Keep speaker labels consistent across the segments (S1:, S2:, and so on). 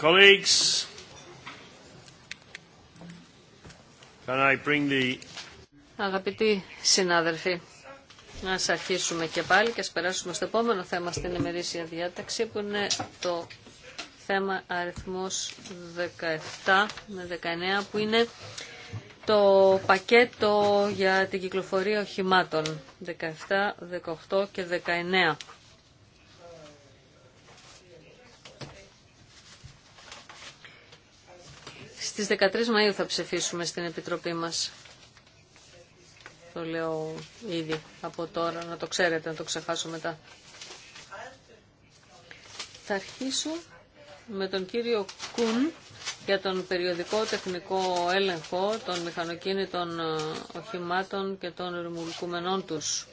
S1: Colleagues, the...
S2: Αγαπητοί συνάδελφοι, να αρχίσουμε και πάλι και ας περάσουμε στο επόμενο θέμα στην ημερήσια διάταξη που είναι το θέμα αριθμός 17 με 19 που είναι το πακέτο για την κυκλοφορία οχημάτων 17, 18 και 19. Στις 13 Μαΐου θα ψηφίσουμε στην Επιτροπή μας. Το λέω ήδη από τώρα, να το ξέρετε, να το ξεχάσω μετά. Θα αρχίσω με τον κύριο Κουν για τον περιοδικό τεχνικό έλεγχο των μηχανοκίνητων ε, οχημάτων και των ρημουλκούμενών τους.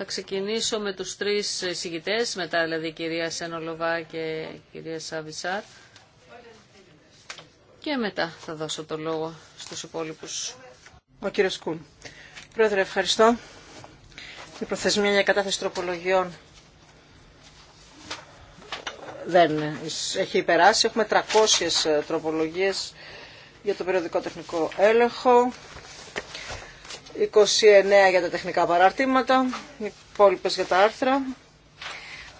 S2: Θα ξεκινήσω με τους τρεις συγητές, μετά δηλαδή η κυρία Σενολοβά και η κυρία Σαβισάρ. Και μετά θα δώσω το λόγο στους υπόλοιπους.
S3: Ο κύριος Κούν. Πρόεδρε, ευχαριστώ. Η προθεσμία για κατάθεση τροπολογιών δεν έχει υπεράσει. Έχουμε 300 τροπολογίες για το περιοδικό τεχνικό έλεγχο. 29 για τα τεχνικά παραρτήματα, υπόλοιπε για τα άρθρα.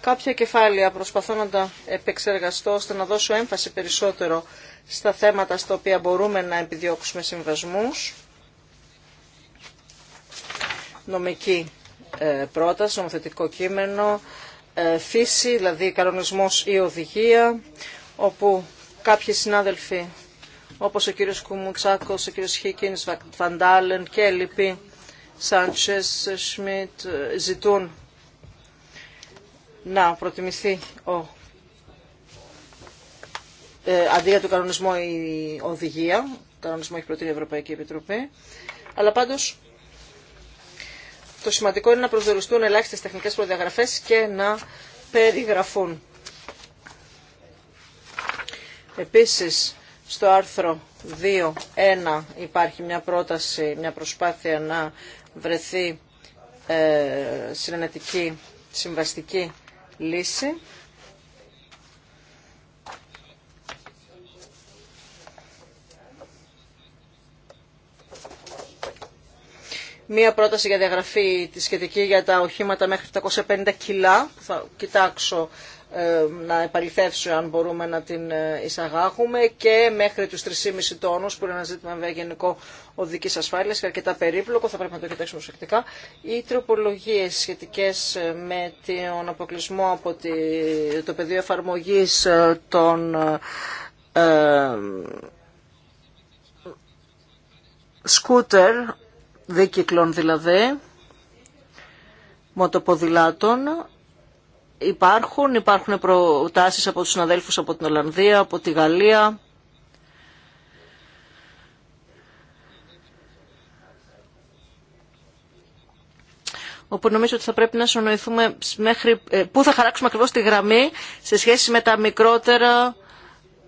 S3: Κάποια κεφάλαια προσπαθώ να τα επεξεργαστώ ώστε να δώσω έμφαση περισσότερο στα θέματα στα οποία μπορούμε να επιδιώξουμε συμβασμούς. Νομική ε, πρόταση, νομοθετικό κείμενο, ε, φύση, δηλαδή κανονισμός ή οδηγία, όπου κάποιοι συνάδελφοι όπως ο κύριος Κουμουξάκος, ο κύριος Χίκινς, Βαντάλεν και λοιποί, Σάντσες, Σμιτ, ζητούν να προτιμηθεί ο, ε, αντί για τον κανονισμό η οδηγία, τον κανονισμό έχει προτείνει η Ευρωπαϊκή Επιτροπή, αλλά πάντως το σημαντικό είναι να προσδιοριστούν ελάχιστες τεχνικές προδιαγραφές και να περιγραφούν. Επίσης, στο άρθρο 2.1 υπάρχει μια πρόταση, μια προσπάθεια να βρεθεί ε, συνενετική συμβαστική λύση. Μία πρόταση για διαγραφή τη σχετική για τα οχήματα μέχρι 750 κιλά, θα κοιτάξω ε, να επαληθεύσει αν μπορούμε να την ε, εισαγάγουμε και μέχρι τους 3,5 τόνους που είναι ένα ζήτημα βέβαια γενικό οδικής ασφάλειας και αρκετά περίπλοκο, θα πρέπει να το κοιτάξουμε προσεκτικά. Οι τροπολογίες σχετικές ε, με τον αποκλεισμό από το πεδίο εφαρμογής των σκούτερ, δίκυκλων δηλαδή, μοτοποδηλάτων, υπάρχουν. Υπάρχουν προτάσεις από τους συναδέλφους από την Ολλανδία, από τη Γαλλία. όπου νομίζω ότι θα πρέπει να συνοηθούμε μέχρι ε, πού θα χαράξουμε ακριβώς τη γραμμή σε σχέση με τα μικρότερα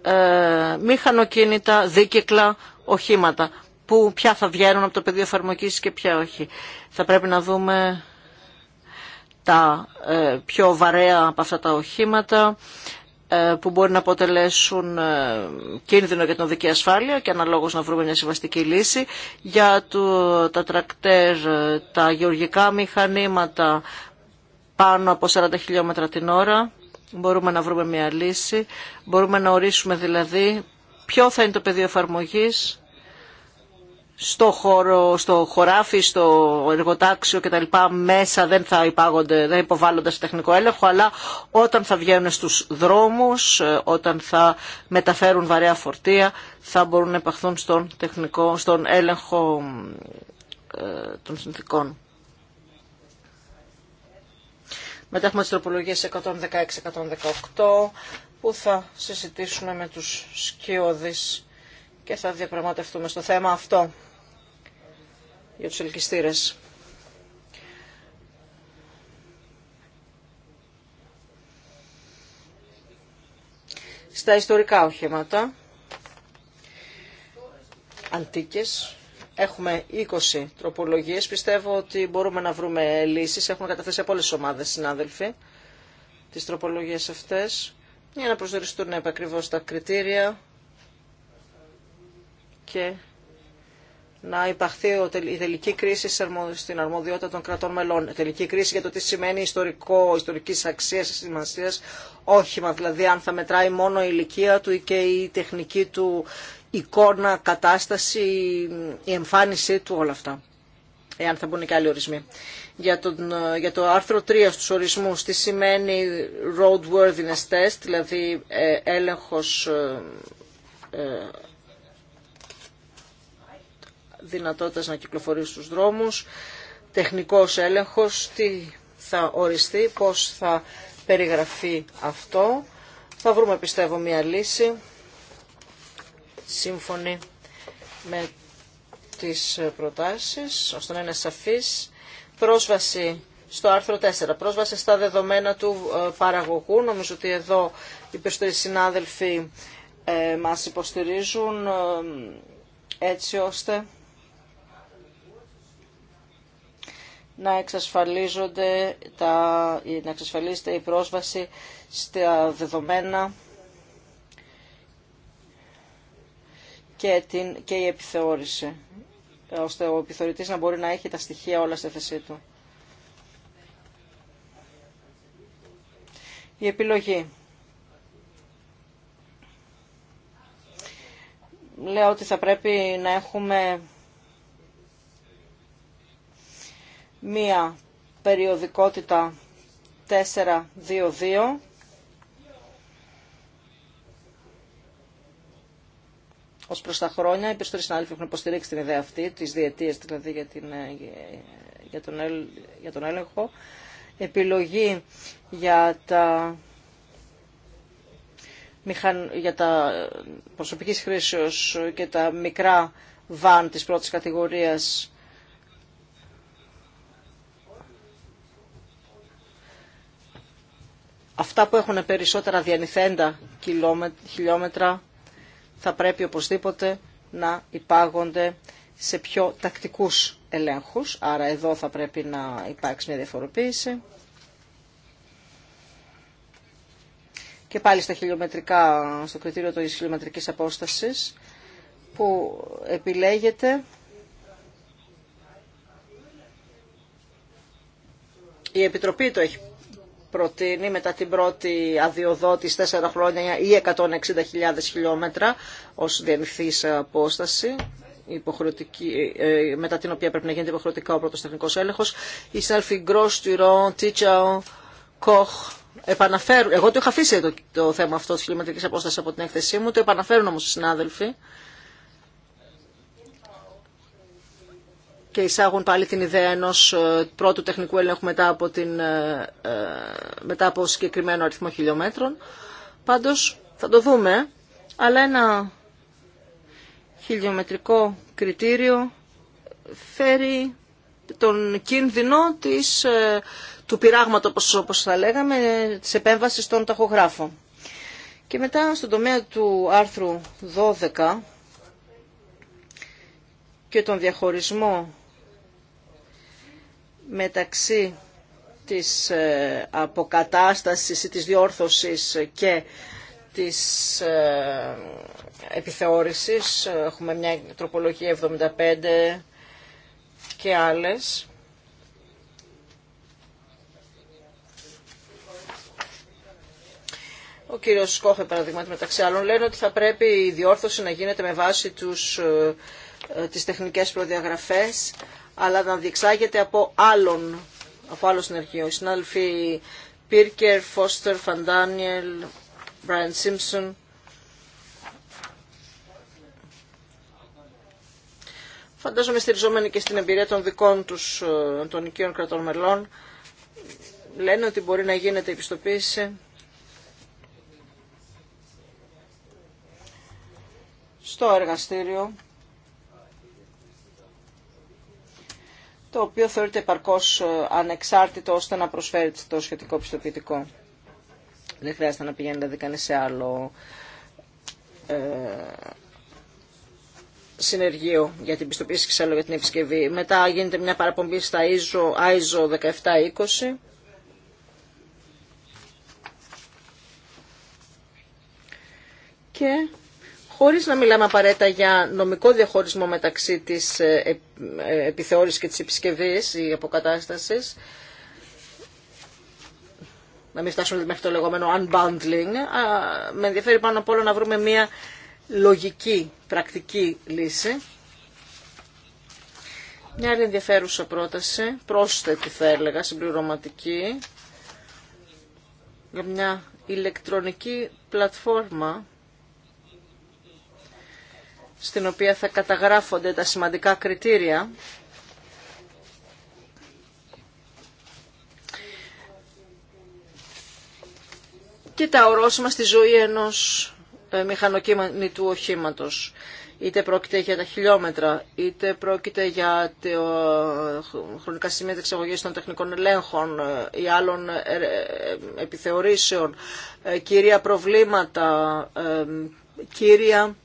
S3: ε, μηχανοκίνητα, δίκυκλα, οχήματα. Που, ποια θα βγαίνουν από το πεδίο εφαρμογή και ποια όχι. Θα πρέπει να δούμε τα ε, πιο βαρέα από αυτά τα οχήματα ε, που μπορεί να αποτελέσουν ε, κίνδυνο για την οδική ασφάλεια και αναλόγως να βρούμε μια συμβαστική λύση για το, τα τρακτέρ, τα γεωργικά μηχανήματα πάνω από 40 χιλιόμετρα την ώρα μπορούμε να βρούμε μια λύση μπορούμε να ορίσουμε δηλαδή ποιο θα είναι το πεδίο εφαρμογής στο, χώρο, στο χωράφι, στο εργοτάξιο κτλ. μέσα δεν θα υπάγονται, δεν υποβάλλονται σε τεχνικό έλεγχο, αλλά όταν θα βγαίνουν στους δρόμους, ε, όταν θα μεταφέρουν βαρέα φορτία, θα μπορούν να επαχθούν στον, τεχνικό, στον έλεγχο ε, των συνθήκων. Μετά έχουμε τις τροπολογίες 116-118 που θα συζητήσουμε με τους σκιώδεις και θα διαπραγματευτούμε στο θέμα αυτό για τους ελκυστήρες. Στα ιστορικά οχήματα, αντίκες, Έχουμε 20 τροπολογίες. Πιστεύω ότι μπορούμε να βρούμε λύσεις. Έχουν καταθέσει από όλες ομάδες, συνάδελφοι, τις τροπολογίες αυτές για να προσδιοριστούν επακριβώς τα κριτήρια και να υπαχθεί η τελική κρίση στην αρμοδιότητα των κρατών μελών. τελική κρίση για το τι σημαίνει ιστορικό, ιστορική αξία και σημασία όχημα, δηλαδή αν θα μετράει μόνο η ηλικία του ή και η τεχνική του εικόνα, κατάσταση, η εμφάνισή του, όλα αυτά. Εάν θα μπουν και άλλοι ορισμοί. Για, τον, για το άρθρο 3 στους ορισμούς, τι σημαίνει roadworthiness test, δηλαδή ε, έλεγχος ε, ε, δυνατότητας να κυκλοφορεί στους δρόμους, τεχνικός έλεγχος, τι θα οριστεί, πώς θα περιγραφεί αυτό. Θα βρούμε πιστεύω μια λύση σύμφωνη με τις προτάσεις, ώστε να είναι σαφής. Πρόσβαση στο άρθρο 4, πρόσβαση στα δεδομένα του ε, παραγωγού. Νομίζω ότι εδώ οι περισσότεροι συνάδελφοι ε, μας υποστηρίζουν ε, έτσι ώστε να εξασφαλίζονται τα, να εξασφαλίζεται η πρόσβαση στα δεδομένα και, την, και η επιθεώρηση, ώστε ο επιθεωρητής να μπορεί να έχει τα στοιχεία όλα στη θέση του. Η επιλογή. Λέω ότι θα πρέπει να έχουμε μία περιοδικότητα 4-2-2 ως προς τα χρόνια. Οι περισσότεροι συνάδελφοι έχουν υποστηρίξει την ιδέα αυτή, τις διετίες δηλαδή για, την, ε, για, τον, για τον έλεγχο. Επιλογή για τα για τα προσωπικής χρήσεως και τα μικρά βαν της πρώτης κατηγορίας αυτά που έχουν περισσότερα διανυθέντα χιλιόμετρα θα πρέπει οπωσδήποτε να υπάγονται σε πιο τακτικούς ελέγχους, άρα εδώ θα πρέπει να υπάρξει μια διαφοροποίηση. Και πάλι στα χιλιομετρικά, στο κριτήριο της χιλιομετρικής απόστασης που επιλέγεται η Επιτροπή το έχει προτείνει μετά την πρώτη αδειοδότηση 4 χρόνια ή 160.000 χιλιόμετρα ως διανηθής απόσταση ε, ε, μετά την οποία πρέπει να γίνεται υποχρεωτικά ο πρώτος τεχνικός έλεγχος. Γκρός, Τυρόν, Τίτσαο, Κοχ, εγώ το είχα αφήσει το, το θέμα αυτό της χιλιομετρικής απόστασης από την έκθεσή μου, το επαναφέρουν όμως οι συνάδελφοι και εισάγουν πάλι την ιδέα ενός ε, πρώτου τεχνικού έλεγχου μετά από, την, ε, ε, μετά από συγκεκριμένο αριθμό χιλιόμετρων. Πάντως θα το δούμε, αλλά ένα χιλιομετρικό κριτήριο φέρει τον κίνδυνο της, του πειράγματος, όπως θα λέγαμε, της επέμβασης των ταχογράφων. Και μετά στον τομέα του άρθρου 12 και τον διαχωρισμό μεταξύ της ε, αποκατάστασης ή της διόρθωσης και της ε, επιθεώρησης. Ε, έχουμε μια τροπολογία 75 και άλλες. Ο κύριος Σκόφε, παραδείγματι, μεταξύ άλλων, λένε ότι θα πρέπει η διόρθωση να γίνεται με βάση τους, τις τεχνικές προδιαγραφές αλλά να διεξάγεται από άλλον, από άλλο συνεργείο. Οι συνάδελφοι Πίρκερ, Φώστερ, Φαντάνιελ, Μπράιν Σίμψον. Φαντάζομαι στηριζόμενοι και στην εμπειρία των δικών τους ε, των οικείων κρατών μελών, λένε ότι μπορεί να γίνεται η πιστοποίηση στο εργαστήριο το οποίο θεωρείται επαρκώς ε, ανεξάρτητο ώστε να προσφέρει το σχετικό πιστοποιητικό. Δεν χρειάζεται να πηγαίνει δηλαδή κανείς σε άλλο ε, συνεργείο για την πιστοποίηση και σε άλλο για την επισκευή. Μετά γίνεται μια παραπομπή στα ISO, ISO 1720. Και χωρίς να μιλάμε απαραίτητα για νομικό διαχωρισμό μεταξύ της ε, ε, επιθεώρησης και της επισκευής ή αποκατάστασης. Να μην φτάσουμε μέχρι το λεγόμενο unbundling. Με ενδιαφέρει πάνω απ' όλα να βρούμε μια λογική, πρακτική λύση. Μια άλλη ενδιαφέρουσα πρόταση, πρόσθετη θα έλεγα, συμπληρωματική, για μια ηλεκτρονική πλατφόρμα στην οποία θα καταγράφονται τα σημαντικά κριτήρια και τα ορόσημα στη ζωή ενός ε, μηχανοκίνητου οχήματος. Είτε πρόκειται για τα χιλιόμετρα, είτε πρόκειται για τα ε, χρονικά σημεία της εξαγωγής των τεχνικών ελέγχων ε, ή άλλων επιθεωρήσεων, κυρία προβλήματα, κύρια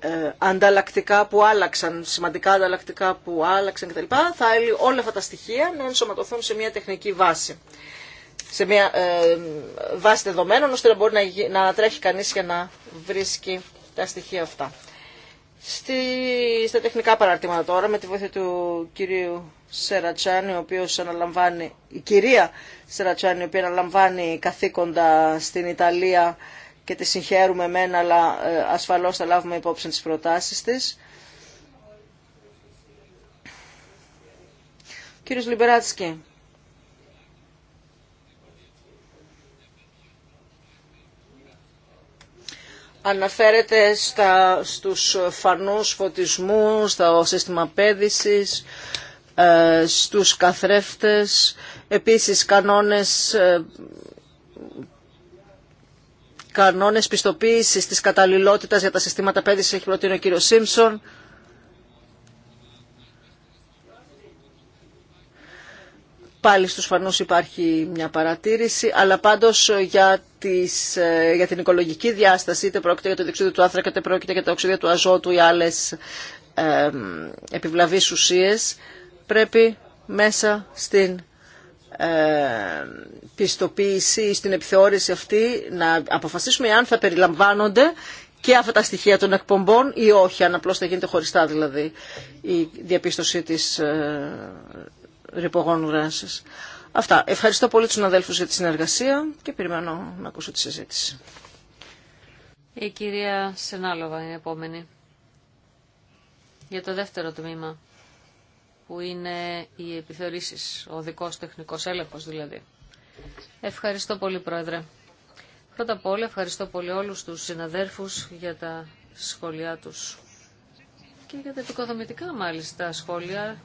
S3: ε, ανταλλακτικά που άλλαξαν, σημαντικά ανταλλακτικά που άλλαξαν κτλ. Θα όλα αυτά τα στοιχεία να ενσωματωθούν σε μια τεχνική βάση. Σε μια ε, βάση δεδομένων ώστε να μπορεί να, να ανατρέχει κανείς και να βρίσκει τα στοιχεία αυτά. Στη, στα τεχνικά παραρτήματα τώρα με τη βοήθεια του κυρίου Σερατσάνη, ο οποίος αναλαμβάνει, η κυρία Σερατσάνη, η οποία αναλαμβάνει καθήκοντα στην Ιταλία και τη συγχαίρουμε εμένα, αλλά ε, ασφαλώς θα λάβουμε υπόψη τις προτάσεις της. Κύριος Λιμπεράτσκι. Αναφέρεται στα, στους φανούς φωτισμούς, στο σύστημα πέδησης, ε, στους καθρέφτες, επίσης κανόνες ε, κανόνες πιστοποίησης της καταλληλότητας για τα συστήματα παίδησης έχει προτείνει ο κύριος Σίμψον. Πάλι στους φανούς υπάρχει μια παρατήρηση, αλλά πάντως για, τις, ε, για την οικολογική διάσταση, είτε πρόκειται για το διοξείδιο του άνθρακα, είτε πρόκειται για τα οξύδια του αζότου ή άλλες ε, επιβλαβείς ουσίες, πρέπει μέσα στην ε, πιστοποίηση στην επιθεώρηση αυτή να αποφασίσουμε αν θα περιλαμβάνονται και αυτά τα στοιχεία των εκπομπών ή όχι, αν απλώς θα γίνεται χωριστά δηλαδή η διαπίστωση της ε, ρηπογόνου δράσης. Αυτά. Ευχαριστώ πολύ τους αδέλφους για τη συνεργασία και περιμένω να ακούσω τη συζήτηση.
S2: Η κυρία Σενάλοβα είναι η επόμενη. Για το δεύτερο τμήμα που είναι οι επιθεωρήσεις, ο δικός τεχνικός έλεγχος δηλαδή. Ευχαριστώ πολύ Πρόεδρε. Πρώτα απ' όλα ευχαριστώ πολύ όλους τους συναδέρφους για τα σχόλιά τους και για τα επικοδομητικά μάλιστα σχόλια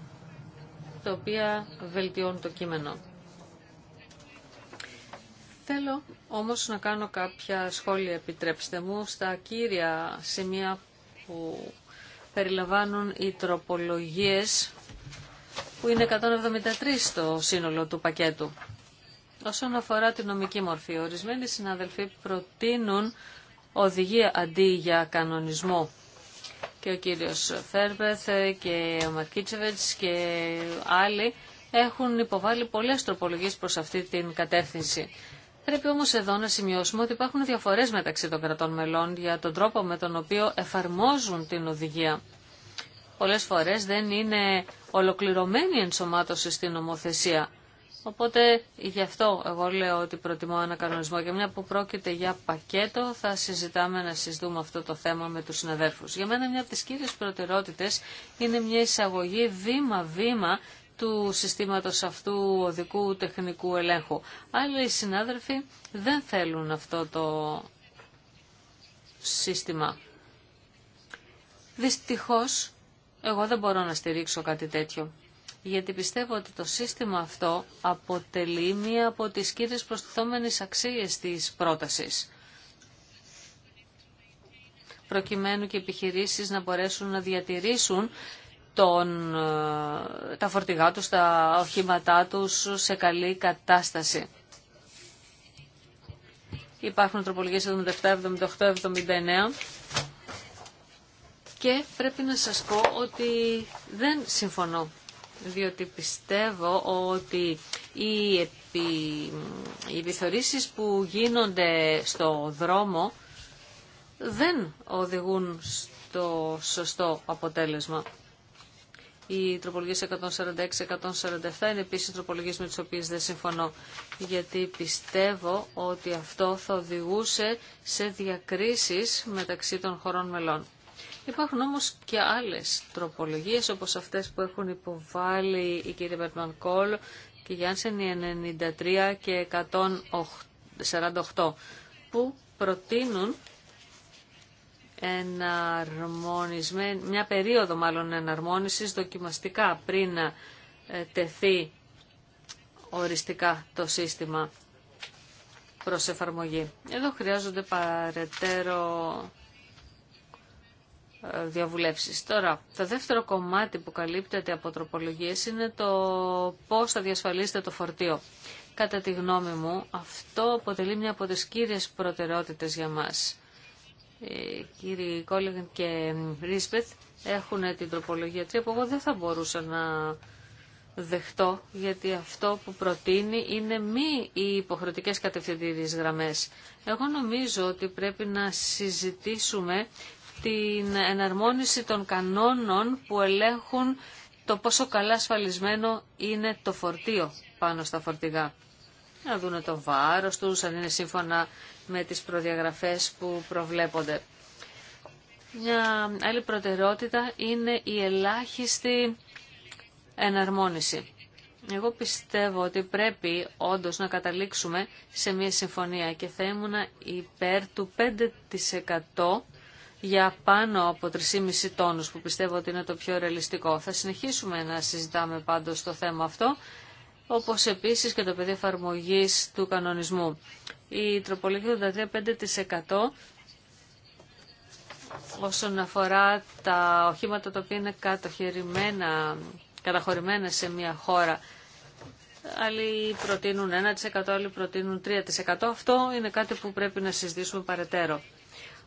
S2: τα οποία βελτιώνουν το κείμενο. Θέλω όμως να κάνω κάποια σχόλια, επιτρέψτε μου, στα κύρια σημεία που περιλαμβάνουν οι τροπολογίες που είναι 173 στο σύνολο του πακέτου. Όσον αφορά τη νομική μορφή, ορισμένοι συναδελφοί προτείνουν οδηγία αντί για κανονισμό. Και ο κύριος Φέρμπεθ και ο Μαρκίτσεβετς και άλλοι έχουν υποβάλει πολλές τροπολογίες προς αυτή την κατεύθυνση. Πρέπει όμως εδώ να σημειώσουμε ότι υπάρχουν διαφορές μεταξύ των κρατών μελών για τον τρόπο με τον οποίο εφαρμόζουν την οδηγία. Πολλές φορές δεν είναι ολοκληρωμένη ενσωμάτωση στην νομοθεσία. Οπότε γι' αυτό εγώ λέω ότι προτιμώ ένα κανονισμό και μια που πρόκειται για πακέτο θα συζητάμε να συζητούμε αυτό το θέμα με τους συναδέλφους. Για μένα μια από τις κύριες προτεραιότητες είναι μια εισαγωγή βήμα-βήμα του συστήματος αυτού οδικού τεχνικού ελέγχου. Άλλοι συνάδελφοι δεν θέλουν αυτό το σύστημα. Δυστυχώς εγώ δεν μπορώ να στηρίξω κάτι τέτοιο. Γιατί πιστεύω ότι το σύστημα αυτό αποτελεί μία από τις κύριες προστιθόμενες αξίες της πρότασης. Προκειμένου και οι επιχειρήσεις να μπορέσουν να διατηρήσουν τον, ε, τα φορτηγά τους, τα οχήματά τους σε καλή κατάσταση. Υπάρχουν τροπολογίες 77, 78, 79 και πρέπει να σας πω ότι δεν συμφωνώ, διότι πιστεύω ότι οι, επι... οι επιθεωρήσεις που γίνονται στο δρόμο δεν οδηγούν στο σωστό αποτέλεσμα. Οι τροπολογίες 146-147 είναι επίσης τροπολογίες με τις οποίες δεν συμφωνώ, γιατί πιστεύω ότι αυτό θα οδηγούσε σε διακρίσεις μεταξύ των χωρών μελών. Υπάρχουν όμως και άλλες τροπολογίες όπως αυτές που έχουν υποβάλει η κυρία Μπερμαν και η Γιάνσεν η 93 και 148 που προτείνουν μια περίοδο μάλλον εναρμόνισης δοκιμαστικά πριν να ε, τεθεί οριστικά το σύστημα προς εφαρμογή. Εδώ χρειάζονται παρετέρω διαβουλεύσεις. Τώρα, το δεύτερο κομμάτι που καλύπτεται από τροπολογίες είναι το πώς θα διασφαλίσετε το φορτίο. Κατά τη γνώμη μου, αυτό αποτελεί μια από τις κύριες προτεραιότητες για μας. Ε, κύριοι Κόλεγεν και Ρίσπεθ έχουν την τροπολογία Τρία που εγώ δεν θα μπορούσα να δεχτώ, γιατί αυτό που προτείνει είναι μη οι υποχρεωτικές κατευθυντήριες γραμμές. Εγώ νομίζω ότι πρέπει να συζητήσουμε την εναρμόνιση των κανόνων που ελέγχουν το πόσο καλά ασφαλισμένο είναι το φορτίο πάνω στα φορτηγά. Να δούνε το βάρος τους, αν είναι σύμφωνα με τις προδιαγραφές που προβλέπονται. Μια άλλη προτεραιότητα είναι η ελάχιστη εναρμόνιση. Εγώ πιστεύω ότι πρέπει όντως να καταλήξουμε σε μια συμφωνία και θα ήμουν υπέρ του 5% για πάνω από 3,5 τόνους που πιστεύω ότι είναι το πιο ρεαλιστικό. Θα συνεχίσουμε να συζητάμε πάντως το θέμα αυτό όπως επίσης και το πεδίο εφαρμογή του κανονισμού. Η τροπολογία 83,5% όσον αφορά τα οχήματα τα οποία είναι καταχωρημένα, καταχωρημένα σε μια χώρα. Άλλοι προτείνουν 1%, άλλοι προτείνουν 3%. Αυτό είναι κάτι που πρέπει να συζητήσουμε παρετέρω.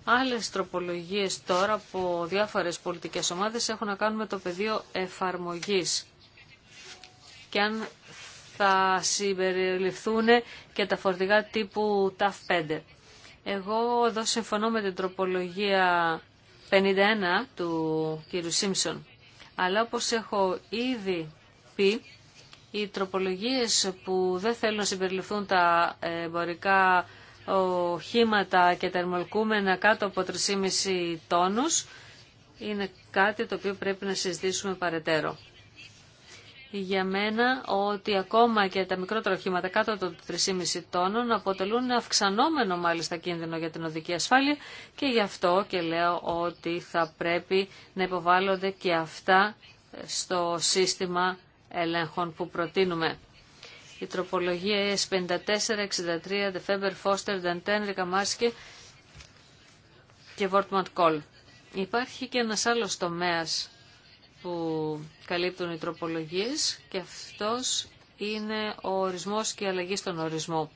S2: Άλλες τροπολογίες τώρα από διάφορες πολιτικές ομάδες έχουν να κάνουν με το πεδίο εφαρμογής και αν θα συμπεριληφθούν και τα φορτηγά τύπου TAF5. Εγώ εδώ συμφωνώ με την τροπολογία 51 του κ. Σίμψον. Αλλά όπως έχω ήδη πει, οι τροπολογίες που δεν θέλουν να συμπεριληφθούν τα εμπορικά οχήματα και θερμοκούμενα κάτω από 3,5 τόνους είναι κάτι το οποίο πρέπει να συζητήσουμε παρετέρω. Για μένα ότι ακόμα και τα μικρότερα οχήματα κάτω από 3,5 τόνων αποτελούν αυξανόμενο μάλιστα κίνδυνο για την οδική ασφάλεια και γι' αυτό και λέω ότι θα πρέπει να υποβάλλονται και αυτά στο σύστημα ελέγχων που προτείνουμε. Η τροπολογια 54, 63, Δεφέμπερ, Foster, Νταντέν, Ρικαμάσκε και βορτμαν Κόλ. Υπάρχει και ένας άλλος τομέας που καλύπτουν οι τροπολογίες και αυτός είναι ο ορισμός και η αλλαγή στον ορισμό.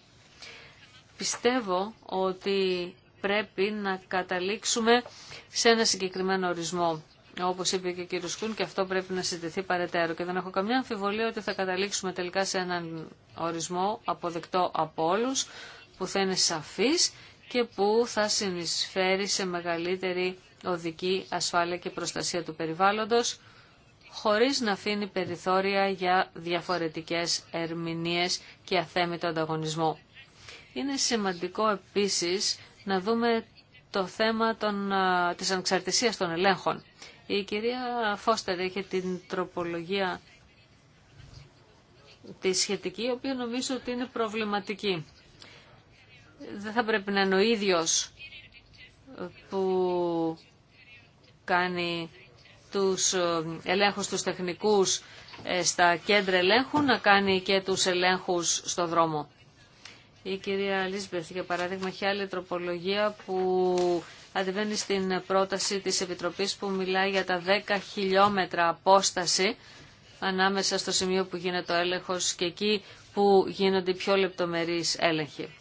S2: Πιστεύω ότι πρέπει να καταλήξουμε σε ένα συγκεκριμένο ορισμό όπως είπε και ο κύριος Κούν και αυτό πρέπει να συζητηθεί παρετέρω και δεν έχω καμιά αμφιβολία ότι θα καταλήξουμε τελικά σε έναν ορισμό αποδεκτό από όλους που θα είναι σαφής και που θα συνεισφέρει σε μεγαλύτερη οδική ασφάλεια και προστασία του περιβάλλοντος χωρίς να αφήνει περιθώρια για διαφορετικές ερμηνείες και αθέμητο ανταγωνισμό. Είναι σημαντικό επίσης να δούμε το θέμα των, της ανεξαρτησίας των ελέγχων. Η κυρία Φώστερ έχει την τροπολογία τη σχετική, η οποία νομίζω ότι είναι προβληματική. Δεν θα πρέπει να είναι ο ίδιος που κάνει τους ε, ελέγχους τους τεχνικούς ε, στα κέντρα ελέγχου να κάνει και τους ελέγχους στο δρόμο. Η κυρία Λίσμπεθ, για παράδειγμα, έχει άλλη τροπολογία που αντιβαίνει στην πρόταση της Επιτροπής που μιλάει για τα 10 χιλιόμετρα απόσταση ανάμεσα στο σημείο που γίνεται ο έλεγχος και εκεί που γίνονται οι πιο λεπτομερείς έλεγχοι.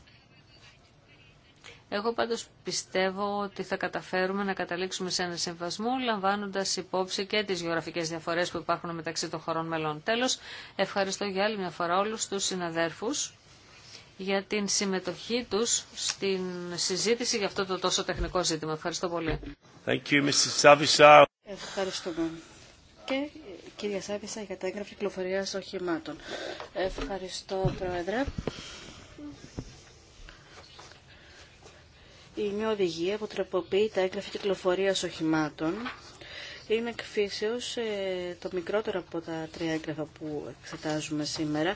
S2: Εγώ πάντως πιστεύω ότι θα καταφέρουμε να καταλήξουμε σε ένα συμβασμό λαμβάνοντας υπόψη και τις γεωγραφικές διαφορές που υπάρχουν μεταξύ των χωρών μελών. Τέλος, ευχαριστώ για άλλη μια φορά όλους τους συναδέρφους για την συμμετοχή τους στην συζήτηση για αυτό το τόσο τεχνικό ζήτημα. Ευχαριστώ πολύ. Thank
S1: you, Mrs.
S2: Ευχαριστούμε. Και κυρία Σάβησα για τα έγγραφη
S4: κυκλοφορία οχημάτων. Ευχαριστώ, Πρόεδρε. Η μια οδηγία που τροποποιεί τα έγγραφη κυκλοφορία οχημάτων είναι εκφύσεως ε, το μικρότερο από τα τρία έγγραφα που εξετάζουμε σήμερα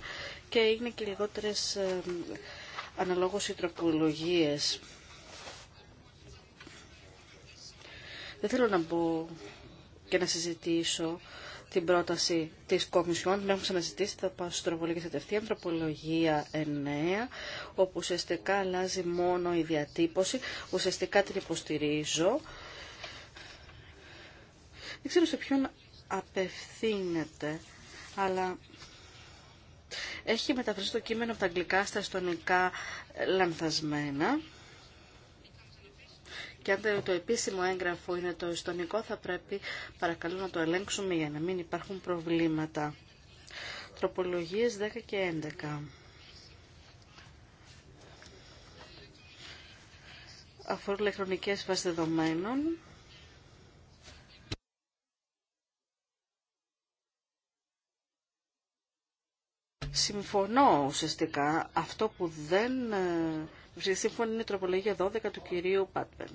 S4: και έγινε και λιγότερες ε, αναλόγως οι τροπολογίες. Δεν θέλω να μπω και να συζητήσω την πρόταση της Κομισιόν, την έχουμε ξαναζητήσει, θα πάω στους τροπολογίες κατευθείαν, τροπολογία 9, όπου ουσιαστικά αλλάζει μόνο η διατύπωση, ουσιαστικά την υποστηρίζω. Δεν ξέρω σε ποιον απευθύνεται, αλλά έχει μεταφράσει το κείμενο από τα αγγλικά στα εστονικά λανθασμένα. Και αν το επίσημο έγγραφο είναι το εστονικό, θα πρέπει παρακαλώ να το ελέγξουμε για να μην υπάρχουν προβλήματα. Τροπολογίες 10 και 11. Αφορούν ηλεκτρονικές βάσεις δεδομένων. Συμφωνώ ουσιαστικά. Αυτό που δεν ε, συμφωνεί είναι η τροπολογία 12 του κυρίου Πάτπεν.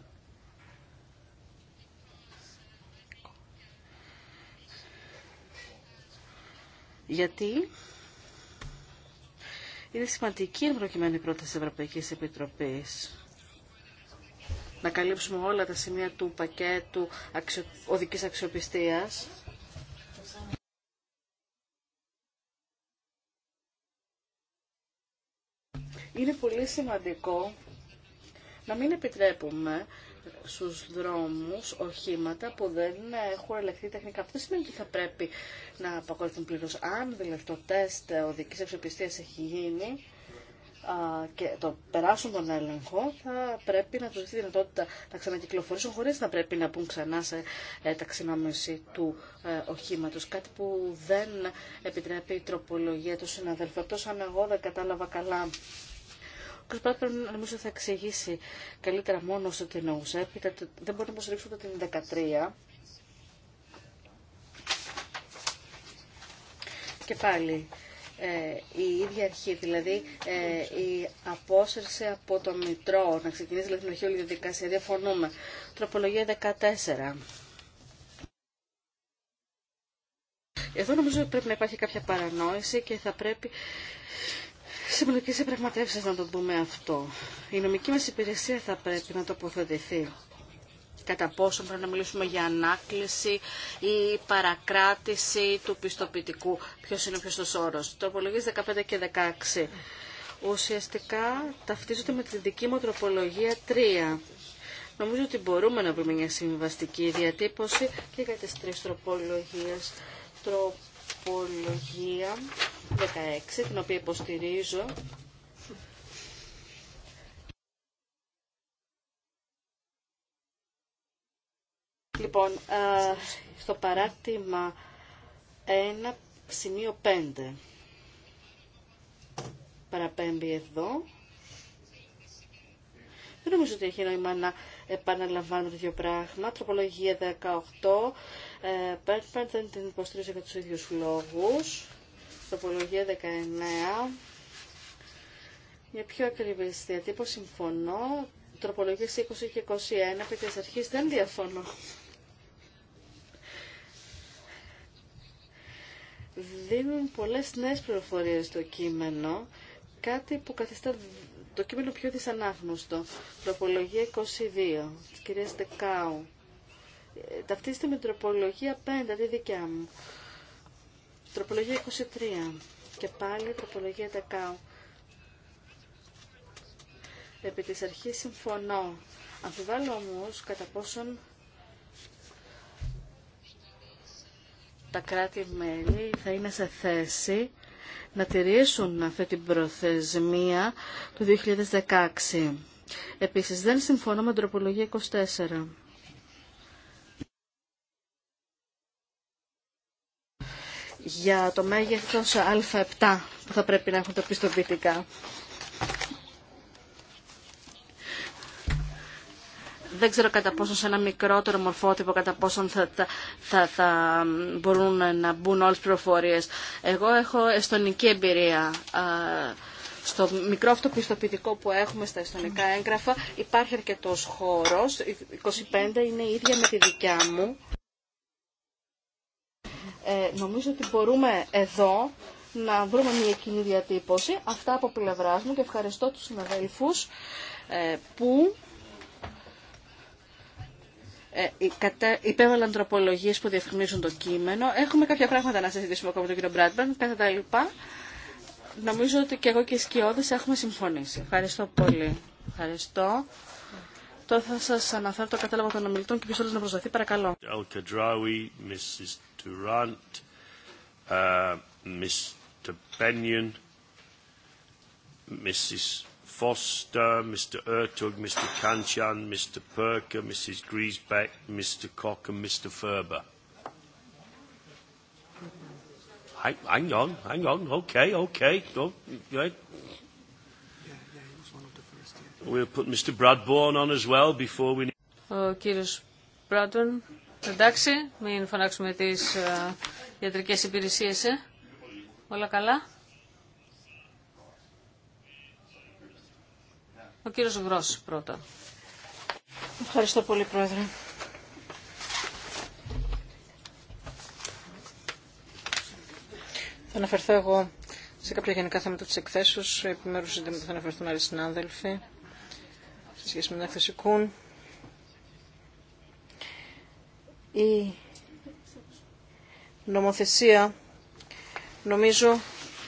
S4: Γιατί είναι σημαντική η προκειμένη πρόταση της Ευρωπαϊκής Επιτροπής να καλύψουμε όλα τα σημεία του πακέτου αξιο... οδικής αξιοπιστίας Είναι πολύ σημαντικό να μην επιτρέπουμε στους δρόμους οχήματα που δεν έχουν ελεγχθεί τεχνικά. Αυτό σημαίνει ότι θα πρέπει να απαγορευτούν πλήρως. Αν δηλαδή το τεστ οδικής αξιοπιστίας έχει γίνει α, και το περάσουν τον έλεγχο, θα πρέπει να τους τη δυνατότητα να ξανακυκλοφορήσουν χωρίς να πρέπει να πούν ξανά σε ε, του ε, οχήματος. Κάτι που δεν επιτρέπει η τροπολογία του συναδέλφου. Εκτός αν εγώ δεν κατάλαβα καλά να νομίζω θα εξηγήσει καλύτερα μόνο στο τι εννοούσε. Δεν μπορεί να ούτε την 13. Και πάλι, ε, η ίδια αρχή, δηλαδή ε, η απόσυρση από το Μητρό, να ξεκινήσει δηλαδή την αρχή όλη διαδικασία, διαφωνούμε. Τροπολογία 14. Εδώ νομίζω πρέπει να υπάρχει κάποια παρανόηση και θα πρέπει συμπλοκή σε να το δούμε αυτό. Η νομική μας υπηρεσία θα πρέπει να τοποθετηθεί κατά πόσο πρέπει να μιλήσουμε για ανάκληση ή παρακράτηση του πιστοποιητικού. ποιο είναι ο πιο όρο. Το 15 και 16. Ουσιαστικά ταυτίζονται με την δική μου τροπολογία 3. Νομίζω ότι μπορούμε να βρούμε μια συμβαστική διατύπωση και για τις τρεις τροπολογίες τροπολογία 16, την οποία υποστηρίζω. Λοιπόν, ε, στο παράρτημα 1, σημείο 5. Παραπέμπει εδώ. Δεν νομίζω ότι έχει νόημα να επαναλαμβάνω το ίδιο πράγμα. Τροπολογία 18 Πέρφερ ε, δεν την υποστήριζε για τους ίδιους λόγους. Τροπολογία 19. Για πιο ακριβή διατύπωση συμφωνώ. Τροπολογίες 20 και 21 επί της αρχής δεν διαφωνώ. Δίνουν πολλές νέες πληροφορίες στο κείμενο, κάτι που καθιστά το κείμενο πιο δυσανάγνωστο. Τροπολογία 22 της κυρίας Δεκάου Ταυτίστε με τροπολογία 5, τη δικιά μου. Τροπολογία 23 και πάλι τροπολογία 10. Επί της αρχής συμφωνώ. Αμφιβάλλω όμως κατά πόσον τα κράτη-μέλη θα είναι σε θέση να τηρήσουν αυτή την προθεσμία του 2016. Επίσης δεν συμφωνώ με τροπολογία 24. για το μέγεθος α7 που θα πρέπει να έχουν τα πιστοποιητικά. Δεν ξέρω κατά πόσο σε ένα μικρότερο μορφότυπο, κατά πόσον θα, θα, θα μπορούν να μπουν όλες τις πληροφορίες. Εγώ έχω εστονική εμπειρία. Στο μικρό αυτό πιστοποιητικό που έχουμε στα εστονικά έγγραφα υπάρχει αρκετός χώρος. 25 είναι ίδια με τη δικιά μου. Ε, νομίζω ότι μπορούμε εδώ να βρούμε μια κοινή διατύπωση. Αυτά από πλευρά μου και ευχαριστώ τους συναδέλφους ε, που ε, υπέβαλαν τροπολογίε που διευκρινίζουν το κείμενο. Έχουμε κάποια πράγματα να συζητήσουμε ακόμα με τον κύριο Μπράντμπαν, κατά τα λοιπά. Νομίζω ότι και εγώ και οι σκιώδες έχουμε συμφωνήσει. Ευχαριστώ πολύ. Ευχαριστώ. Τώρα θα σα αναφέρω το κατάλογο των ομιλητών και ποιο θέλει να προσταθεί, παρακαλώ.
S1: Durant, Mr. Bennion, Mrs. Foster, Mr. Ertug, Mr. Kanchan, Mr. Perker, Mrs. Griesbeck, Mr. Cock and Mr. Ferber. Hang on, hang on. Okay, okay. We'll put Mr. Bradbourne on as well before we...
S2: Uh, Kirish Bradbourne Εντάξει, μην φωνάξουμε τις ε, ιατρικές υπηρεσίες, ε. Όλα καλά. Ο κύριος Γρός πρώτα. Ευχαριστώ πολύ, Πρόεδρε.
S3: Θα αναφερθώ εγώ σε κάποια γενικά θέματα της εκθέσεως. Επιμέρους ζητήματα θα αναφερθούν άλλοι συνάδελφοι σε σχέση με την έκθεση Κούν. η νομοθεσία νομίζω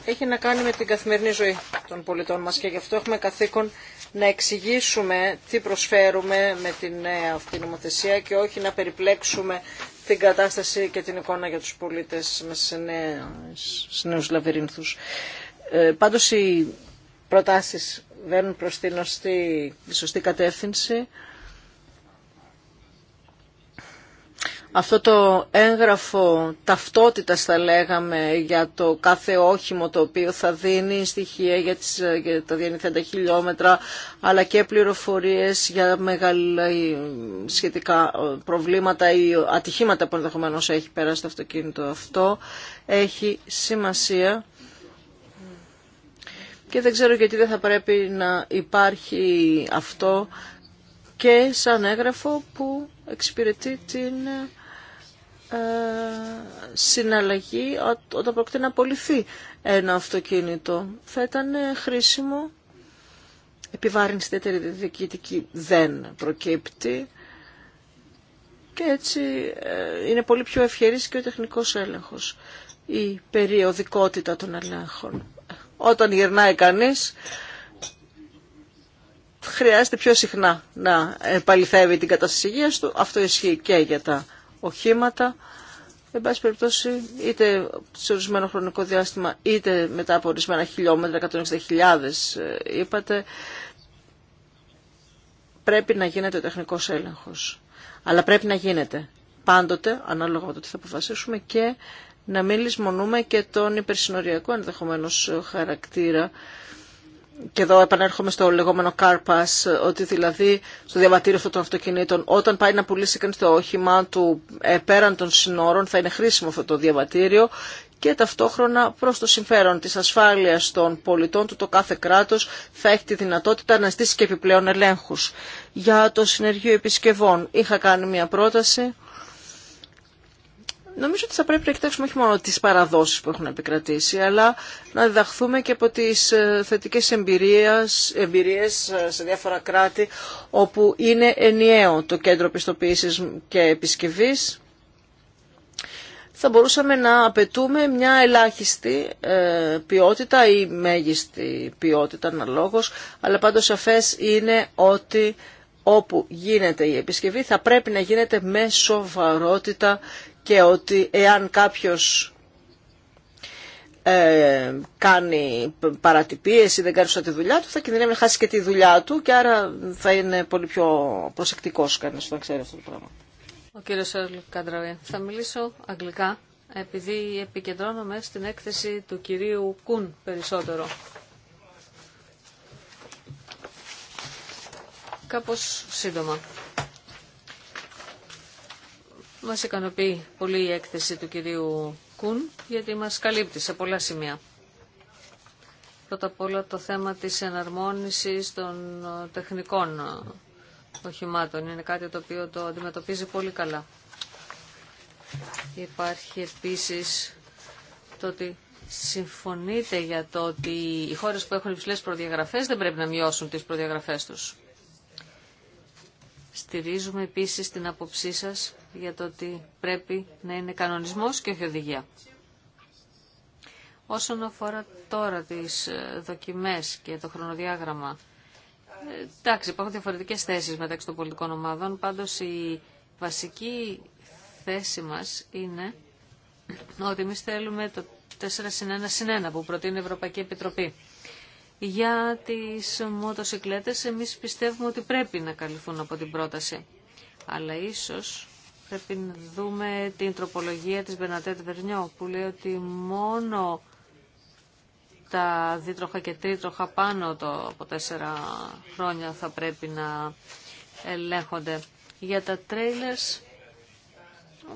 S3: έχει να κάνει με την καθημερινή ζωή των πολιτών μας και γι' αυτό έχουμε καθήκον να εξηγήσουμε τι προσφέρουμε με την αυτή νομοθεσία και όχι να περιπλέξουμε την κατάσταση και την εικόνα για τους πολίτες με σε νέους λαβυρίνθους. Ε, πάντως οι προτάσεις δεν προς τη σωστή κατεύθυνση. αυτό το έγγραφο ταυτότητας θα λέγαμε για το κάθε όχημο το οποίο θα δίνει στοιχεία για, τις, για τα διανυθέντα χιλιόμετρα αλλά και πληροφορίες για μεγάλα ε, σχετικά ε, προβλήματα ή ατυχήματα που ενδεχομένω έχει περάσει το αυτοκίνητο αυτό έχει σημασία και δεν ξέρω γιατί δεν θα πρέπει να υπάρχει αυτό και σαν έγγραφο που εξυπηρετεί την ε, ε, συναλλαγή όταν πρόκειται να απολυθεί ένα αυτοκίνητο. Θα ήταν χρήσιμο, επιβάρυνση τέτοια διοικητική δεν προκύπτει και έτσι ε, είναι πολύ πιο ευχερής και ο τεχνικός έλεγχος η περιοδικότητα των ελέγχων. Όταν γυρνάει κανείς χρειάζεται πιο συχνά να επαληθεύει την κατάσταση υγείας του. Αυτό ισχύει και για τα οχήματα, εν πάση περιπτώσει, είτε σε ορισμένο χρονικό διάστημα, είτε μετά από ορισμένα χιλιόμετρα, 160.000 ε, είπατε, πρέπει να γίνεται ο τεχνικός έλεγχος. Αλλά πρέπει να γίνεται πάντοτε, ανάλογα με το τι θα αποφασίσουμε, και να μην λησμονούμε και τον υπερσυνοριακό ενδεχομένω χαρακτήρα και εδώ επανέρχομαι στο λεγόμενο car ότι δηλαδή στο διαβατήριο αυτών των αυτοκινήτων, όταν πάει να πουλήσει κανείς το όχημα του ε, πέραν των συνόρων, θα είναι χρήσιμο αυτό το διαβατήριο και ταυτόχρονα προς το συμφέρον της ασφάλειας των πολιτών του το κάθε κράτος θα έχει τη δυνατότητα να στήσει και επιπλέον ελέγχους. Για το συνεργείο επισκευών είχα κάνει μια πρόταση Νομίζω ότι θα πρέπει να κοιτάξουμε όχι μόνο τις παραδόσεις που έχουν επικρατήσει, αλλά να διδαχθούμε και από τις ε, θετικές εμπειρίες, εμπειρίες ε, σε διάφορα κράτη, όπου είναι ενιαίο το κέντρο πιστοποίησης και επισκευής. Θα μπορούσαμε να απαιτούμε μια ελάχιστη ε, ποιότητα ή μέγιστη ποιότητα, αναλόγως, αλλά πάντως σαφές είναι ότι όπου γίνεται η επισκευή θα πρέπει να γίνεται με σοβαρότητα και ότι εάν κάποιος ε, κάνει παρατυπίες ή δεν κάνει σωστά τη δουλειά του, θα κινδυνεύει να χάσει και τη δουλειά του και άρα θα είναι πολύ πιο προσεκτικός κανείς όταν ξέρει αυτό το πράγμα.
S2: Ο κύριος Σέρλ Καντραβέ, θα μιλήσω αγγλικά επειδή επικεντρώνομαι στην έκθεση του κυρίου Κουν περισσότερο. Κάπως σύντομα. Μας ικανοποιεί πολύ η έκθεση του κυρίου Κουν, γιατί μας καλύπτει σε πολλά σημεία. Πρώτα απ' όλα το θέμα της εναρμόνισης των ε, τεχνικών ε, οχημάτων. Είναι κάτι το οποίο το αντιμετωπίζει πολύ καλά. Υπάρχει επίσης το ότι συμφωνείτε για το ότι οι χώρες που έχουν υψηλές προδιαγραφές δεν πρέπει να μειώσουν τις προδιαγραφές τους. Στηρίζουμε επίσης την άποψή σας για το ότι πρέπει να είναι κανονισμός και όχι οδηγία. Όσον αφορά τώρα τις ε, δοκιμές και το χρονοδιάγραμμα, ε, εντάξει, υπάρχουν διαφορετικές θέσεις μεταξύ των πολιτικών ομάδων, πάντως η βασική θέση μας είναι ότι εμεί θέλουμε το 4 1 1 που προτείνει η Ευρωπαϊκή Επιτροπή. Για τις μοτοσυκλέτες εμείς πιστεύουμε ότι πρέπει να καλυφθούν από την πρόταση. Αλλά ίσως πρέπει να δούμε την τροπολογία της Μπενατέτ Βερνιό που λέει ότι μόνο τα δίτροχα και τρίτροχα πάνω το, από τέσσερα χρόνια θα πρέπει να ελέγχονται. Για τα τρέιλερς,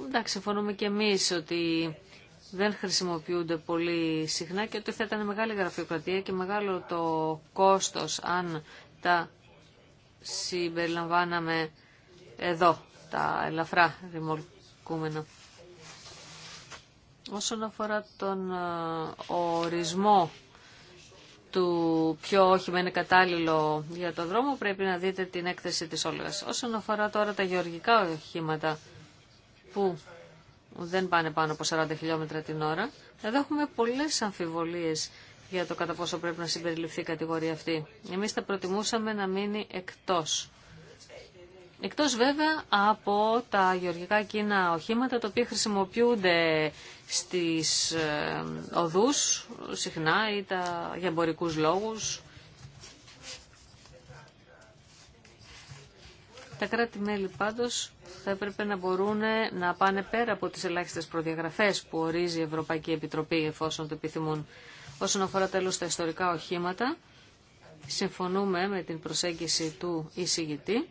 S2: εντάξει, φωνούμε και εμείς ότι δεν χρησιμοποιούνται πολύ συχνά και ότι θα ήταν μεγάλη γραφειοκρατία και μεγάλο το κόστος αν τα συμπεριλαμβάναμε εδώ, τα ελαφρά ρημολκούμενα. Όσον αφορά τον ε, ορισμό του ποιο όχημα είναι κατάλληλο για το δρόμο, πρέπει να δείτε την έκθεση της Όλγας. Όσον αφορά τώρα τα γεωργικά οχήματα, που δεν πάνε πάνω από 40 χιλιόμετρα την ώρα. Εδώ έχουμε πολλές αμφιβολίες για το κατά πόσο πρέπει να συμπεριληφθεί η κατηγορία αυτή. Εμείς θα προτιμούσαμε να μείνει εκτός. Εκτός βέβαια από τα γεωργικά κίνα οχήματα, τα οποία χρησιμοποιούνται στις ε, οδούς συχνά ή τα, για εμπορικού λόγους Τα κράτη-μέλη πάντως θα έπρεπε να μπορούν να πάνε πέρα από τις ελάχιστες προδιαγραφές που ορίζει η Ευρωπαϊκή Επιτροπή εφόσον το επιθυμούν. Όσον αφορά τέλος τα ιστορικά οχήματα, συμφωνούμε με την προσέγγιση του εισηγητή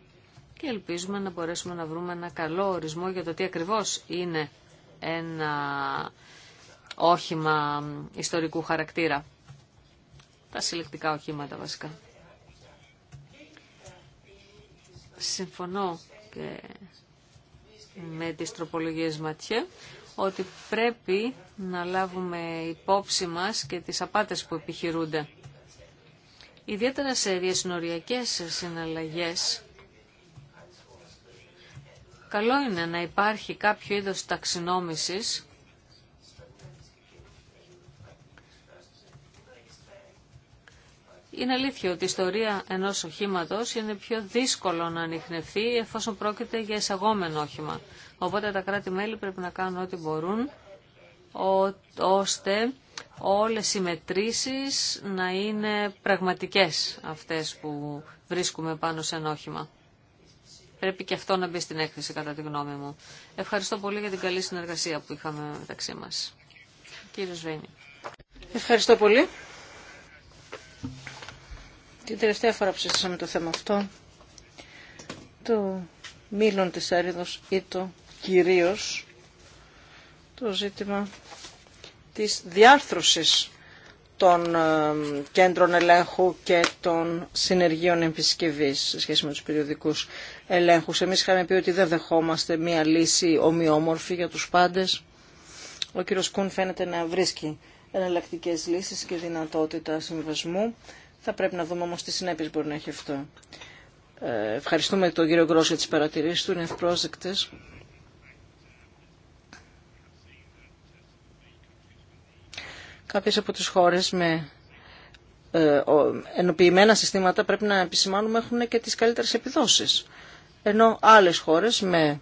S2: και ελπίζουμε να μπορέσουμε να βρούμε ένα καλό ορισμό για το τι ακριβώς είναι ένα όχημα ιστορικού χαρακτήρα. Τα συλλεκτικά οχήματα βασικά. συμφωνώ και με τις τροπολογίες Ματιέ ότι πρέπει να λάβουμε υπόψη μας και τις απάτες που επιχειρούνται. Ιδιαίτερα σε διασυνοριακές συναλλαγές καλό είναι να υπάρχει κάποιο είδος ταξινόμησης Είναι αλήθεια ότι η ιστορία ενός οχήματο είναι πιο δύσκολο να ανοιχνευτεί εφόσον πρόκειται για εισαγόμενο όχημα. Οπότε τα κράτη-μέλη πρέπει να κάνουν ό,τι μπορούν ώστε όλες οι μετρήσεις να είναι πραγματικές αυτές που βρίσκουμε πάνω σε ένα όχημα. Πρέπει και αυτό να μπει στην έκθεση κατά τη γνώμη μου. Ευχαριστώ πολύ για την καλή συνεργασία που είχαμε μεταξύ μας. Κύριος Ευχαριστώ πολύ. Την τελευταία φορά που συζητήσαμε το θέμα
S3: αυτό, το μήλον της έρηδος ή το κυρίως το ζήτημα της διάρθρωσης των ε, κέντρων ελέγχου και των συνεργείων επισκευή σε σχέση με τους περιοδικούς ελέγχους. Εμείς είχαμε πει ότι δεν δεχόμαστε μία λύση ομοιόμορφη για τους πάντες. Ο κύριος Κούν φαίνεται να βρίσκει εναλλακτικέ λύσεις και δυνατότητα συμβασμού. Θα πρέπει να δούμε όμως τι συνέπειες μπορεί να έχει αυτό. Ε, ευχαριστούμε τον κύριο Γκρο για τις παρατηρήσεις του, είναι ευπρόσδεκτες. Κάποιες από τις χώρες με ε, ενοποιημένα συστήματα πρέπει να επισημάνουμε έχουν και τις καλύτερες επιδόσεις. Ενώ άλλες χώρες με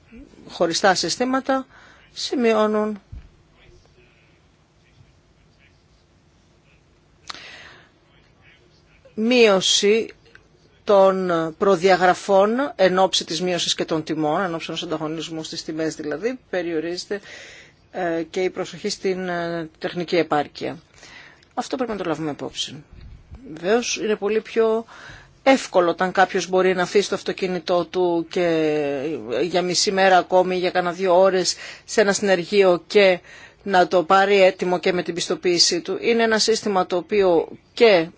S3: χωριστά συστήματα σημειώνουν μείωση των προδιαγραφών εν ώψη της μείωσης και των τιμών, εν ώψη ενός ανταγωνισμού στις τιμές δηλαδή, περιορίζεται ε, και η προσοχή στην ε, τεχνική επάρκεια. Αυτό πρέπει να το λάβουμε υπόψη. Βεβαίω είναι πολύ πιο εύκολο όταν κάποιο μπορεί να αφήσει το αυτοκίνητό του και ε, για μισή μέρα ακόμη, για κανένα δύο ώρες σε ένα συνεργείο και να το πάρει έτοιμο και με την πιστοποίησή του. Είναι ένα σύστημα το οποίο και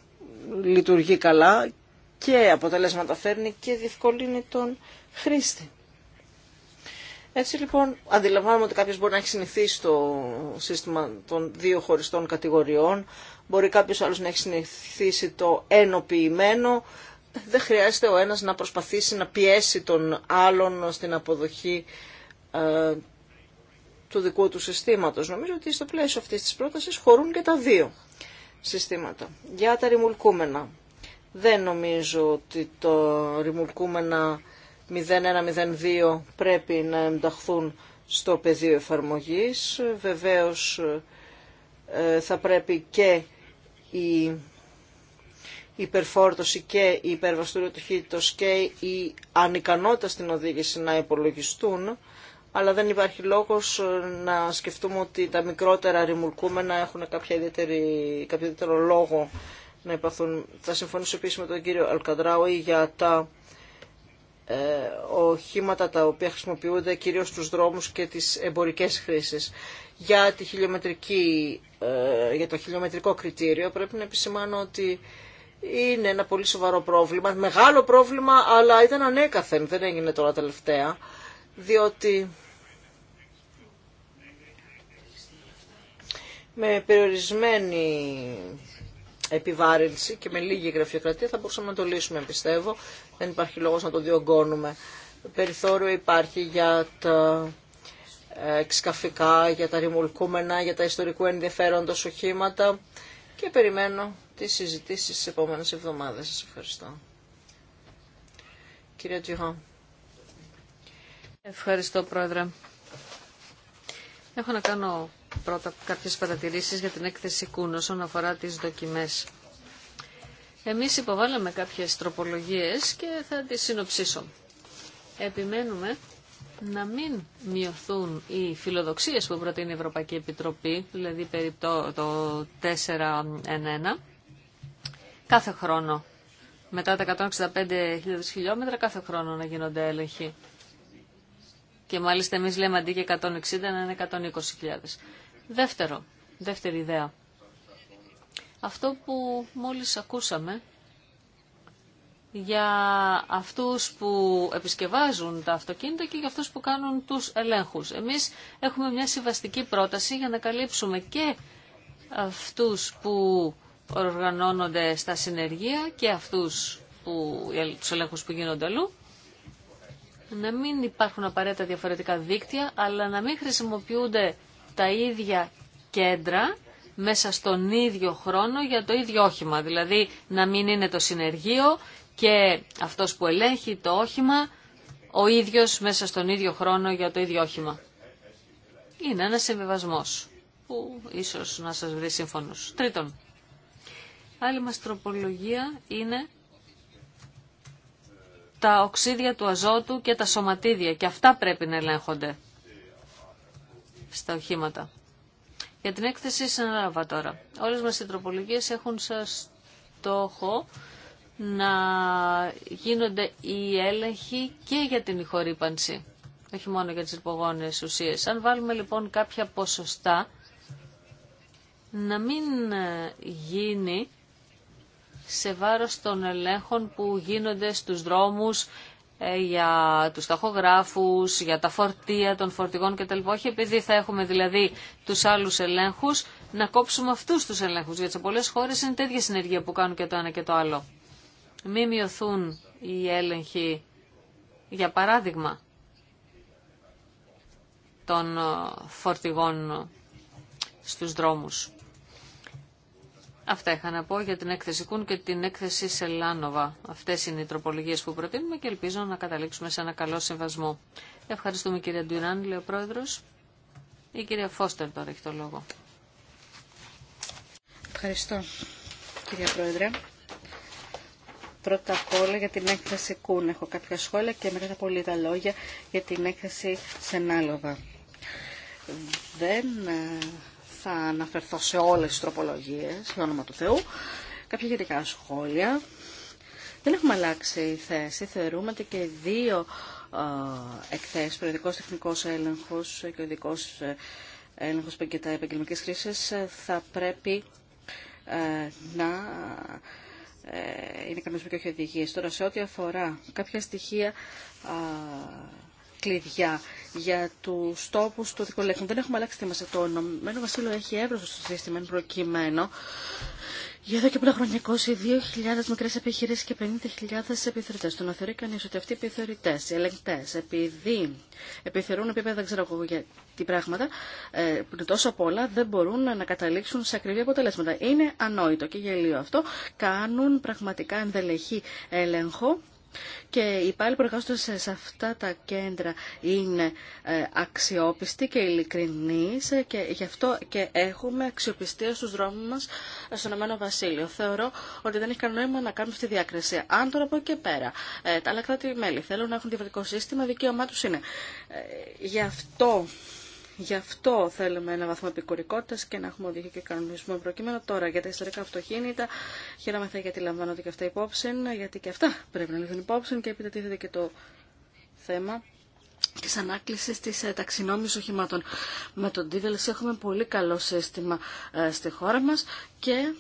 S3: λειτουργεί καλά και αποτελέσματα φέρνει και διευκολύνει τον χρήστη. Έτσι λοιπόν αντιλαμβάνομαι ότι κάποιος μπορεί να έχει συνηθίσει το σύστημα των δύο χωριστών κατηγοριών, μπορεί κάποιος άλλος να έχει συνηθίσει το ενοποιημένο, δεν χρειάζεται ο ένας να προσπαθήσει να πιέσει τον άλλον στην αποδοχή ε, του δικού του συστήματος. Νομίζω ότι στο πλαίσιο αυτής της πρότασης χωρούν και τα δύο συστήματα. Για τα ρημουλκούμενα. Δεν νομίζω ότι το ρημουλκούμενα 0102 πρέπει να ενταχθούν στο πεδίο εφαρμογής. Βεβαίως ε, θα πρέπει και η υπερφόρτωση και η υπερβαστούριοτοχήτητος και η ανικανότητα στην οδήγηση να υπολογιστούν αλλά δεν υπάρχει λόγος ε, να σκεφτούμε ότι τα μικρότερα ρημουλκούμενα έχουν κάποια ιδιαίτερη, κάποιο ιδιαίτερο λόγο να υπαθούν. Θα συμφωνήσω επίσης με τον κύριο Αλκαντράουι για τα ε, οχήματα τα οποία χρησιμοποιούνται κυρίως στους δρόμους και τις εμπορικές χρήσεις. Για, τη ε, για το χιλιομετρικό κριτήριο πρέπει να επισημάνω ότι είναι ένα πολύ σοβαρό πρόβλημα, μεγάλο πρόβλημα, αλλά ήταν ανέκαθεν, δεν έγινε τώρα τελευταία, διότι με περιορισμένη επιβάρυνση και με λίγη γραφειοκρατία θα μπορούσαμε να το λύσουμε, πιστεύω. Δεν υπάρχει λόγος να το διωγγώνουμε. Περιθώριο υπάρχει για τα ε, εξκαφικά, για τα ρημουλκούμενα, για τα ιστορικού ενδιαφέροντος οχήματα και περιμένω τις συζητήσεις στις επόμενες εβδομάδες. Σας ευχαριστώ.
S2: Κυρία Τζιχά. Ευχαριστώ, Πρόεδρε. Έχω να κάνω πρώτα κάποιες παρατηρήσεις για την έκθεση Κούν όσον αφορά τις δοκιμές. Εμείς υποβάλαμε κάποιες τροπολογίες και θα τις συνοψίσω. Επιμένουμε να μην μειωθούν οι φιλοδοξίες που προτείνει η Ευρωπαϊκή Επιτροπή, δηλαδή περί το, το κάθε κάθε χρόνο. Μετά τα 165.000 χιλιόμετρα κάθε χρόνο να γίνονται έλεγχοι. Και μάλιστα εμείς λέμε αντί και 160 να είναι 120.000. Δεύτερο, δεύτερη ιδέα. Αυτό που μόλις ακούσαμε για αυτούς που επισκευάζουν τα αυτοκίνητα και για αυτούς που κάνουν τους ελέγχους. Εμείς έχουμε μια συμβαστική πρόταση για να καλύψουμε και αυτούς που οργανώνονται στα συνεργεία και αυτούς που, τους ελέγχους που γίνονται αλλού. Να μην υπάρχουν απαραίτητα διαφορετικά δίκτυα, αλλά να μην χρησιμοποιούνται τα ίδια κέντρα μέσα στον ίδιο χρόνο για το ίδιο όχημα. Δηλαδή να μην είναι το συνεργείο και αυτός που ελέγχει το όχημα ο ίδιος μέσα στον ίδιο χρόνο για το ίδιο όχημα. Είναι ένας συμβιβασμό που ίσως να σας βρει σύμφωνος. Τρίτον, άλλη μας τροπολογία είναι τα οξύδια του αζότου και τα σωματίδια και αυτά πρέπει να ελέγχονται στα οχήματα. Για την έκθεση ένα τώρα. Όλες μας οι τροπολογίες έχουν σαν στόχο να γίνονται οι έλεγχοι και για την ηχορύπανση, όχι μόνο για τις υπογόνες ουσίες. Αν βάλουμε λοιπόν κάποια ποσοστά, να μην ε, γίνει σε βάρος των ελέγχων που γίνονται στους δρόμους ε, για τους ταχογράφους, για τα φορτία των φορτηγών κτλ. Όχι επειδή θα έχουμε δηλαδή τους άλλους ελέγχους, να κόψουμε αυτούς τους ελέγχους, γιατί σε πολλές χώρες είναι τέτοια συνεργεία που κάνουν και το ένα και το άλλο. Μη μειωθούν οι έλεγχοι, για παράδειγμα, των ε, φορτηγών στους δρόμους. Αυτά είχα να πω για την έκθεση Κούν και την έκθεση Σελάνοβα. Αυτές είναι οι τροπολογίες που προτείνουμε και ελπίζω να καταλήξουμε σε ένα καλό συμβασμό. Ευχαριστούμε κύριε Ντουράν, λέει ο πρόεδρος. Η κυρία Φώστερ τώρα έχει το λόγο. Ευχαριστώ κυρία Πρόεδρε. Πρώτα απ' όλα για την έκθεση
S4: Κούν έχω κάποια σχόλια και μετά πολύ τα λόγια για την έκθεση Σενάλοβα. Δεν ε, θα αναφερθώ σε όλες τις τροπολογίες, στο όνομα του Θεού. Κάποια γενικά σχόλια. Δεν έχουμε αλλάξει θέση. Θεωρούμε ότι και δύο εκθέσεις, προεδρικός τεχνικός έλεγχος και ο ειδικός ε, έλεγχος και τα επαγγελματικές χρήσεις, ε, θα πρέπει ε, να είναι κανονισμό και όχι οδηγίες. Τώρα, σε ό,τι αφορά κάποια στοιχεία κλειδιά για του τόπου του δικολέχνου. Δεν έχουμε αλλάξει μα. Το Ηνωμένο Βασίλειο έχει εύρωστο στο σύστημα εν προκειμένου. Για εδώ και πολλά χρόνια 22.000 μικρέ επιχειρήσει και 50.000 επιθεωρητέ. Το να θεωρεί κανεί ότι αυτοί οι επιθεωρητέ, οι ελεγκτέ, επειδή επιθερούν επίπεδα, δεν ξέρω εγώ για τι πράγματα, ε, που είναι τόσο πολλά, δεν μπορούν να καταλήξουν σε ακριβή αποτελέσματα. Είναι ανόητο και γελίο αυτό. Κάνουν πραγματικά ενδελεχή έλεγχο και οι υπάλληλοι που εργάζονται σε αυτά τα κέντρα είναι ε, αξιόπιστοι και ειλικρινεί, ε, και γι' αυτό και έχουμε αξιοπιστία στους δρόμους μας ε, στον Ηνωμένο Βασίλειο. Θεωρώ ότι δεν έχει κανένα νόημα να κάνουμε αυτή τη διάκριση. Αν τώρα από εκεί και πέρα τα άλλα κράτη-μέλη θέλουν να έχουν διαφορετικό σύστημα, δικαίωμά τους είναι. Γι' αυτό Γι' αυτό θέλουμε ένα βαθμό επικουρικότητα και να έχουμε οδηγεί και κανονισμό προκειμένου. Τώρα για τα ιστορικά αυτοκίνητα, χαίρομαι γιατί λαμβάνονται και αυτά υπόψη, γιατί και αυτά πρέπει να λυθούν υπόψη και επιτατίθεται και το θέμα τη ανάκληση τη ε, ταξινόμηση οχημάτων. Με τον Τίβελ έχουμε πολύ καλό σύστημα ε, στη χώρα μα και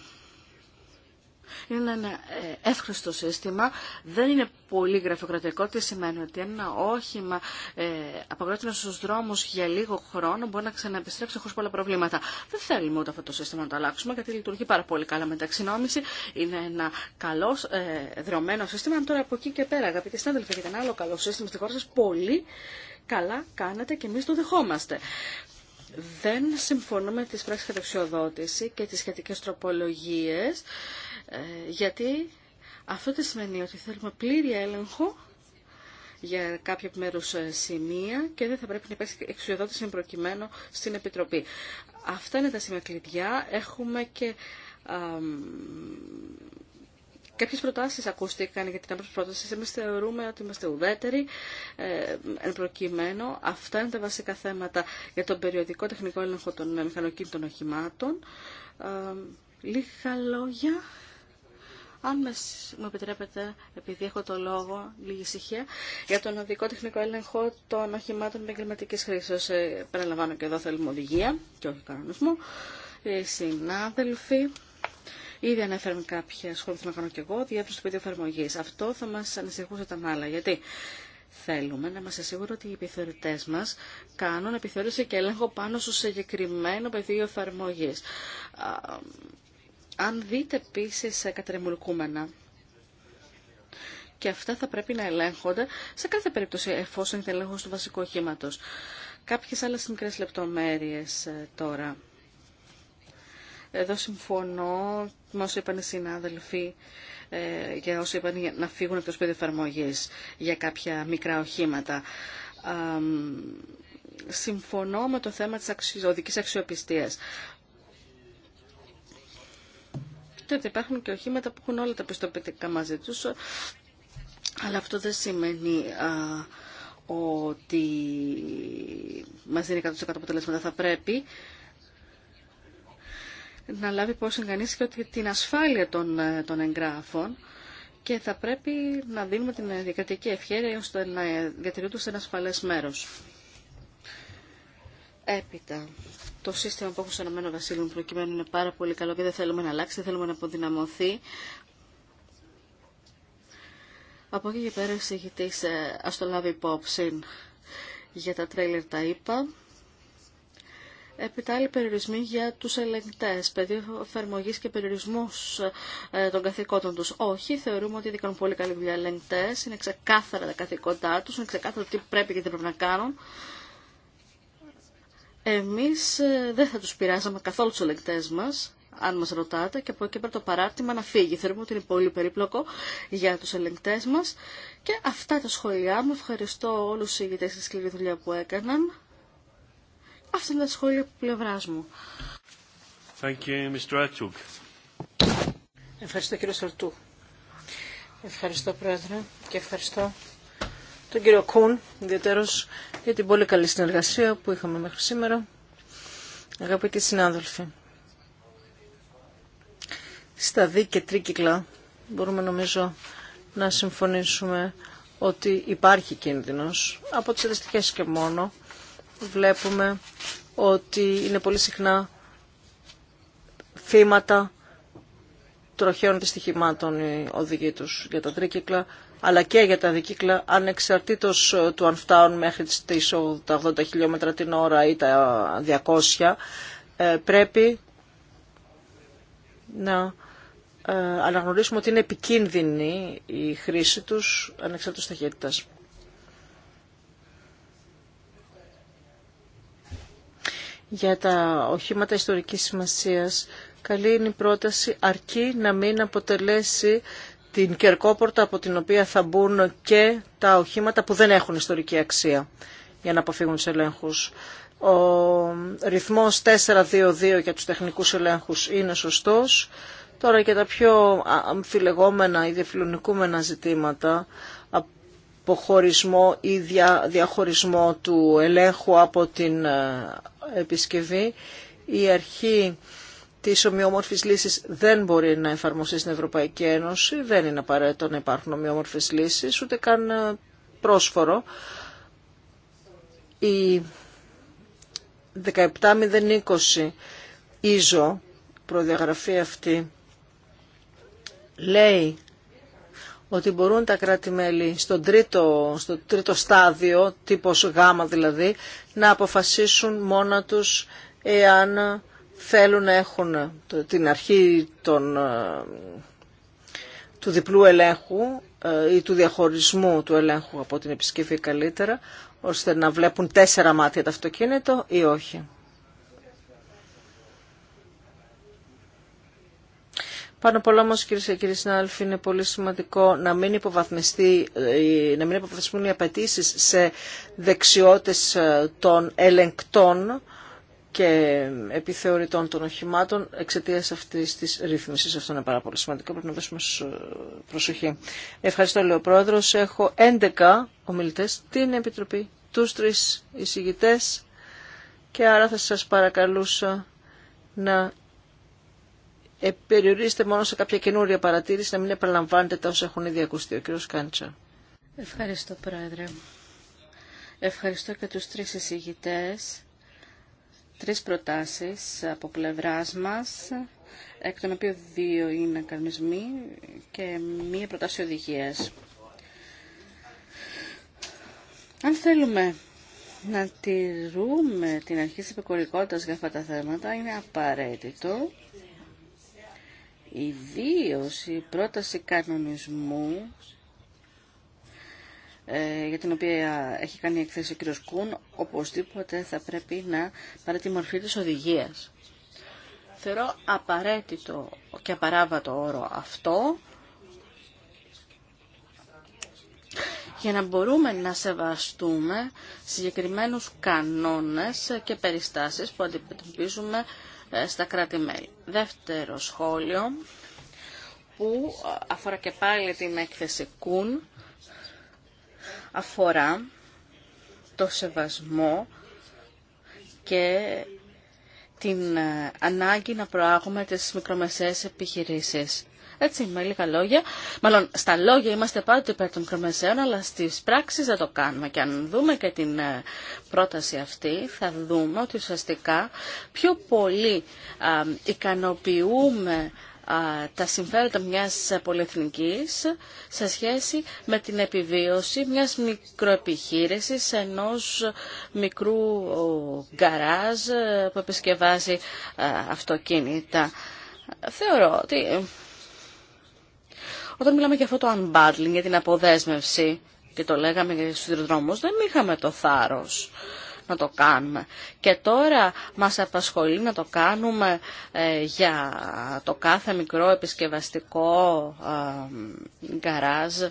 S4: είναι ένα ε, εύχριστο σύστημα, δεν είναι πολύ γραφειοκρατικό. Τι σημαίνει ότι ένα όχημα ε, απαγορεύεται στους δρόμους για λίγο χρόνο μπορεί να ξαναεπιστρέψει χωρίς πολλά προβλήματα. Δεν θέλουμε ούτε αυτό το σύστημα να το αλλάξουμε, γιατί λειτουργεί πάρα πολύ καλά με ταξινόμηση. Είναι ένα καλό ε, δρομένο σύστημα. Τώρα από εκεί και πέρα, αγαπητοί συνάδελφοι, έχετε ένα άλλο καλό σύστημα στη χώρα σας, πολύ καλά κάνετε και εμείς το δεχόμαστε. Δεν συμφωνούμε με τις πράξεις και τις σχετικέ τροπολογίες ε, γιατί αυτό δεν σημαίνει ότι θέλουμε πλήρη έλεγχο για κάποια μέρους ε, σημεία και δεν θα πρέπει να υπάρξει εξουσιοδότηση προκειμένου στην Επιτροπή. Αυτά είναι τα σημεία κλειδιά. Έχουμε και α, Κάποιες προτάσεις ακούστηκαν για την άμεση πρόταση. Εμείς θεωρούμε ότι είμαστε ουδέτεροι ε, προκειμένου. Αυτά είναι τα βασικά θέματα για τον περιοδικό τεχνικό έλεγχο των μηχανοκίνητων οχημάτων. Ε, λίγα λόγια αν με, μου επιτρέπετε, επειδή έχω το λόγο, λίγη ησυχία, για τον οδικό τεχνικό έλεγχο των οχημάτων επαγγελματική χρήση. Ε, παραλαμβάνω και εδώ θέλουμε οδηγία και όχι κανονισμό. Οι ε, συνάδελφοι, ήδη ανέφεραν κάποια σχόλια που να κάνω και εγώ, διεύρυνση του πεδίου εφαρμογή. Αυτό θα μα ανησυχούσε τα μάλλα. Γιατί θέλουμε να είμαστε σίγουροι ότι οι επιθεωρητέ μα κάνουν επιθεώρηση και έλεγχο πάνω στο συγκεκριμένο πεδίο εφαρμογή αν δείτε επίση κατρεμουλκούμενα. Και αυτά θα πρέπει να ελέγχονται σε κάθε περίπτωση εφόσον είναι ελέγχος του βασικού οχήματο. Κάποιες άλλες μικρές λεπτομέρειες ε, τώρα. Εδώ συμφωνώ με όσο είπαν οι συνάδελφοι ε, για όσο είπαν να φύγουν από το σπίτι εφαρμογή για κάποια μικρά οχήματα. Συμφωνώ με το θέμα της οδικής αξιοπιστίας είναι ότι υπάρχουν και οχήματα που έχουν όλα τα πιστοποιητικά μαζί τους, αλλά αυτό δεν σημαίνει α, ότι μας δίνει 100% αποτελέσματα. Θα πρέπει να λάβει υπόψη κανείς και ότι την ασφάλεια των, ε, των εγγράφων και θα πρέπει να δίνουμε την διακριτική ευχαίρεια ώστε να διατηρούνται σε ένα ασφαλές μέρος. Έπειτα, το σύστημα που έχουν στο Ηνωμένο προκειμένου είναι πάρα πολύ καλό και δεν θέλουμε να αλλάξει, δεν θέλουμε να αποδυναμωθεί. Από εκεί και πέρα ο εισηγητής ε, α το λάβει υπόψη για τα τρέιλερ τα είπα. Έπειτα, άλλοι περιορισμοί για τους ελεγκτές, πεδίο εφαρμογή και περιορισμούς ε, των καθηκόντων τους. Όχι, θεωρούμε ότι κάνουν πολύ καλή δουλειά ελεγκτές, είναι ξεκάθαρα τα καθηκόντά τους, είναι ξεκάθαρο τι πρέπει και τι πρέπει να κάνουν. Εμείς ε, δεν θα τους πειράζαμε καθόλου τους ελεγκτές μας, αν μας ρωτάτε, και από εκεί πέρα το παράρτημα να φύγει. Θεωρούμε ότι είναι πολύ περίπλοκο για τους ελεγκτές μας. Και αυτά τα σχόλιά μου. Ευχαριστώ όλους οι ηγητές της σκληρή δουλειά που έκαναν. Αυτά είναι τα σχόλια από πλευρά μου.
S1: you,
S4: Ευχαριστώ κύριο Σαρτού. Ευχαριστώ πρόεδρε και
S3: ευχαριστώ τον κύριο Κούν, ιδιαίτερος για την πολύ καλή συνεργασία που είχαμε μέχρι σήμερα. Αγαπητοί συνάδελφοι, στα δί τρίκυκλα μπορούμε νομίζω να συμφωνήσουμε ότι υπάρχει κίνδυνος. Από τις αντιστοιχές και μόνο βλέπουμε ότι είναι πολύ συχνά θύματα τροχαίων δυστυχημάτων οι οδηγοί τους για τα τρίκυκλα αλλά και για τα δικύκλα ανεξαρτήτως ε, του αν φτάνουν μέχρι τις 80 χιλιόμετρα την ώρα ή τα 200 ε, πρέπει να ε, αναγνωρίσουμε ότι είναι επικίνδυνη η χρήση τους ανεξαρτήτως ταχύτητας. Για τα οχήματα ιστορικής σημασίας, καλή είναι η πρόταση αρκεί να μην αποτελέσει την κερκόπορτα από την οποία θα μπουν και τα οχήματα που δεν έχουν ιστορική αξία για να αποφύγουν τους ελέγχους. Ο ρυθμός 4-2-2 για τους τεχνικούς ελέγχους είναι σωστός. Τώρα και τα πιο αμφιλεγόμενα ή διαφιλονικούμενα ζητήματα, αποχωρισμό ή διαχωρισμό του ελέγχου από την ε, επισκευή, η αρχή Τις ομοιόμορφες λύσης δεν μπορεί να εφαρμοστεί στην Ευρωπαϊκή Ένωση, δεν είναι απαραίτητο να υπάρχουν ομοιόμορφες λύσεις, ούτε καν ε, πρόσφορο. Η 17.020 ISO, προδιαγραφή αυτή λέει ότι μπορούν τα κράτη-μέλη στο τρίτο, στο τρίτο στάδιο, τύπος γάμα δηλαδή, να αποφασίσουν μόνα τους εάν θέλουν να έχουν την αρχή των, ε, του διπλού ελέγχου ε, ή του διαχωρισμού του ελέγχου από την επισκευή καλύτερα, ώστε να βλέπουν τέσσερα μάτια το αυτοκίνητο ή όχι. Πάνω απ' όλα όμως κυριε και κύριοι συνάδελφοι είναι πολύ σημαντικό να μην, υποβαθμιστεί, ε, να υποβαθμιστούν οι απαιτήσει σε δεξιότητες των ελεγκτών και επιθεωρητών των οχημάτων εξαιτία αυτή τη ρύθμιση. Αυτό είναι πάρα πολύ σημαντικό. Πρέπει να δώσουμε προσοχή. Ευχαριστώ, λέει ο πρόεδρο. Έχω 11 ομιλητέ στην Επιτροπή, του τρει εισηγητέ. Και άρα θα σας παρακαλούσα να περιορίσετε μόνο σε κάποια καινούρια παρατήρηση, να μην επαναλαμβάνετε τα όσα έχουν ήδη ακουστεί. Ο κ. Κάντσα.
S4: Ευχαριστώ, Πρόεδρε. Ευχαριστώ και τους τρεις εισηγητές τρεις προτάσεις από πλευράς μας, εκ των οποίων δύο είναι κανονισμοί και μία προτάση οδηγίας. Αν θέλουμε να τηρούμε την αρχή της επικορικότητας για αυτά τα θέματα, είναι απαραίτητο Ιδίω η πρόταση κανονισμού ε, για την οποία έχει κάνει εκθέση ο κ. Κούν, οπωσδήποτε θα πρέπει να πάρει τη μορφή της οδηγίας. Θεωρώ απαραίτητο και απαράβατο όρο αυτό, για να μπορούμε να σεβαστούμε συγκεκριμένους κανόνες και περιστάσεις που αντιμετωπίζουμε ε, στα κράτη-μέλη. Δεύτερο σχόλιο που ε, αφορά και πάλι την έκθεση Κούν αφορά το σεβασμό και την ε, ανάγκη να προάγουμε τις μικρομεσαίες επιχειρήσεις. Έτσι, με λίγα λόγια. Μάλλον, στα λόγια είμαστε πάντοτε υπέρ των μικρομεσαίων, αλλά στις πράξεις δεν το κάνουμε. Και αν δούμε και την ε, πρόταση αυτή, θα δούμε ότι ουσιαστικά πιο πολύ ε, ικανοποιούμε τα συμφέροντα μιας πολυεθνικής σε σχέση με την επιβίωση μιας μικροεπιχείρησης ενός μικρού γκαράζ ε, που επισκευάζει ε, αυτοκίνητα. Θεωρώ ότι ε, όταν μιλάμε για αυτό το unbundling, για την αποδέσμευση, και το λέγαμε στους δρόμους, δεν είχαμε το θάρρος να το κάνουμε. Και τώρα μας απασχολεί να το κάνουμε ε, για το κάθε μικρό επισκευαστικό ε, γκαράζ. Ε,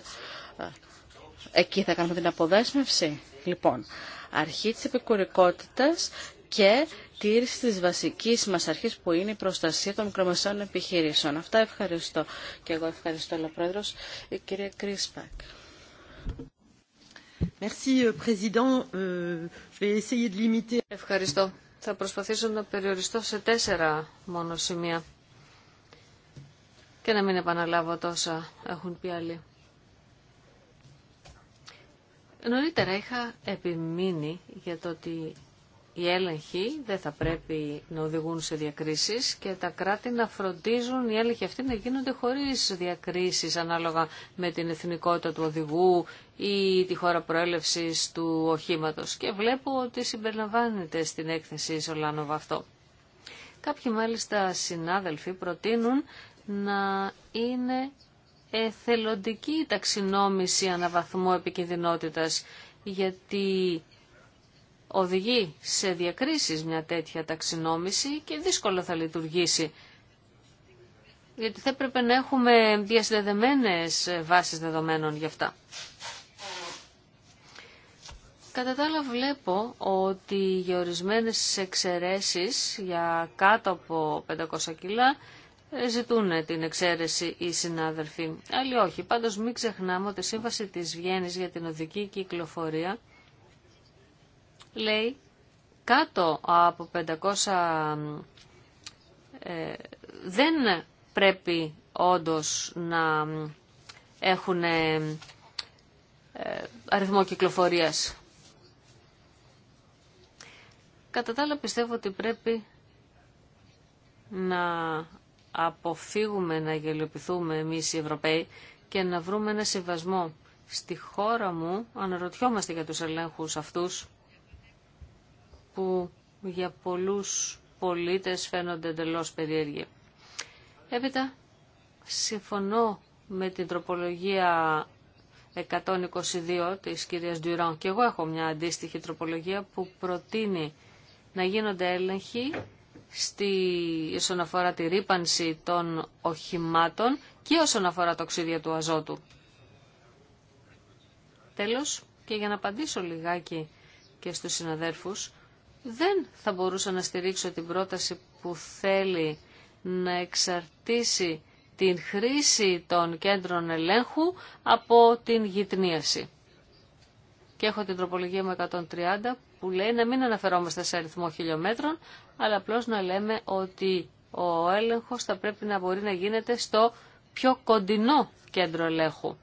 S4: εκεί θα κάνουμε την αποδέσμευση. Λοιπόν, αρχή της επικουρικότητας και τήρηση της βασικής μας αρχής που είναι η προστασία των μικρομεσαίων επιχειρήσεων. Αυτά ευχαριστώ. Και εγώ ευχαριστώ, Πρόεδρος, η κυρία Κρίσπακ.
S2: Euh, euh, Ευχαριστώ. Θα προσπαθήσω να περιοριστώ σε τέσσερα μόνο σημεία και να μην επαναλάβω τόσα έχουν πει άλλοι. Νωρίτερα είχα επιμείνει για το ότι οι έλεγχοι δεν θα πρέπει να οδηγούν σε διακρίσεις και τα κράτη να φροντίζουν οι έλεγχοι αυτοί να γίνονται χωρίς διακρίσεις ανάλογα με την εθνικότητα του οδηγού ή τη χώρα προέλευσης του οχήματος και βλέπω ότι συμπεριλαμβάνεται στην έκθεση Σολάνοβα αυτό. Κάποιοι μάλιστα συνάδελφοι προτείνουν να είναι εθελοντική η ταξινόμηση αναβαθμό επικινδυνότητας γιατί οδηγεί σε διακρίσεις μια τέτοια ταξινόμηση και δύσκολα θα λειτουργήσει. Γιατί θα έπρεπε να ειναι εθελοντικη η ταξινομηση αναβαθμού επικινδυνοτητας γιατι διασυνδεδεμένες και δύσκολο θα λειτουργησει γιατι θα δεδομένων γι' αυτά. Κατά τα άλλα βλέπω ότι για ορισμένες εξαιρέσεις για κάτω από 500 κιλά ε, ζητούν την εξαίρεση οι συνάδελφοι. Άλλοι όχι. Πάντως μην ξεχνάμε ότι η Σύμβαση της Βιέννης για την οδική κυκλοφορία λέει κάτω από 500 ε, δεν πρέπει όντως να έχουν ε, αριθμό κυκλοφορίας. Κατά τα άλλα πιστεύω ότι πρέπει να αποφύγουμε να γελιοποιηθούμε εμείς οι Ευρωπαίοι και να βρούμε ένα συμβασμό. Στη χώρα μου αναρωτιόμαστε για τους ελέγχους αυτούς που για πολλούς πολίτες φαίνονται εντελώ περίεργοι. Έπειτα, συμφωνώ με την τροπολογία 122 της κυρίας Ντουρόν και εγώ έχω μια αντίστοιχη τροπολογία που προτείνει να γίνονται έλεγχοι στη, όσον αφορά τη ρήπανση των οχημάτων και όσον αφορά το οξύδια του αζότου. Τέλος, και για να απαντήσω λιγάκι και στους συναδέρφους, δεν θα μπορούσα να στηρίξω την πρόταση που θέλει να εξαρτήσει την χρήση των κέντρων ελέγχου από την γυτνίαση. Και έχω την τροπολογία με 130 που λέει να μην αναφερόμαστε σε αριθμό χιλιόμετρων, αλλά απλώ να λέμε ότι ο έλεγχος θα πρέπει να μπορεί να γίνεται στο πιο κοντινό κέντρο ελέγχου.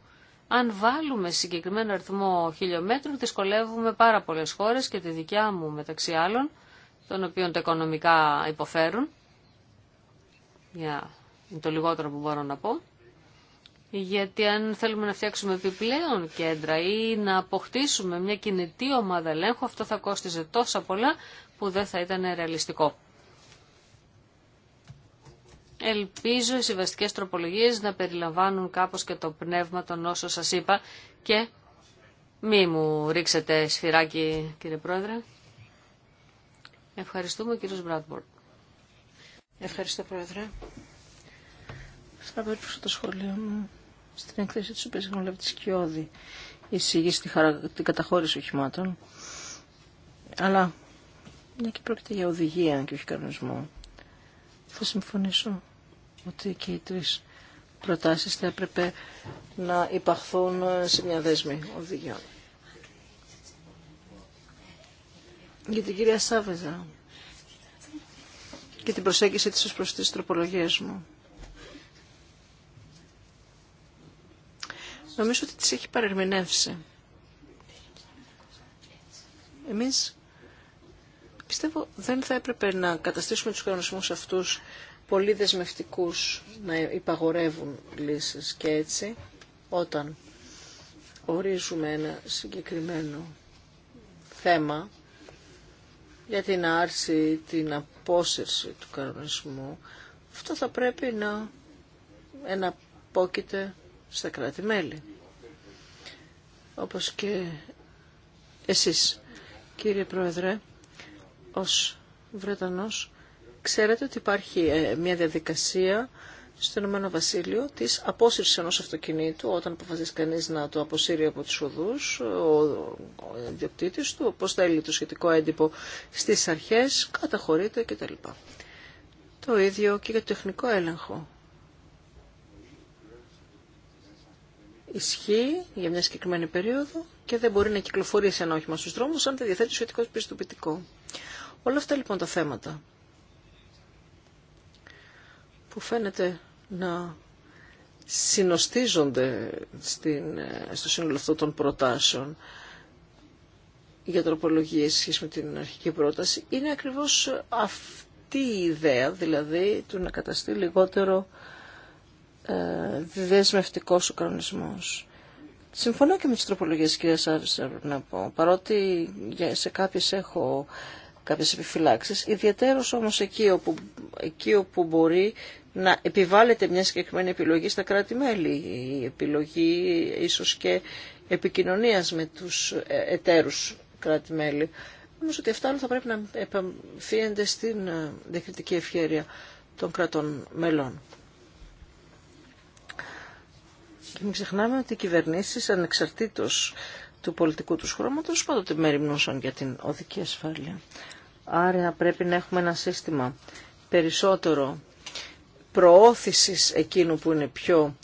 S2: Αν βάλουμε συγκεκριμένο αριθμό χιλιόμετρων, δυσκολεύουμε πάρα πολλές χώρες και τη δικιά μου μεταξύ άλλων, των οποίων τα οικονομικά υποφέρουν, για... είναι το λιγότερο που μπορώ να πω, γιατί αν θέλουμε να φτιάξουμε επιπλέον κέντρα ή να αποκτήσουμε μια κινητή ομάδα ελέγχου, αυτό θα κόστιζε τόσα πολλά που δεν θα ήταν ρεαλιστικό. Ελπίζω οι συμβαστικέ τροπολογίες να περιλαμβάνουν κάπως και το πνεύμα των όσων σας είπα και μη μου ρίξετε σφυράκι κύριε Πρόεδρε. Ευχαριστούμε κύριο Μπράτμπορντ. Ευχαριστώ Πρόεδρε.
S3: Θα το σχολείο μου στην εκθέση της οποίας έχουν λάβει τη σκιώδη εισηγή στη χαρα... την καταχώρηση οχημάτων. Αλλά μια και πρόκειται για οδηγία και όχι κανονισμό. Θα συμφωνήσω ότι και οι τρεις προτάσεις θα έπρεπε να υπαχθούν σε μια δέσμη οδηγιών. Για την κυρία Σάβεζα και την προσέγγιση της ως προς τις μου. νομίζω ότι τις έχει παρερμηνεύσει. Εμείς πιστεύω δεν θα έπρεπε να καταστήσουμε τους κανονισμούς αυτούς πολύ δεσμευτικούς να υπαγορεύουν λύσεις και έτσι όταν ορίζουμε ένα συγκεκριμένο θέμα για την άρση, την απόσυρση του κανονισμού αυτό θα πρέπει να εναπόκειται στα κράτη-μέλη. Όπως και εσείς, κύριε Πρόεδρε, ως Βρετανός, ξέρετε ότι υπάρχει ε, μια διαδικασία στο Ηνωμένο Βασίλειο της απόσυρσης ενός αυτοκινήτου όταν αποφασίζει κανείς να το αποσύρει από τους οδούς ο ιδιοκτήτης του, πώς θέλει το σχετικό έντυπο στις αρχές, καταχωρείται κτλ. Το ίδιο και για το τεχνικό έλεγχο. ισχύει για μια συγκεκριμένη περίοδο και δεν μπορεί να κυκλοφορήσει ένα όχημα στους δρόμους αν δεν διαθέτει σχετικό πιστοποιητικό. Όλα αυτά λοιπόν τα θέματα που φαίνεται να συνοστίζονται στην, ε, στο σύνολο αυτό των προτάσεων για τροπολογίε σχέση με την αρχική πρόταση είναι ακριβώς αυτή η ιδέα, δηλαδή του να καταστεί λιγότερο δεσμευτικός ο κανονισμός. Συμφωνώ και με τις τροπολογίες κυρία να πω, παρότι σε κάποιες έχω κάποιες επιφυλάξεις, ιδιαίτερος όμως εκεί όπου, εκεί όπου μπορεί να επιβάλλεται μια συγκεκριμένη επιλογή στα κράτη-μέλη, η επιλογή ίσως και επικοινωνίας με τους ε, εταίρους κράτη-μέλη. Όμως ότι αυτά θα πρέπει να επαφίενται στην ε, διακριτική ευχαίρεια των κρατών μελών. Και μην ξεχνάμε ότι οι κυβερνήσεις ανεξαρτήτως του πολιτικού τους χρώματος πάντοτε μεριμνούσαν για την οδική ασφάλεια. Άρα πρέπει να έχουμε ένα σύστημα περισσότερο προώθησης εκείνου που είναι πιο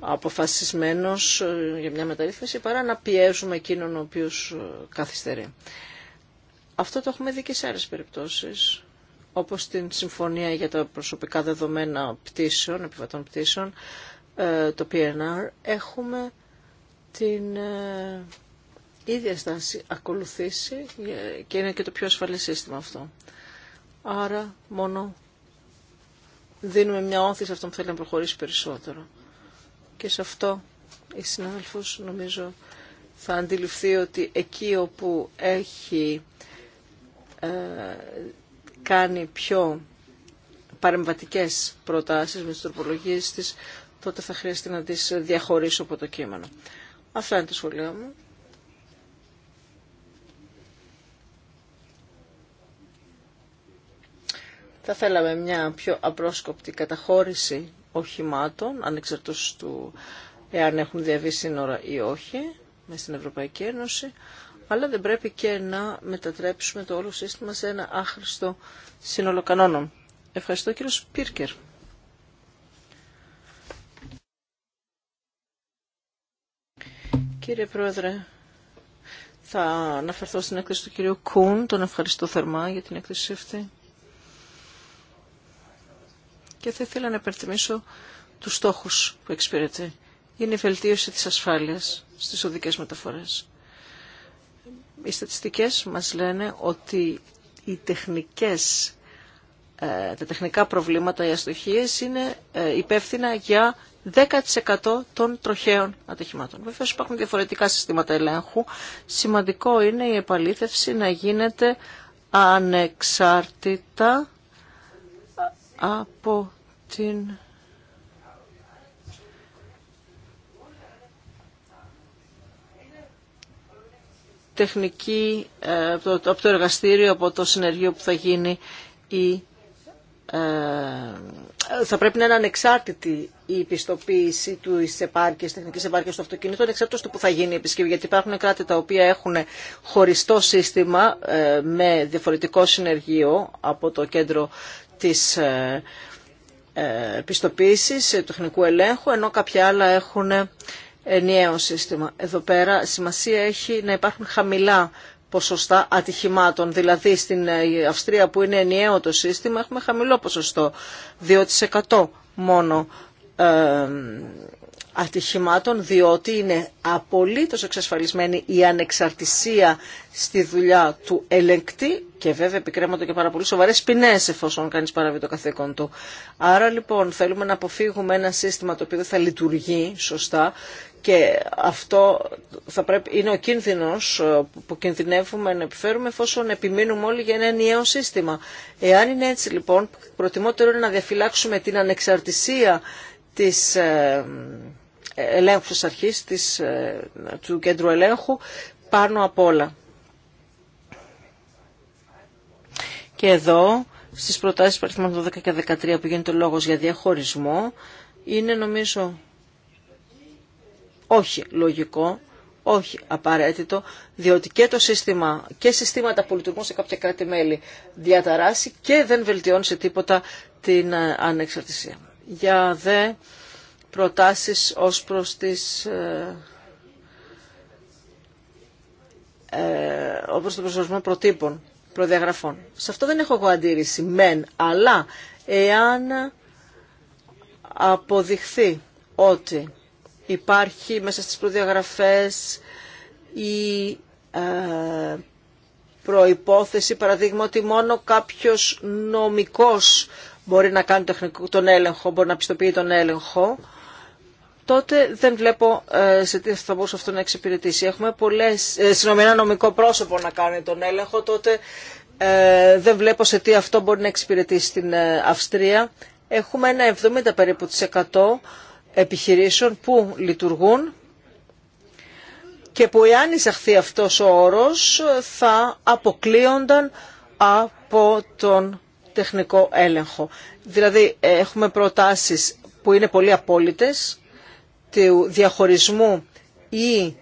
S3: αποφασισμένος ε, για μια μεταρρύθμιση παρά να πιέζουμε εκείνον ο οποίος ε, καθυστερεί. Αυτό το έχουμε δει και σε άλλες περιπτώσεις όπως την Συμφωνία για τα προσωπικά δεδομένα πτήσεων, επιβατών πτήσεων, ε, το PNR έχουμε την ε, ίδια στάση ακολουθήσει και είναι και το πιο ασφαλή σύστημα αυτό. Άρα μόνο δίνουμε μια όθηση σε αυτόν που θέλει να προχωρήσει περισσότερο. Και σε αυτό η συνάδελφος νομίζω θα αντιληφθεί ότι εκεί όπου έχει ε, κάνει πιο παρεμβατικές προτάσεις με τις τροπολογίες της τότε θα χρειαστεί να τις διαχωρίσω από το κείμενο. Αυτά είναι τα σχολεία μου. Θα θέλαμε μια πιο απρόσκοπτη καταχώρηση οχημάτων, ανεξαρτός του εάν έχουν διαβεί σύνορα ή όχι, μέσα στην Ευρωπαϊκή Ένωση, αλλά δεν πρέπει και να μετατρέψουμε το όλο σύστημα σε ένα άχρηστο σύνολο κανόνων. Ευχαριστώ κύριο Πίρκερ. Κύριε Πρόεδρε, θα αναφερθώ στην έκθεση του κυρίου Κούν. Τον ευχαριστώ θερμά για την έκθεση αυτή. Και θα ήθελα να υπενθυμίσω τους στόχους που εξυπηρετεί. Είναι η βελτίωση της ασφάλειας στις οδικές μεταφορές. Οι στατιστικές μας λένε ότι οι τεχνικές ε, τα τεχνικά προβλήματα, οι αστοχίες είναι ε, υπεύθυνα για 10% των τροχαίων ατυχημάτων. Βεβαίω υπάρχουν διαφορετικά συστήματα ελέγχου. Σημαντικό είναι η επαλήθευση να γίνεται ανεξάρτητα ε, από την τεχνική, από το εργαστήριο, από το συνεργείο που θα γίνει η ε, θα πρέπει να είναι ανεξάρτητη η πιστοποίηση του επάρκεια, τεχνική επάρκεια του αυτοκινήτου, ανεξάρτητο του που θα γίνει η επισκευή. Γιατί υπάρχουν κράτη τα οποία έχουν χωριστό σύστημα ε, με διαφορετικό συνεργείο από το κέντρο τη ε, πιστοποίηση του τεχνικού ελέγχου, ενώ κάποια άλλα έχουν ενιαίο σύστημα. Εδώ πέρα σημασία έχει να υπάρχουν χαμηλά ποσοστά ατυχημάτων. Δηλαδή στην ε, Αυστρία που είναι ενιαίο το σύστημα έχουμε χαμηλό ποσοστό, 2% μόνο ε, ατυχημάτων διότι είναι απολύτως εξασφαλισμένη η ανεξαρτησία στη δουλειά του ελεγκτή και βέβαια επικρέμονται και πάρα πολύ σοβαρέ ποινέ εφόσον κανεί παραβεί το καθήκον του. Άρα λοιπόν θέλουμε να αποφύγουμε ένα σύστημα το οποίο δεν θα λειτουργεί σωστά και αυτό θα πρέπει, είναι ο κίνδυνο ε, που κινδυνεύουμε να επιφέρουμε εφόσον επιμείνουμε όλοι για ένα ενιαίο σύστημα. Εάν είναι έτσι λοιπόν, προτιμότερο είναι να διαφυλάξουμε την ανεξαρτησία της ε, της αρχής της, ε, του κέντρου ελέγχου πάνω απ' όλα. Και εδώ στις προτάσεις παριθμών 12 και 13 που γίνεται λόγος για διαχωρισμό είναι νομίζω όχι λογικό, όχι απαραίτητο, διότι και το σύστημα και συστήματα που λειτουργούν σε κάποια κράτη-μέλη διαταράσει και δεν βελτιώνει σε τίποτα την ε, ανεξαρτησία. Για δε προτάσεις ως προς τις ε, όπως ε, το προσορισμό προτύπων, προδιαγραφών. Σε αυτό δεν έχω εγώ αντίρρηση, μεν, αλλά εάν αποδειχθεί ότι υπάρχει μέσα στις προδιαγραφές η ε, προϋπόθεση, παραδείγμα ότι μόνο κάποιος νομικός μπορεί να κάνει τον έλεγχο, μπορεί να πιστοποιεί τον έλεγχο, τότε δεν βλέπω ε, σε τι θα μπορούσε αυτό να εξυπηρετήσει. Έχουμε πολλές, ε, νομικό πρόσωπο να κάνει τον έλεγχο, τότε ε, δεν βλέπω σε τι αυτό μπορεί να εξυπηρετήσει στην ε, Αυστρία. Έχουμε ένα 70 περίπου επιχειρήσεων που λειτουργούν και που εάν εισαχθεί αυτός ο όρος θα αποκλείονταν από τον τεχνικό έλεγχο. Δηλαδή έχουμε προτάσεις που είναι πολύ απόλυτες του διαχωρισμού ή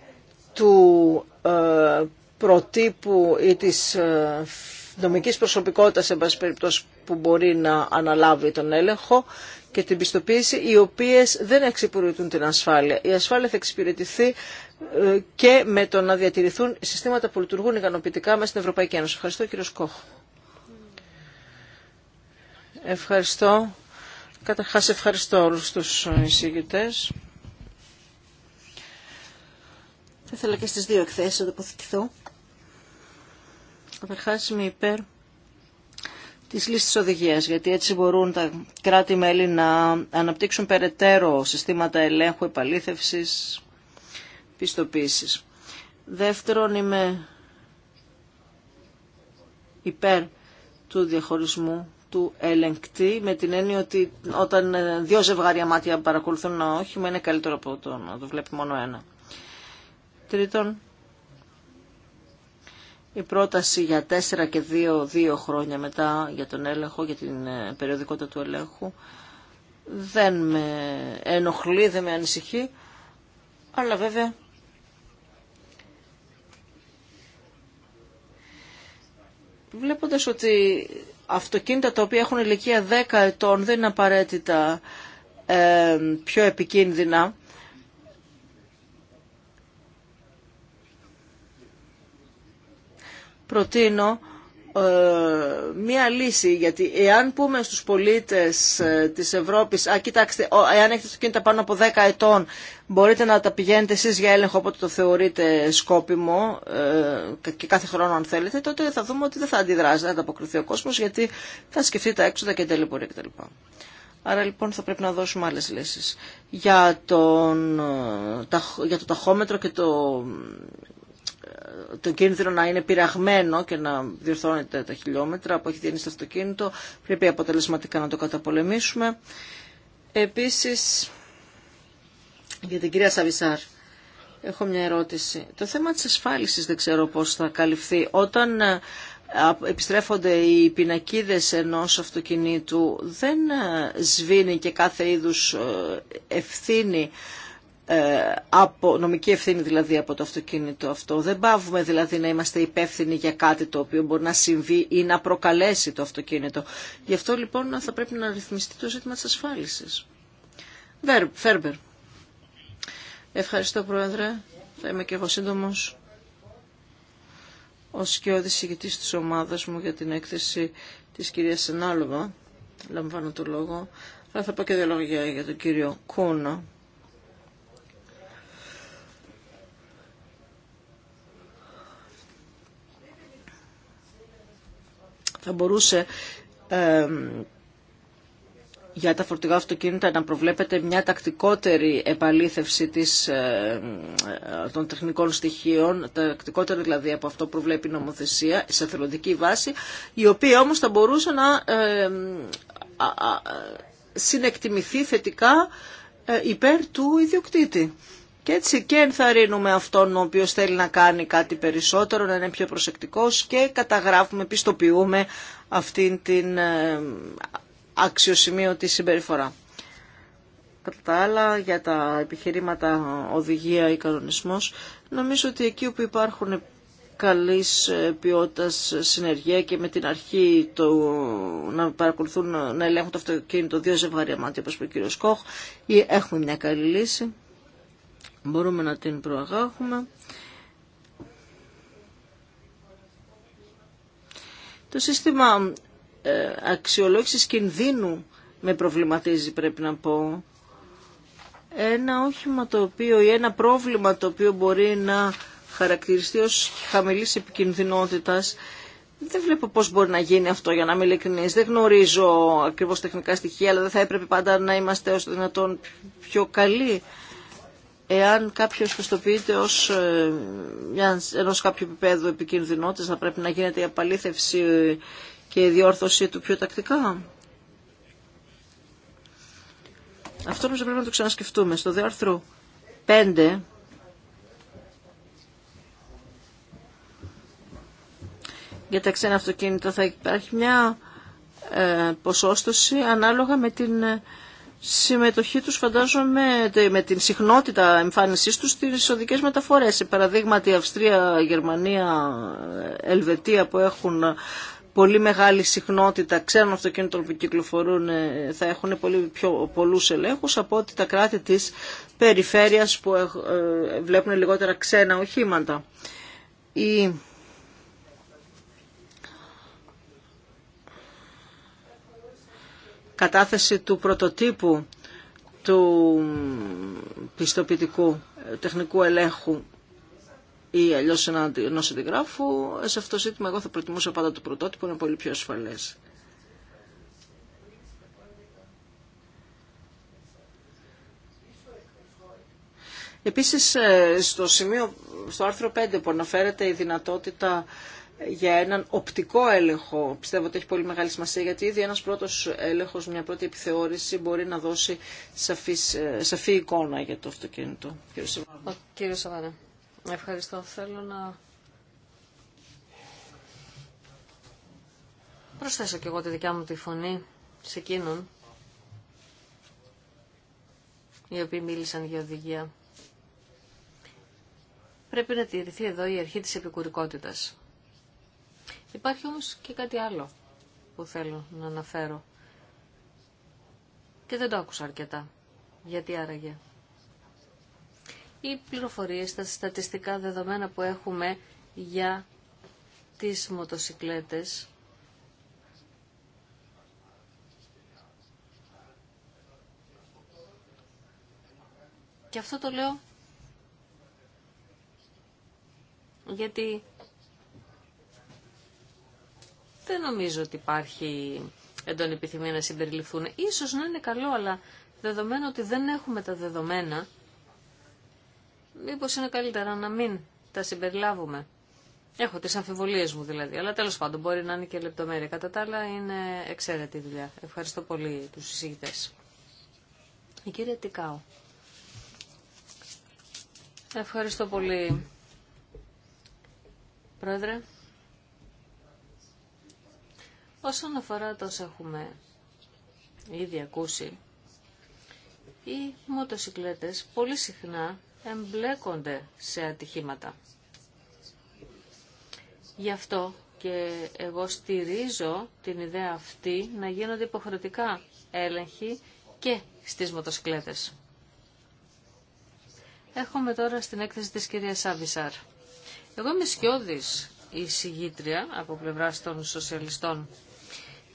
S3: του ε, προτύπου ή της ε, νομικής προσωπικότητας εν πάση περιπτώσει που μπορεί να αναλάβει τον έλεγχο και την πιστοποίηση οι οποίες δεν εξυπηρετούν την ασφάλεια. Η ασφάλεια θα εξυπηρετηθεί ε, και με το να διατηρηθούν συστήματα που λειτουργούν ικανοποιητικά μέσα στην Ευρωπαϊκή Ένωση. Ευχαριστώ κύριο Σκόχ. Ευχαριστώ. Καταρχάς ευχαριστώ όλους τους εισηγητές. Θα ήθελα και στις δύο εκθέσεις να τοποθετηθώ. Καταρχά είμαι υπέρ της λύσης οδηγίας, γιατί έτσι μπορούν τα κράτη-μέλη να αναπτύξουν περαιτέρω συστήματα ελέγχου, επαλήθευσης, πιστοποίησης. Δεύτερον, είμαι υπέρ του διαχωρισμού του ελεγκτή με την έννοια ότι όταν δύο ζευγάρια μάτια παρακολουθούν ένα όχημα είναι καλύτερο από το να το βλέπει μόνο ένα. Τρίτον, η πρόταση για 4 και 2, 2 χρόνια μετά για τον έλεγχο, για την ε, περιοδικότητα του ελέγχου, δεν με ενοχλεί, δεν με ανησυχεί, αλλά βέβαια βλέποντας ότι αυτοκίνητα τα οποία έχουν ηλικία 10 ετών δεν είναι απαραίτητα ε, πιο επικίνδυνα, προτείνω ε, μία λύση, γιατί εάν πούμε στους πολίτες ε, της Ευρώπης «Α, κοιτάξτε, εάν έχετε αυτοκίνητα πάνω από 10 ετών, μπορείτε να τα πηγαίνετε εσείς για έλεγχο, όποτε το θεωρείτε σκόπιμο ε, και κάθε χρόνο αν θέλετε», τότε θα δούμε ότι δεν θα αντιδράσει, δεν θα αποκριθεί ο κόσμος, γιατί θα σκεφτεί τα έξοδα και τελεπορία κτλ. Άρα λοιπόν θα πρέπει να δώσουμε άλλες λύσεις. Για, τον, για το ταχόμετρο και το το κίνδυνο να είναι πειραγμένο και να διορθώνεται τα χιλιόμετρα που έχει δίνει στο αυτοκίνητο. Πρέπει αποτελεσματικά να το καταπολεμήσουμε. Επίσης, για την κυρία Σαβισάρ, έχω μια ερώτηση. Το θέμα της ασφάλισης δεν ξέρω πώς θα καλυφθεί. Όταν ε, επιστρέφονται οι πινακίδες ενός αυτοκινήτου, δεν ε, σβήνει και κάθε είδους ε, ευθύνη ε, από, νομική ευθύνη δηλαδή από το αυτοκίνητο αυτό. Δεν πάβουμε δηλαδή να είμαστε υπεύθυνοι για κάτι το οποίο μπορεί να συμβεί ή να προκαλέσει το αυτοκίνητο. Γι' αυτό λοιπόν θα πρέπει να ρυθμιστεί το ζήτημα της ασφάλισης. Φέρμπερ. Ευχαριστώ Πρόεδρε. Θα είμαι και εγώ σύντομο ω σκιώδη ηγητής της ομάδας μου για την έκθεση της κυρίας Σενάλοβα. Λαμβάνω το λόγο. Αλλά θα πω και δύο λόγια για τον κύριο Κούνα θα μπορούσε για τα φορτηγά αυτοκίνητα να προβλέπεται μια τακτικότερη επαλήθευση της, των τεχνικών στοιχείων, τακτικότερη δηλαδή από αυτό που προβλέπει η νομοθεσία, σε θελοντική βάση, η οποία όμως θα μπορούσε να συνεκτιμηθεί θετικά ε, υπέρ του ιδιοκτήτη. Και έτσι και ενθαρρύνουμε αυτόν ο οποίος θέλει να κάνει κάτι περισσότερο, να είναι πιο προσεκτικός και καταγράφουμε, πιστοποιούμε αυτήν την ε, αξιοσημείωτη συμπεριφορά. Κατά τα άλλα, για τα επιχειρήματα οδηγία ή κανονισμός, νομίζω ότι εκεί όπου υπάρχουν καλής ε, ποιότητας συνεργεία και με την αρχή το, να παρακολουθούν, να ελέγχουν το αυτοκίνητο δύο ζευγάρια μάτια, όπως είπε ο κ. Κόχ, έχουμε μια καλή λύση μπορούμε να την προαγάγουμε. Το σύστημα ε, αξιολόγησης κινδύνου με προβληματίζει πρέπει να πω. Ένα όχημα το οποίο ή ένα πρόβλημα το οποίο μπορεί να χαρακτηριστεί ως χαμηλής επικινδυνότητας δεν βλέπω πώς μπορεί να γίνει αυτό για να είμαι ειλικρινή. Δεν γνωρίζω ακριβώς τεχνικά στοιχεία, αλλά δεν θα έπρεπε πάντα να είμαστε ω δυνατόν πιο καλοί. Εάν κάποιο χρησιμοποιείται ω ε, ενό κάποιου επίπεδου επικίνδυνοτης, θα πρέπει να γίνεται η απαλήθευση και η διόρθωσή του πιο τακτικά. Αυτό πρέπει να το ξανασκεφτούμε. Στο άρθρο 5 για τα ξένα αυτοκίνητα θα υπάρχει μια ε, ποσόστοση ανάλογα με την ε, συμμετοχή τους φαντάζομαι με την συχνότητα εμφάνισής τους στις οδικές μεταφορές. Παραδείγματι Αυστρία, Γερμανία, Ελβετία που έχουν πολύ μεγάλη συχνότητα ξένων αυτοκίνητων που κυκλοφορούν ε, θα έχουν πολύ πιο πολλούς ελέγχους από ότι τα κράτη της περιφέρειας που ε, βλέπουν λιγότερα ξένα οχήματα. Η κατάθεση του πρωτοτύπου του πιστοποιητικού τεχνικού ελέγχου ή αλλιώ ενό αντιγράφου, σε αυτό το ζήτημα εγώ θα προτιμούσα πάντα το πρωτότυπο, είναι πολύ πιο ασφαλέ. Επίσης, ε, στο, σημείο, στο άρθρο 5 που αναφέρεται η δυνατότητα για έναν οπτικό έλεγχο. Πιστεύω ότι έχει πολύ μεγάλη σημασία γιατί ήδη ένας πρώτος έλεγχος, μια πρώτη επιθεώρηση μπορεί να δώσει σαφής, ε, σαφή εικόνα για το αυτοκίνητο.
S2: Κύριε Σαβάνα. ευχαριστώ. Θέλω να προσθέσω και εγώ τη δικιά μου τη φωνή σε εκείνον οι οποίοι μίλησαν για οδηγία. Πρέπει να τηρηθεί εδώ η αρχή της επικουρικότητας. Υπάρχει όμως και κάτι άλλο που θέλω να αναφέρω. Και δεν το άκουσα αρκετά. Γιατί άραγε. Οι πληροφορίες, τα στατιστικά δεδομένα που έχουμε για τις μοτοσυκλέτες
S4: Και αυτό το λέω
S2: γιατί δεν νομίζω ότι υπάρχει έντονη επιθυμία να συμπεριληφθούν. Ίσως να είναι καλό, αλλά δεδομένου ότι δεν έχουμε τα δεδομένα, μήπως είναι καλύτερα να μην τα συμπεριλάβουμε. Έχω τις αμφιβολίες μου δηλαδή, αλλά τέλος πάντων μπορεί να είναι και λεπτομέρεια. Κατά τα άλλα είναι εξαίρετη δουλειά. Ευχαριστώ πολύ τους συζητητές. Η κυρία Τικάο. Ευχαριστώ πολύ, Πρόεδρε. Όσον αφορά τόσο έχουμε ήδη ακούσει, οι μοτοσυκλέτες πολύ συχνά εμπλέκονται σε ατυχήματα. Γι' αυτό και εγώ στηρίζω την ιδέα αυτή να γίνονται υποχρεωτικά έλεγχοι και στις μοτοσυκλέτες. Έχουμε τώρα στην έκθεση της κυρίας Σαββισάρ. Εγώ είμαι σκιώδης η συγγήτρια από πλευράς των σοσιαλιστών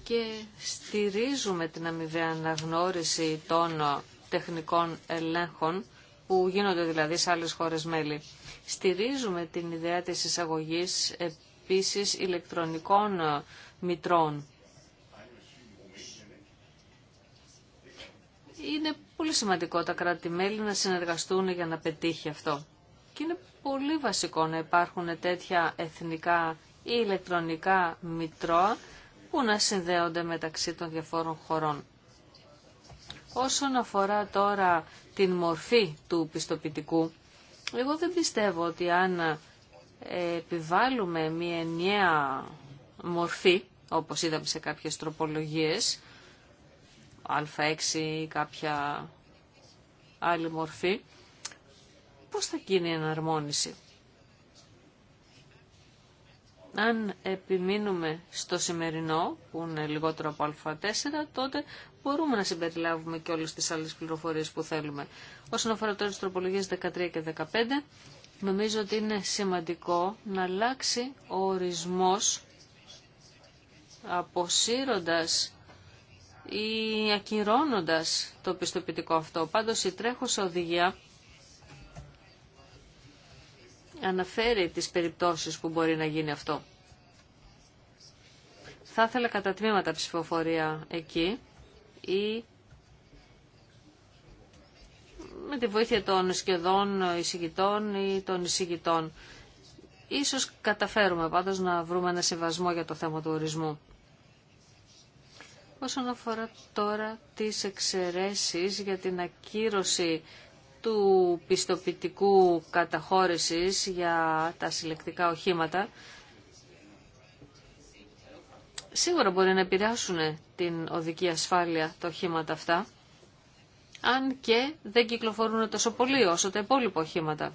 S2: και στηρίζουμε την αμοιβαία αναγνώριση των τεχνικών ελέγχων που γίνονται δηλαδή σε άλλες χώρες μέλη. Στηρίζουμε την ιδέα της εισαγωγής επίσης ηλεκτρονικών μητρών. Είναι πολύ σημαντικό τα κράτη-μέλη να συνεργαστούν για να πετύχει αυτό. Και είναι πολύ βασικό να υπάρχουν τέτοια εθνικά ή ηλεκτρονικά μητρώα που να συνδέονται μεταξύ των διαφόρων χωρών. Όσον αφορά τώρα την μορφή του πιστοποιητικού, εγώ δεν πιστεύω ότι αν ε, επιβάλλουμε μία νέα μορφή, όπως είδαμε σε κάποιες τροπολογίες, α6 ή κάποια άλλη μορφή, πώς θα γίνει η εναρμόνιση αν επιμείνουμε στο σημερινό, που είναι λιγότερο από α4, τότε μπορούμε να συμπεριλάβουμε και όλες τις άλλες πληροφορίες που θέλουμε. Όσον αφορά τώρα τις τροπολογίες 13 και 15, νομίζω ότι είναι σημαντικό να αλλάξει ο ορισμός αποσύροντας ή ακυρώνοντας το πιστοποιητικό αυτό. Πάντως η τρέχουσα οδηγία αναφέρει τις περιπτώσεις που μπορεί να γίνει αυτό. Θα ήθελα κατά τμήματα ψηφοφορία εκεί ή με τη βοήθεια των σχεδόν εισηγητών ή των εισηγητών. Ίσως καταφέρουμε πάντως να βρούμε ένα συμβασμό για το θέμα του ορισμού. Όσον αφορά τώρα τις εξαιρέσεις για την ακύρωση του πιστοποιητικού καταχώρησης για τα συλλεκτικά οχήματα σίγουρα μπορεί να επηρεάσουν την οδική ασφάλεια τα οχήματα αυτά, αν και δεν κυκλοφορούν τόσο πολύ όσο τα υπόλοιπα οχήματα.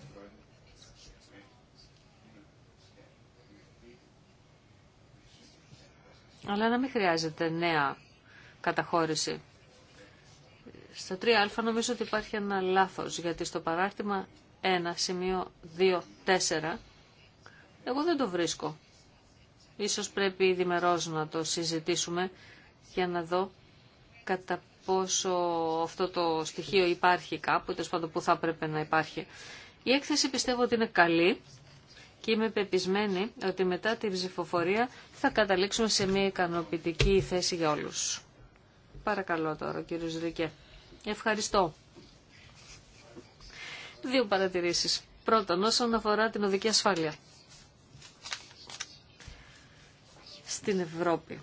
S2: Αλλά να μην χρειάζεται νέα καταχώρηση. Στο 3α νομίζω ότι υπάρχει ένα λάθος, γιατί στο παράρτημα 1, σημείο 2, 4, εγώ δεν το βρίσκω. Ίσως πρέπει διμερώς να το συζητήσουμε για να δω κατά πόσο αυτό το στοιχείο υπάρχει κάπου, τέλο πάντων που θα έπρεπε να υπάρχει. Η έκθεση πιστεύω ότι είναι καλή και είμαι πεπισμένη ότι μετά την ψηφοφορία θα καταλήξουμε σε μια ικανοποιητική θέση για όλους. Παρακαλώ τώρα, κύριε Ρικέ. Ευχαριστώ. Δύο παρατηρήσεις. Πρώτον, όσον αφορά την οδική ασφάλεια στην Ευρώπη.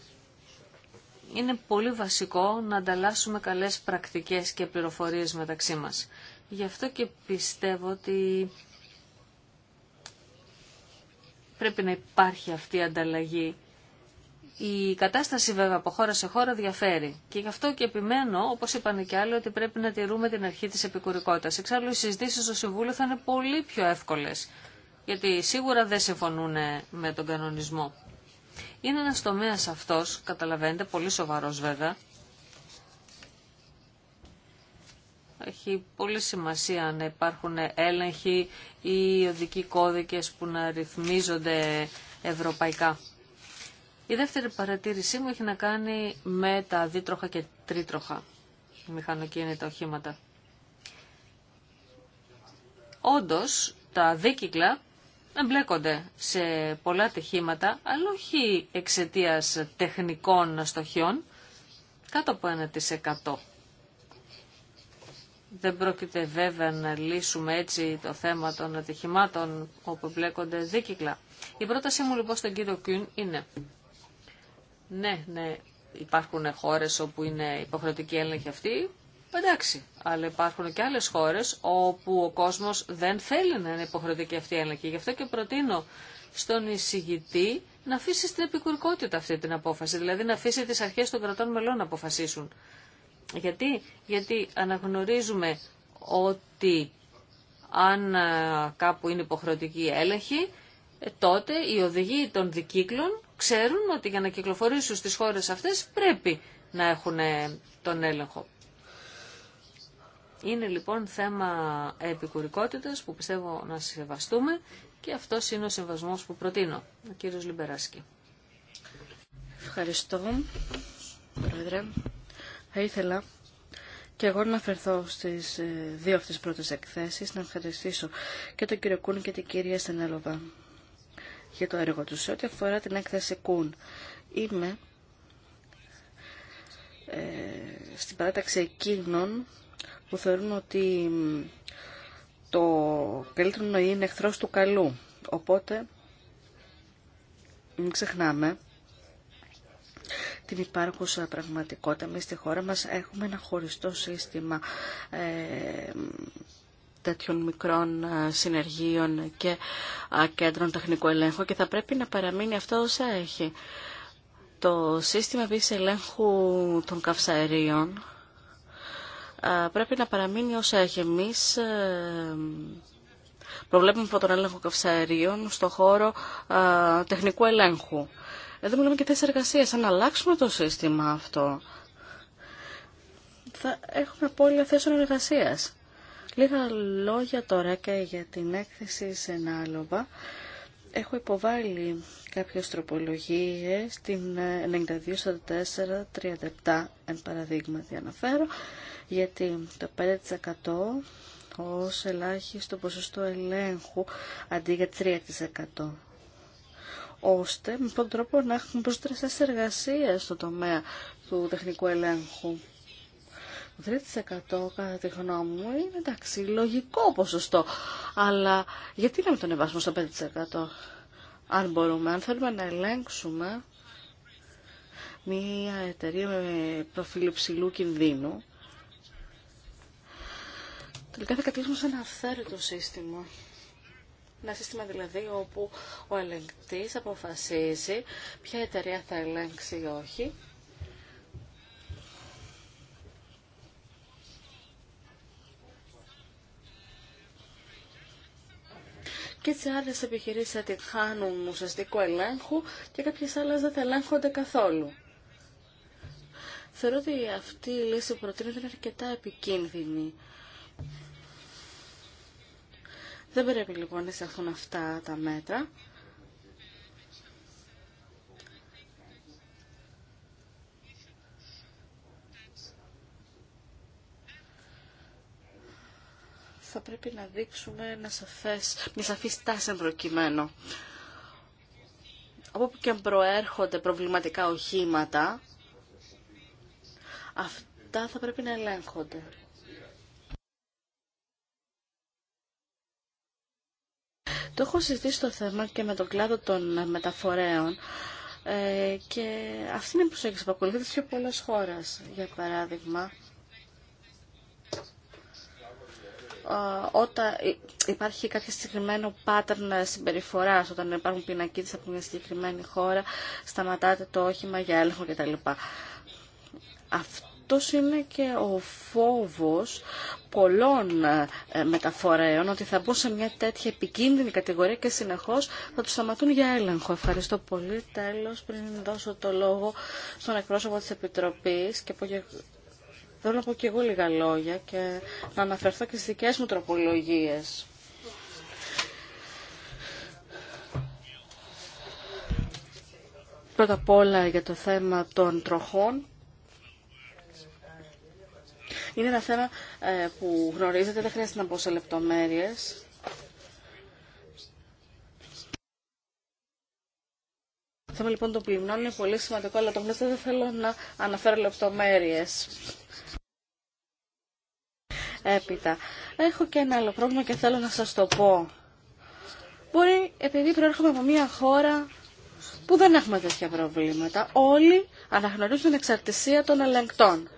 S2: Είναι πολύ βασικό να ανταλλάσσουμε καλές πρακτικές και πληροφορίες μεταξύ μας. Γι' αυτό και πιστεύω ότι πρέπει να υπάρχει αυτή η ανταλλαγή η κατάσταση βέβαια από χώρα σε χώρα διαφέρει και γι' αυτό και επιμένω, όπως είπαν και άλλοι, ότι πρέπει να τηρούμε την αρχή της επικούρικότητα. Εξάλλου οι συζητήσει στο Συμβούλιο θα είναι πολύ πιο εύκολε γιατί σίγουρα δεν συμφωνούν με τον κανονισμό. Είναι ένα τομέα αυτό, καταλαβαίνετε, πολύ σοβαρός βέβαια. Έχει πολύ σημασία να υπάρχουν έλεγχοι ή οδικοί κώδικες που να ρυθμίζονται ευρωπαϊκά. Η δεύτερη παρατήρησή μου έχει να κάνει με τα δίτροχα και τρίτροχα μηχανοκίνητα οχήματα. Όντως, τα δίκυκλα εμπλέκονται σε πολλά ατυχήματα, αλλά όχι εξαιτίας τεχνικών αστοχιών, κάτω από 1%. Δεν πρόκειται βέβαια να λύσουμε έτσι το θέμα των ατυχημάτων όπου εμπλέκονται δίκυκλα. Η πρότασή μου λοιπόν στον κύριο Κιούν είναι ναι, ναι, υπάρχουν χώρες όπου είναι υποχρεωτική έλεγχη αυτή, εντάξει. Αλλά υπάρχουν και άλλες χώρες όπου ο κόσμος δεν θέλει να είναι υποχρεωτική αυτή η έλεγχη. Γι' αυτό και προτείνω στον εισηγητή να αφήσει στην επικουρικότητα αυτή την απόφαση, δηλαδή να αφήσει τις αρχές των κρατών μελών να αποφασίσουν. Γιατί, Γιατί αναγνωρίζουμε ότι αν ε, κάπου είναι υποχρεωτική έλεγχη, ε, τότε η οδηγοί των δικύκλων ξέρουν ότι για να κυκλοφορήσουν στις χώρες αυτές πρέπει να έχουν ε, τον έλεγχο. Είναι λοιπόν θέμα επικουρικότητας που πιστεύω να σεβαστούμε και αυτό είναι ο συμβασμός που προτείνω. Ο κύριος Λιμπεράσκη. Ευχαριστώ,
S4: Πρόεδρε. Θα ήθελα και εγώ να αφαιρθώ στις ε, δύο αυτές πρώτες εκθέσεις, να ευχαριστήσω και τον κύριο Κούν και την κυρία Στενέλοβα για το έργο Σε ό,τι αφορά την έκθεση Κούν, είμαι ε, στην παράταξη εκείνων που θεωρούν ότι το καλύτερο είναι εχθρό του καλού. Οπότε, μην ξεχνάμε την υπάρχουσα πραγματικότητα. Εμείς στη χώρα μας έχουμε ένα χωριστό σύστημα ε, τέτοιων μικρών ε, συνεργείων και κέντρων τεχνικού ελέγχου και θα πρέπει να παραμείνει αυτό όσα έχει. Το σύστημα επίσης ελέγχου των καυσαερίων ε, πρέπει να παραμείνει όσα έχει. Εμεί ε, προβλέπουμε από τον έλεγχο καυσαερίων στο χώρο τεχνικού ελέγχου. Εδώ μιλάμε και θέσει εργασία, Αν αλλάξουμε το σύστημα αυτό, θα έχουμε απώλεια θέσεων εργασίας. Λίγα λόγια τώρα και για την έκθεση σε άλοβα. Έχω υποβάλει κάποιες τροπολογίες, την 92-44-37 εν παραδείγμα αναφέρω, γιατί το 5% ως ελάχιστο ποσοστό ελέγχου αντί για 3% ώστε με τον τρόπο να έχουμε προσδραστές εργασία στο τομέα του τεχνικού ελέγχου. 3% κατά τη γνώμη μου είναι εντάξει, λογικό ποσοστό. Αλλά γιατί να μην τον εμβάσουμε στο 5% αν μπορούμε, αν θέλουμε να ελέγξουμε μια εταιρεία με προφίλ υψηλού κινδύνου, τελικά θα καταλήξουμε σε ένα αυθαίρετο σύστημα. Ένα σύστημα δηλαδή όπου ο ελεγκτής αποφασίζει ποια εταιρεία θα ελέγξει ή όχι και έτσι άλλε επιχειρήσει θα τη χάνουν ελέγχου και κάποιες άλλες δεν θα ελέγχονται καθόλου. Θεωρώ ότι αυτή η λύση που προτείνεται είναι αρκετά επικίνδυνη. Δεν πρέπει λοιπόν να εισαχθούν αυτά τα μέτρα. θα πρέπει να δείξουμε να σαφές, μια σαφή στάση προκειμένο. Από που και προέρχονται προβληματικά οχήματα, αυτά θα πρέπει να ελέγχονται. Το έχω συζητήσει το θέμα και με τον κλάδο των μεταφορέων ε, και αυτή είναι η προσέγγιση που ακολουθείται σε πολλές χώρες. Για παράδειγμα, όταν υπάρχει κάποιο συγκεκριμένο pattern συμπεριφορά, όταν υπάρχουν πινακίδε από μια συγκεκριμένη χώρα, σταματάτε το όχημα για έλεγχο κτλ. Αυτός είναι και ο φόβος πολλών ε, μεταφορέων ότι θα μπουν σε μια τέτοια επικίνδυνη κατηγορία και συνεχώς θα τους σταματούν για έλεγχο. Ευχαριστώ πολύ. Τέλο, πριν δώσω το λόγο στον εκπρόσωπο τη Επιτροπής και Θέλω να πω και εγώ λίγα λόγια και να αναφερθώ και στις δικές μου τροπολογίες. Πρώτα απ' όλα για το θέμα των τροχών. Είναι ένα θέμα ε, που γνωρίζετε, δεν χρειάζεται να πω σε λεπτομέρειες. Το θέμα λοιπόν των πλημνών είναι πολύ σημαντικό, αλλά το γνωρίζετε δεν θέλω να αναφέρω λεπτομέρειες. Έπειτα, έχω και ένα άλλο πρόβλημα και θέλω να σας το πω. Μπορεί, επειδή προέρχομαι από μια χώρα που δεν έχουμε τέτοια προβλήματα, όλοι αναγνωρίζουν την εξαρτησία των ελεγκτών.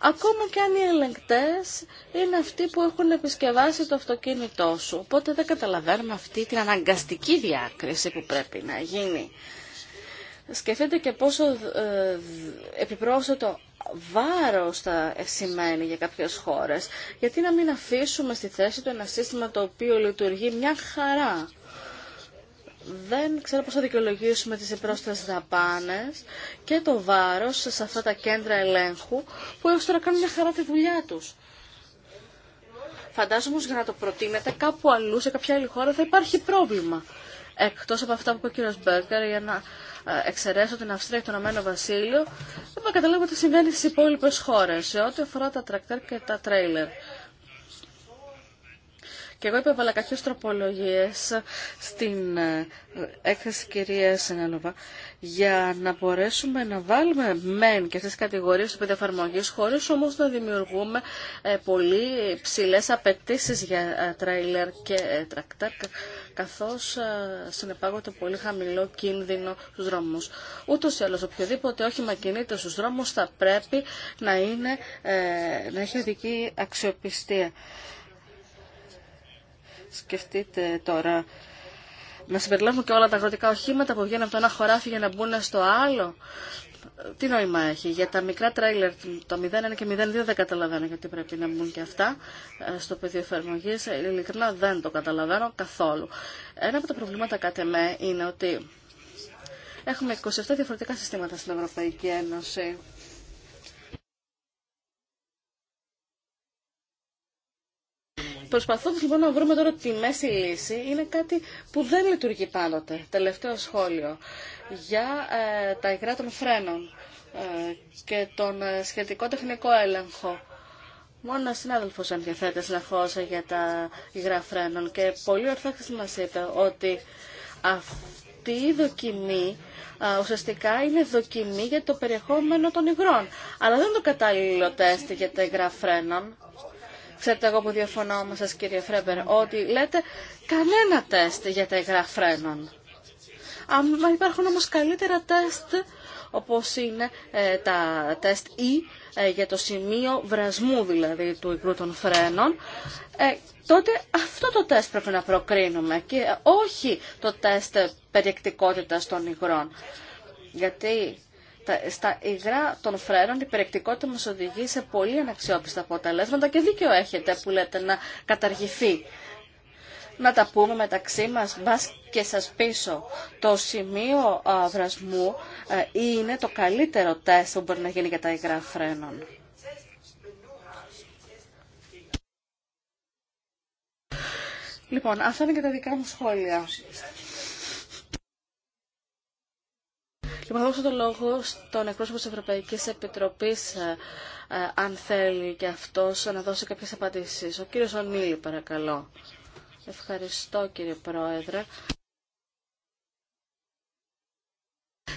S4: Ακόμα και αν οι ελεγκτές είναι αυτοί που έχουν επισκευάσει το αυτοκίνητό σου. Οπότε δεν καταλαβαίνουμε αυτή την αναγκαστική διάκριση που πρέπει να γίνει σκεφτείτε και πόσο ε, επιπρόσθετο βάρος θα σημαίνει για κάποιες χώρες. Γιατί να μην αφήσουμε στη θέση του ένα σύστημα το οποίο λειτουργεί μια χαρά. Δεν ξέρω πώς θα δικαιολογήσουμε τις επρόσθετες δαπάνες και το βάρος σε αυτά τα κέντρα ελέγχου που έως τώρα κάνουν μια χαρά τη δουλειά τους. Φαντάζομαι όμως για να το προτείνετε κάπου αλλού, σε κάποια άλλη χώρα θα υπάρχει πρόβλημα εκτός από αυτά που είπε ο κύριος Μπέρκερ για να ε, εξαιρέσω την Αυστρία και τον Αμένο Βασίλειο, δεν καταλάβω τι συμβαίνει στις υπόλοιπες χώρες σε ό,τι αφορά τα τρακτέρ και τα τρέιλερ. Και εγώ είπα κάποιες τροπολογίες στην ε, έκθεση κυρία Σενέλοβα για να μπορέσουμε να βάλουμε μεν και αυτές τις κατηγορίες του πεντεφαρμογής χωρίς όμως να δημιουργούμε ε, πολύ ψηλές απαιτήσεις για τρέιλερ και τρακτέρ καθώς ε, συνεπάγονται πολύ χαμηλό κίνδυνο στους δρόμους. Ούτως ή άλλως οποιοδήποτε όχημα κινείται στους δρόμους θα πρέπει να, είναι, ε, να έχει ειδική αξιοπιστία. Σκεφτείτε τώρα να συμπεριλάβουμε και όλα τα αγροτικά οχήματα που βγαίνουν από το ένα χωράφι για να μπουν στο άλλο τι νόημα έχει. Για τα μικρά τρέιλερ, το 01 και 02 δεν καταλαβαίνω γιατί πρέπει να μπουν και αυτά ε, στο πεδίο εφαρμογή. Ειλικρινά δεν το καταλαβαίνω καθόλου. Ένα από τα προβλήματα κατά με είναι ότι έχουμε 27 διαφορετικά συστήματα στην Ευρωπαϊκή Ένωση. Προσπαθώντα λοιπόν να βρούμε τώρα τη μέση λύση, είναι κάτι που δεν λειτουργεί πάντοτε. Τελευταίο σχόλιο για ε, τα υγρά των φρένων ε, και τον ε, σχετικό τεχνικό έλεγχο. Μόνο ένα συνάδελφο ενδιαφέρεται συνεχώ για τα υγρά φρένων και πολύ ορθά μα είπε ότι αυτή η δοκιμή ουσιαστικά είναι δοκιμή για το περιεχόμενο των υγρών. Αλλά δεν είναι το κατάλληλο τεστ για τα υγρά φρένων. Ξέρετε εγώ που διαφωνώ με σας κύριε Φρέμπερ ότι λέτε κανένα τεστ για τα υγρά φρένων. Αν υπάρχουν όμως καλύτερα τεστ, όπως είναι ε, τα τεστ E, ε, για το σημείο βρασμού δηλαδή του υγρού των φρένων, ε, τότε αυτό το τεστ πρέπει να προκρίνουμε και όχι το τεστ περιεκτικότητας των υγρών. Γιατί στα υγρά των φρένων η περιεκτικότητα μας οδηγεί σε πολύ αναξιόπιστα αποτελέσματα και δίκιο έχετε που λέτε να καταργηθεί να τα πούμε μεταξύ μας, μπας και σας πίσω. Το σημείο βρασμού είναι το καλύτερο τεστ που μπορεί να γίνει για τα υγρά φρένων. Λοιπόν, αυτά είναι και τα δικά μου σχόλια. Λοιπόν, θα δώσω το λόγο στον εκπρόσωπο της Ευρωπαϊκής Επιτροπής, αν θέλει και αυτός, να δώσει κάποιες απαντήσεις. Ο κύριος Ονίλη, παρακαλώ. Ευχαριστώ κύριε Πρόεδρε.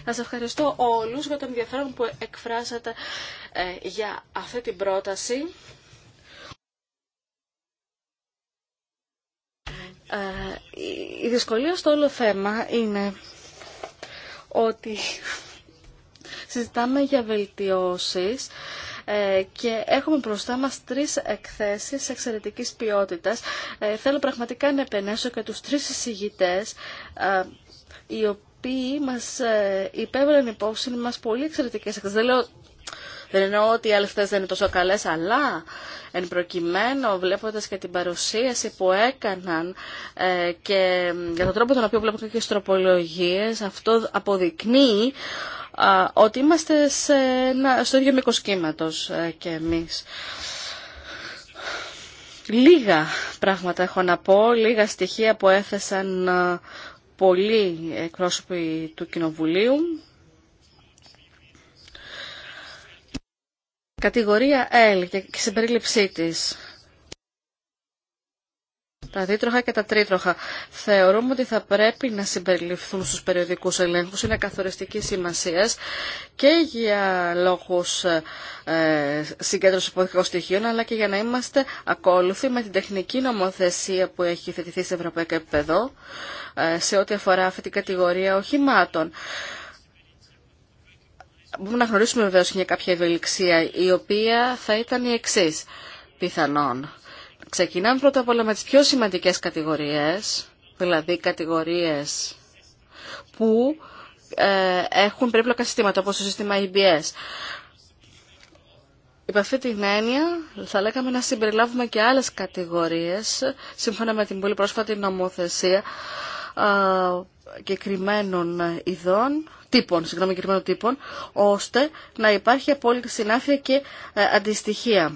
S4: Να σας ευχαριστώ όλους για το ενδιαφέρον που εκφράσατε ε, για αυτή την πρόταση. Ε, η δυσκολία στο όλο θέμα είναι ότι συζητάμε για βελτιώσεις ε, και έχουμε μπροστά μας τρεις εκθέσεις εξαιρετικής ποιότητας. Ε, θέλω πραγματικά να επενέσω και τους τρεις εισηγητές, ε, οι οποίοι μας υπέβαλαν υπόψη μας πολύ εξαιρετικές εκθέσεις. Δεν δεν εννοώ ότι οι άλλε δεν είναι τόσο καλές, αλλά εν προκειμένου βλέποντα και την παρουσίαση που έκαναν ε, και για τον τρόπο τον οποίο βλέπω και τι αυτό αποδεικνύει ότι είμαστε σε στο ίδιο μήκος ε, και εμείς. Λίγα πράγματα έχω να πω, λίγα στοιχεία που έθεσαν ε, πολλοί εκπρόσωποι του Κοινοβουλίου. Κατηγορία L και σε περίληψή τα δίτροχα και τα τρίτροχα. Θεωρούμε ότι θα πρέπει να συμπεριληφθούν στους περιοδικούς ελέγχους, είναι καθοριστική σημασία και για λόγους ε, συγκέντρωση υποδικών στοιχείων, αλλά και για να είμαστε ακόλουθοι με την τεχνική νομοθεσία που έχει θετηθεί σε ευρωπαϊκό επίπεδο, ε, σε ό,τι αφορά αυτή την κατηγορία οχημάτων. Μπορούμε να γνωρίσουμε βεβαίως μια κάποια ευελιξία, η οποία θα ήταν η εξή πιθανόν Ξεκινάμε πρώτα απ' όλα με τις πιο σημαντικές κατηγορίες, δηλαδή κατηγορίες που ε, έχουν περίπλοκα συστήματα, όπως το σύστημα EBS. Υπ' αυτή την έννοια θα λέγαμε να συμπεριλάβουμε και άλλες κατηγορίες, σύμφωνα με την πολύ πρόσφατη νομοθεσία ε, κρυμμένων ειδών, τύπων, συγγνώμη, τύπων, ώστε να υπάρχει απόλυτη συνάφεια και ε, αντιστοιχεία.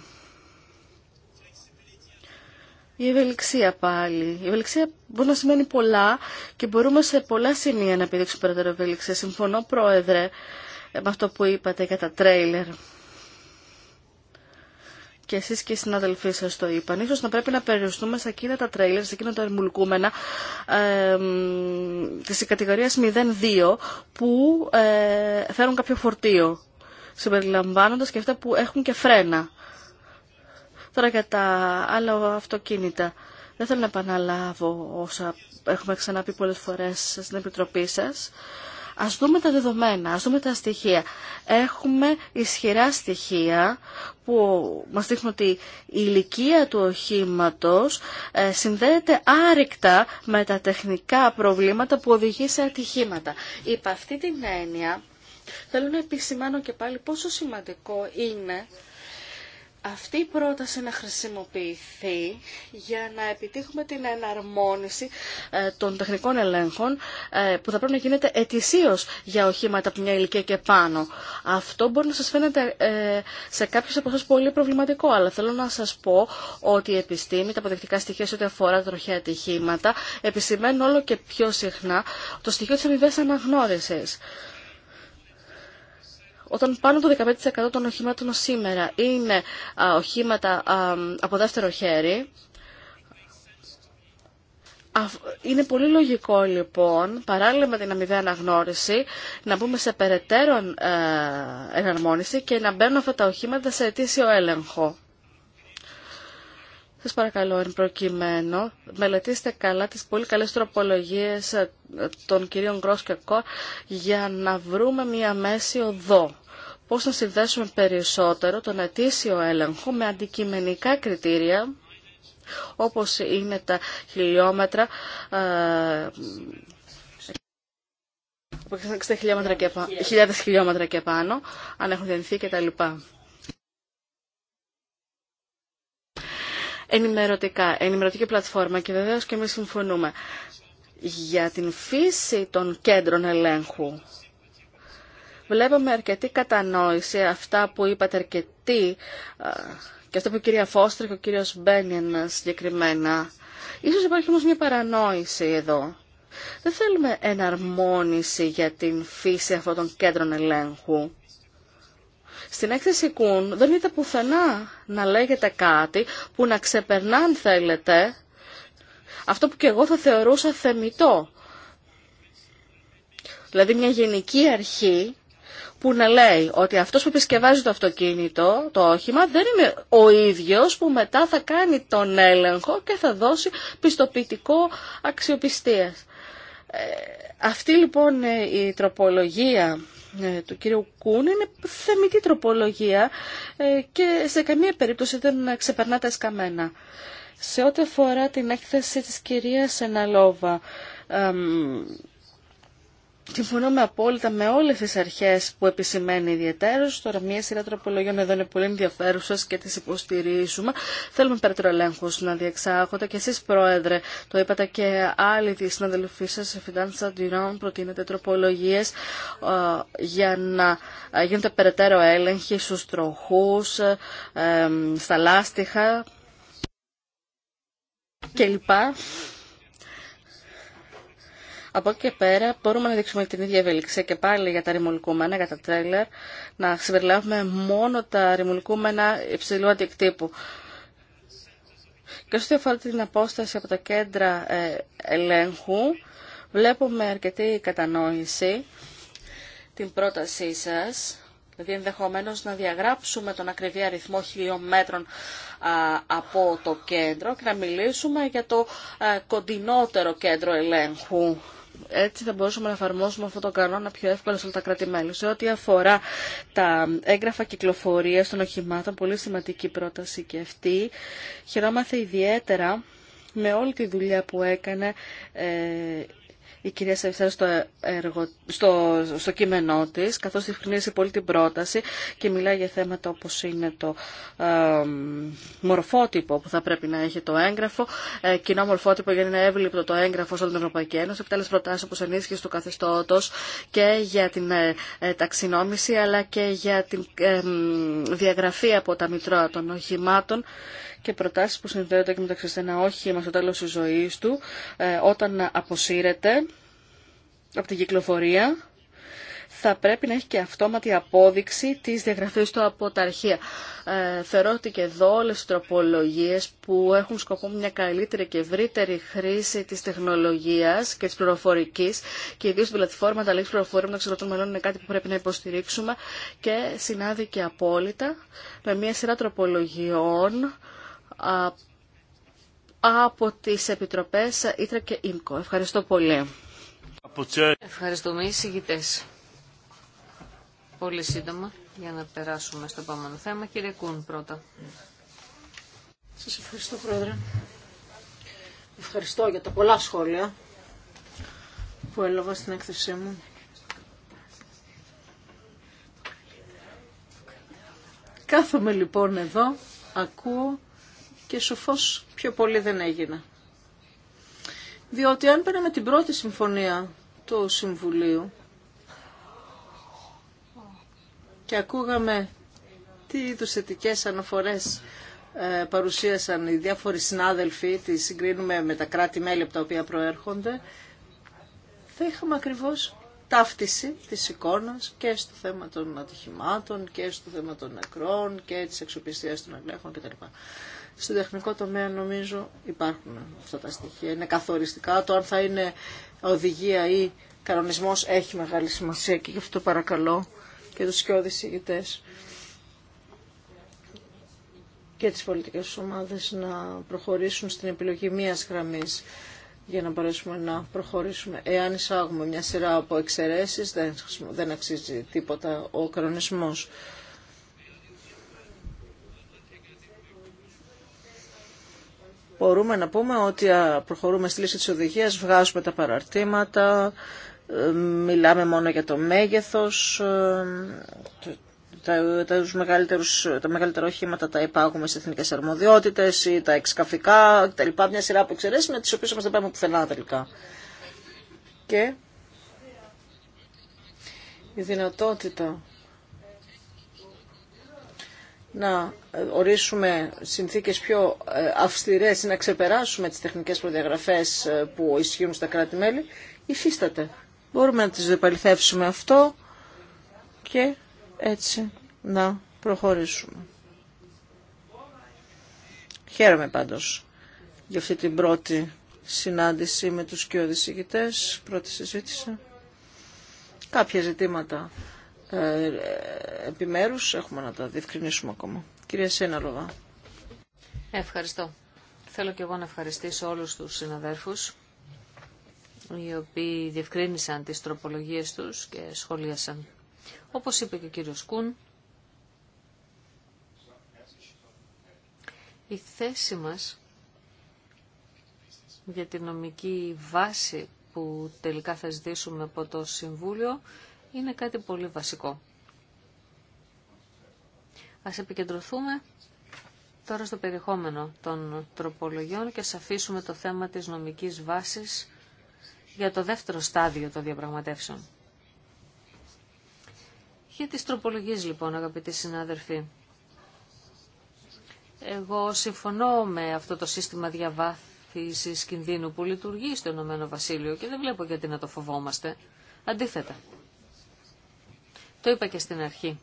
S4: Η ευελιξία πάλι. Η ευελιξία μπορεί να σημαίνει πολλά και μπορούμε σε πολλά σημεία να επιδείξουμε περαιτέρω ευελιξία. Συμφωνώ, Πρόεδρε, με αυτό που είπατε για τα τρέιλερ. Και εσεί και οι συνάδελφοί σα το είπαν. Ίσως να πρέπει να περιοριστούμε σε εκείνα τα τρέιλερ, σε εκείνα τα ερμουλκούμενα ε, τη κατηγορία 02 που ε, φέρουν κάποιο φορτίο συμπεριλαμβάνοντα και αυτά που έχουν και φρένα. Τώρα για τα άλλα αυτοκίνητα. Δεν θέλω να επαναλάβω όσα έχουμε ξαναπεί πολλές φορές στην Επιτροπή σας. Ας δούμε τα δεδομένα, ας δούμε τα στοιχεία. Έχουμε ισχυρά στοιχεία που μας δείχνουν ότι η ηλικία του οχήματος ε, συνδέεται άρρηκτα με τα τεχνικά προβλήματα που οδηγεί σε ατυχήματα. Υπ' αυτή την έννοια θέλω να επισημάνω και πάλι πόσο σημαντικό είναι αυτή η πρόταση να χρησιμοποιηθεί για να επιτύχουμε την εναρμόνιση ε, των τεχνικών ελέγχων ε, που θα πρέπει να γίνεται ετησίω για οχήματα από μια ηλικία και πάνω. Αυτό μπορεί να σας φαίνεται ε, σε κάποιους από εσάς πολύ προβληματικό, αλλά θέλω να σας πω ότι η επιστήμη, τα αποδεκτικά στοιχεία σε ό,τι αφορά τροχαία ατυχήματα, επισημαίνουν όλο και πιο συχνά το στοιχείο της αμοιβές αναγνώρισης όταν πάνω το 15% των οχημάτων σήμερα είναι οχήματα από δεύτερο χέρι, είναι πολύ λογικό λοιπόν, παράλληλα με την αμοιβαία αναγνώριση, να μπούμε σε περαιτέρω ε, εναρμόνιση και να μπαίνουν αυτά τα οχήματα σε αιτήσιο έλεγχο. Σας παρακαλώ, εν προκειμένου, μελετήστε καλά τις πολύ καλές τροπολογίες ε, των κυρίων Γκρός και για να βρούμε μια μέση οδό πώς να συνδέσουμε περισσότερο τον ετήσιο έλεγχο με αντικειμενικά κριτήρια όπως είναι τα χιλιόμετρα, χιλιάδε χιλιόμετρα και, χιλιάδες χιλιόμετρα και πάνω, αν έχουν τα λοιπά. Ενημερωτικά, ενημερωτική πλατφόρμα και βεβαίως και εμείς συμφωνούμε για την φύση των κέντρων ελέγχου βλέπουμε αρκετή κατανόηση αυτά που είπατε αρκετή και αυτό που η κυρία Φώστρη και ο κύριος Μπένιεν συγκεκριμένα. Ίσως υπάρχει όμως μια παρανόηση εδώ. Δεν θέλουμε εναρμόνιση για την φύση αυτών των κέντρων ελέγχου. Στην έκθεση Κούν δεν είδα πουθενά να λέγεται κάτι που να ξεπερνά, αν θέλετε, αυτό που και εγώ θα θεωρούσα θεμητό. Δηλαδή μια γενική αρχή που να λέει ότι αυτός που επισκευάζει το αυτοκίνητο, το όχημα, δεν είναι ο ίδιος που μετά θα κάνει τον έλεγχο και θα δώσει πιστοποιητικό αξιοπιστίας. Ε, αυτή λοιπόν ε, η τροπολογία ε, του κύριου Κούν είναι θεμητή τροπολογία και σε καμία περίπτωση δεν ξεπερνά τα σκαμμένα. Σε ό,τι αφορά την έκθεση της κυρίας Εναλόβα, Συμφωνώ με απόλυτα με όλες τις αρχές που επισημαίνει ιδιαίτερως. Τώρα μια σειρά τροπολογιών εδώ είναι πολύ ενδιαφέρουσα και τις υποστηρίζουμε. Θέλουμε ελέγχου να διεξάγονται και εσείς πρόεδρε το είπατε και άλλοι της συναδελφοί σας Φιντάνσα Ντυρόν προτείνετε τροπολογίες ε, για να ε, γίνονται περαιτέρω έλεγχοι στους τροχούς, ε, στα λάστιχα κλπ. Από εκεί και πέρα μπορούμε να δείξουμε την ίδια ευελιξία και πάλι για τα ρημολικούμενα, για τα τρέλερ, να συμπεριλάβουμε μόνο τα ρημολικούμενα υψηλού αντικτύπου. Και όσο αφορά την απόσταση από τα κέντρα ε, ελέγχου, βλέπουμε αρκετή κατανόηση την πρότασή σας, δηλαδή ενδεχομένως να διαγράψουμε τον ακριβή αριθμό χιλιόμετρων από το κέντρο και να μιλήσουμε για το ε, κοντινότερο κέντρο ελέγχου έτσι θα μπορούσαμε να εφαρμόσουμε αυτό το κανόνα πιο εύκολα σε όλα τα κράτη-μέλη. Σε ό,τι αφορά τα έγγραφα κυκλοφορία των οχημάτων, πολύ σημαντική πρόταση και αυτή. Χαιρόμαστε ιδιαίτερα με όλη τη δουλειά που έκανε ε, η κυρία Σαϊφσέρ στο, στο, στο κείμενό της, καθώς διευκρινίζει πολύ την πρόταση και μιλάει για θέματα όπως είναι το ε, μορφότυπο που θα πρέπει να έχει το έγγραφο, ε, κοινό μορφότυπο για να είναι εύληπτο το έγγραφο στον όλη την Ευρωπαϊκή Ένωση, επιτέλους προτάσεις όπως ενίσχυση του καθεστώτος και για την ε, ε ταξινόμηση αλλά και για την διαγραφή από τα μητρώα των οχημάτων και προτάσεις που συνδέονται και μεταξύ το όχι, με στο τέλος της ζωής του ε, όταν αποσύρεται από την κυκλοφορία θα πρέπει να έχει και αυτόματη απόδειξη της διαγραφής του από τα αρχεία. Ε, θεωρώ ότι και εδώ όλε οι τροπολογίες που έχουν σκοπό μια καλύτερη και ευρύτερη χρήση της τεχνολογίας και της πληροφορικής και ιδίως την πλατφόρμα τα λέξη πληροφορία των των μελών είναι κάτι που πρέπει να υποστηρίξουμε και συνάδει και απόλυτα με μια σειρά τροπολογιών από τις Επιτροπές Ήτρα και Ήλκο. Ευχαριστώ πολύ.
S2: Ευχαριστούμε οι συγητές. Πολύ σύντομα για να περάσουμε στο επόμενο θέμα. Κύριε Κούν πρώτα. Σας ευχαριστώ Πρόεδρε. Ευχαριστώ για τα πολλά σχόλια που έλαβα στην
S3: έκθεσή μου. Κάθομαι λοιπόν εδώ, ακούω και σοφός πιο πολύ δεν έγινε. Διότι αν παίρναμε την πρώτη συμφωνία του Συμβουλίου και ακούγαμε τι είδου θετικέ αναφορές ε, παρουσίασαν οι διάφοροι συνάδελφοι, τι συγκρίνουμε με τα κράτη-μέλη από τα οποία προέρχονται, θα είχαμε ακριβώς ταύτιση της εικόνας και στο θέμα των ατυχημάτων και στο θέμα των νεκρών και της εξοπιστίας των ελέγχων κτλ. Στον τεχνικό τομέα νομίζω υπάρχουν αυτά τα στοιχεία. Είναι καθοριστικά. Το αν θα είναι οδηγία ή κανονισμός έχει μεγάλη σημασία και γι' αυτό παρακαλώ και τους και ηγητές και τις πολιτικές ομάδες να προχωρήσουν στην επιλογή μίας γραμμής για να μπορέσουμε να προχωρήσουμε. Εάν εισάγουμε μια σειρά από εξαιρέσεις δεν αξίζει τίποτα ο κανονισμός. μπορούμε να πούμε ότι προχωρούμε στη λύση της οδηγίας, βγάζουμε τα παραρτήματα, ε, μιλάμε μόνο για το μέγεθος, ε, τα, τα, μεγαλύτερους, τα μεγαλύτερα οχήματα τα υπάγουμε σε εθνικές αρμοδιότητες ή τα εξκαφικά κτλ. Μια σειρά από εξαιρέσεις με τις οποίες όμως δεν πάμε πουθενά τελικά. Και η δυνατότητα να ε, ορίσουμε συνθήκες πιο ε, αυστηρές ή να ξεπεράσουμε τις τεχνικές προδιαγραφές ε, που ισχύουν στα κράτη-μέλη, υφίσταται. Μπορούμε να τις επαληθεύσουμε αυτό και έτσι να προχωρήσουμε. Χαίρομαι πάντως για αυτή την πρώτη συνάντηση με τους κοιόδης ηγητές, πρώτη συζήτηση. Κάποια ζητήματα ε, επιμέρους έχουμε να τα διευκρινίσουμε ακόμα.
S2: Κυρία Σέναλοβα. Ευχαριστώ. Θέλω και εγώ να ευχαριστήσω όλους τους συναδέρφους οι οποίοι διευκρίνησαν τις τροπολογίες τους και σχολίασαν. Όπως είπε και ο κύριος Κούν, η θέση μας για τη νομική βάση που τελικά θα ζητήσουμε από το Συμβούλιο είναι κάτι πολύ βασικό. Ας επικεντρωθούμε τώρα στο περιεχόμενο των τροπολογιών και ας αφήσουμε το θέμα της νομικής βάσης για το δεύτερο στάδιο των διαπραγματεύσεων. Για τις τροπολογίες λοιπόν αγαπητοί συνάδελφοι, εγώ συμφωνώ με αυτό το σύστημα διαβάθμισης κινδύνου που λειτουργεί στο Ηνωμένο Βασίλειο και δεν βλέπω γιατί να το φοβόμαστε. Αντίθετα, το είπα και στην αρχή.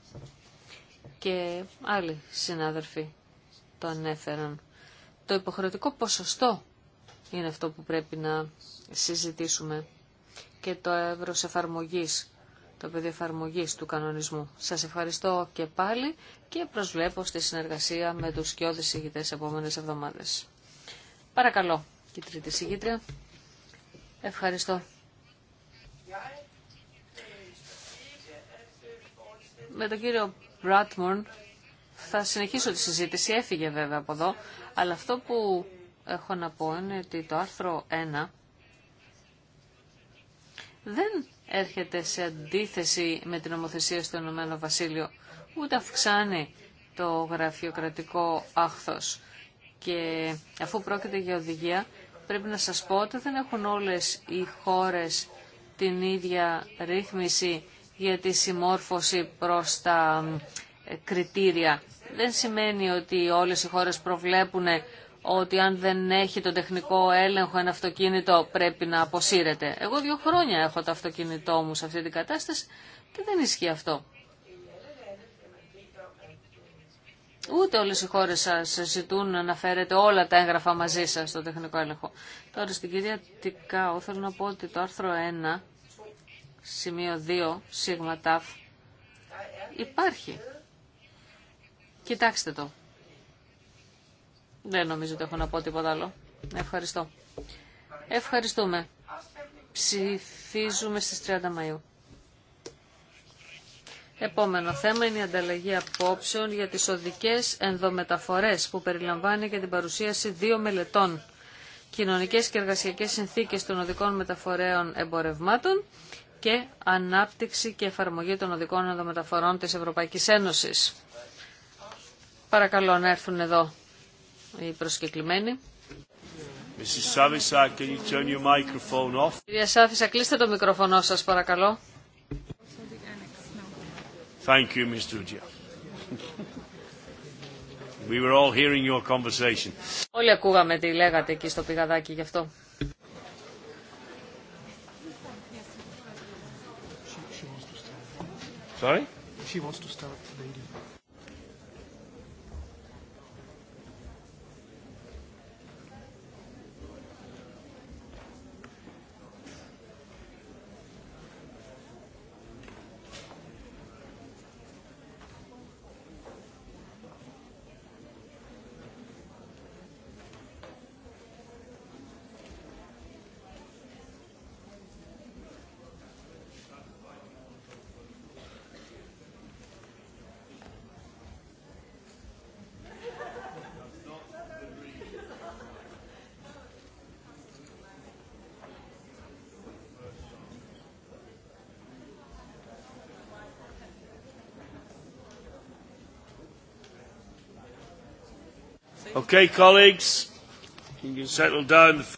S2: Και άλλοι συνάδελφοι το ανέφεραν. Το υποχρεωτικό ποσοστό είναι αυτό που πρέπει να συζητήσουμε και το εύρος εφαρμογής, το πεδίο εφαρμογή του κανονισμού. Σας ευχαριστώ και πάλι και προσβλέπω στη συνεργασία με τους σκιώδεις ηγητές επόμενες εβδομάδες. Παρακαλώ, κ. τρίτη συγγήτρια. Ευχαριστώ. με τον κύριο Μπράτμορν θα συνεχίσω τη συζήτηση, έφυγε βέβαια από εδώ, αλλά αυτό που έχω να πω είναι ότι το άρθρο 1 δεν έρχεται σε αντίθεση με την ομοθεσία στο Ηνωμένο Βασίλειο, ούτε αυξάνει το γραφειοκρατικό άχθος. Και αφού πρόκειται για οδηγία, πρέπει να σας πω ότι δεν έχουν όλες οι χώρες την ίδια ρύθμιση για τη συμμόρφωση προς τα ε, κριτήρια. Δεν σημαίνει ότι όλες οι χώρες προβλέπουν ότι αν δεν έχει τον τεχνικό έλεγχο ένα αυτοκίνητο πρέπει να αποσύρεται. Εγώ δύο χρόνια έχω το αυτοκίνητό μου σε αυτή την κατάσταση και δεν ισχύει αυτό. Ούτε όλες οι χώρες σας ζητούν να φέρετε όλα τα έγγραφα μαζί σας στο τεχνικό έλεγχο. Τώρα στην κυρία Τικάου θέλω να πω ότι το άρθρο 1 σημείο 2 σίγμα ταφ υπάρχει. Κοιτάξτε το. Δεν νομίζω ότι έχω να πω τίποτα άλλο. Ευχαριστώ. Ευχαριστούμε. Ψηφίζουμε στις 30 Μαΐου. Επόμενο θέμα είναι η ανταλλαγή απόψεων για τις οδικές ενδομεταφορές που περιλαμβάνει και την παρουσίαση δύο μελετών κοινωνικές και εργασιακές συνθήκες των οδικών μεταφορέων εμπορευμάτων και ανάπτυξη και εφαρμογή των οδικών οδομεταφορών της Ευρωπαϊκής Ένωσης. Παρακαλώ να έρθουν εδώ οι προσκεκλημένοι. Κυρία Σάφισα, κλείστε το μικρόφωνο σας παρακαλώ.
S1: Thank you, Ms. We were all hearing your conversation.
S2: Όλοι ακούγαμε τι λέγατε εκεί στο πηγαδάκι γι' αυτό.
S1: Sorry? She wants to start, lady.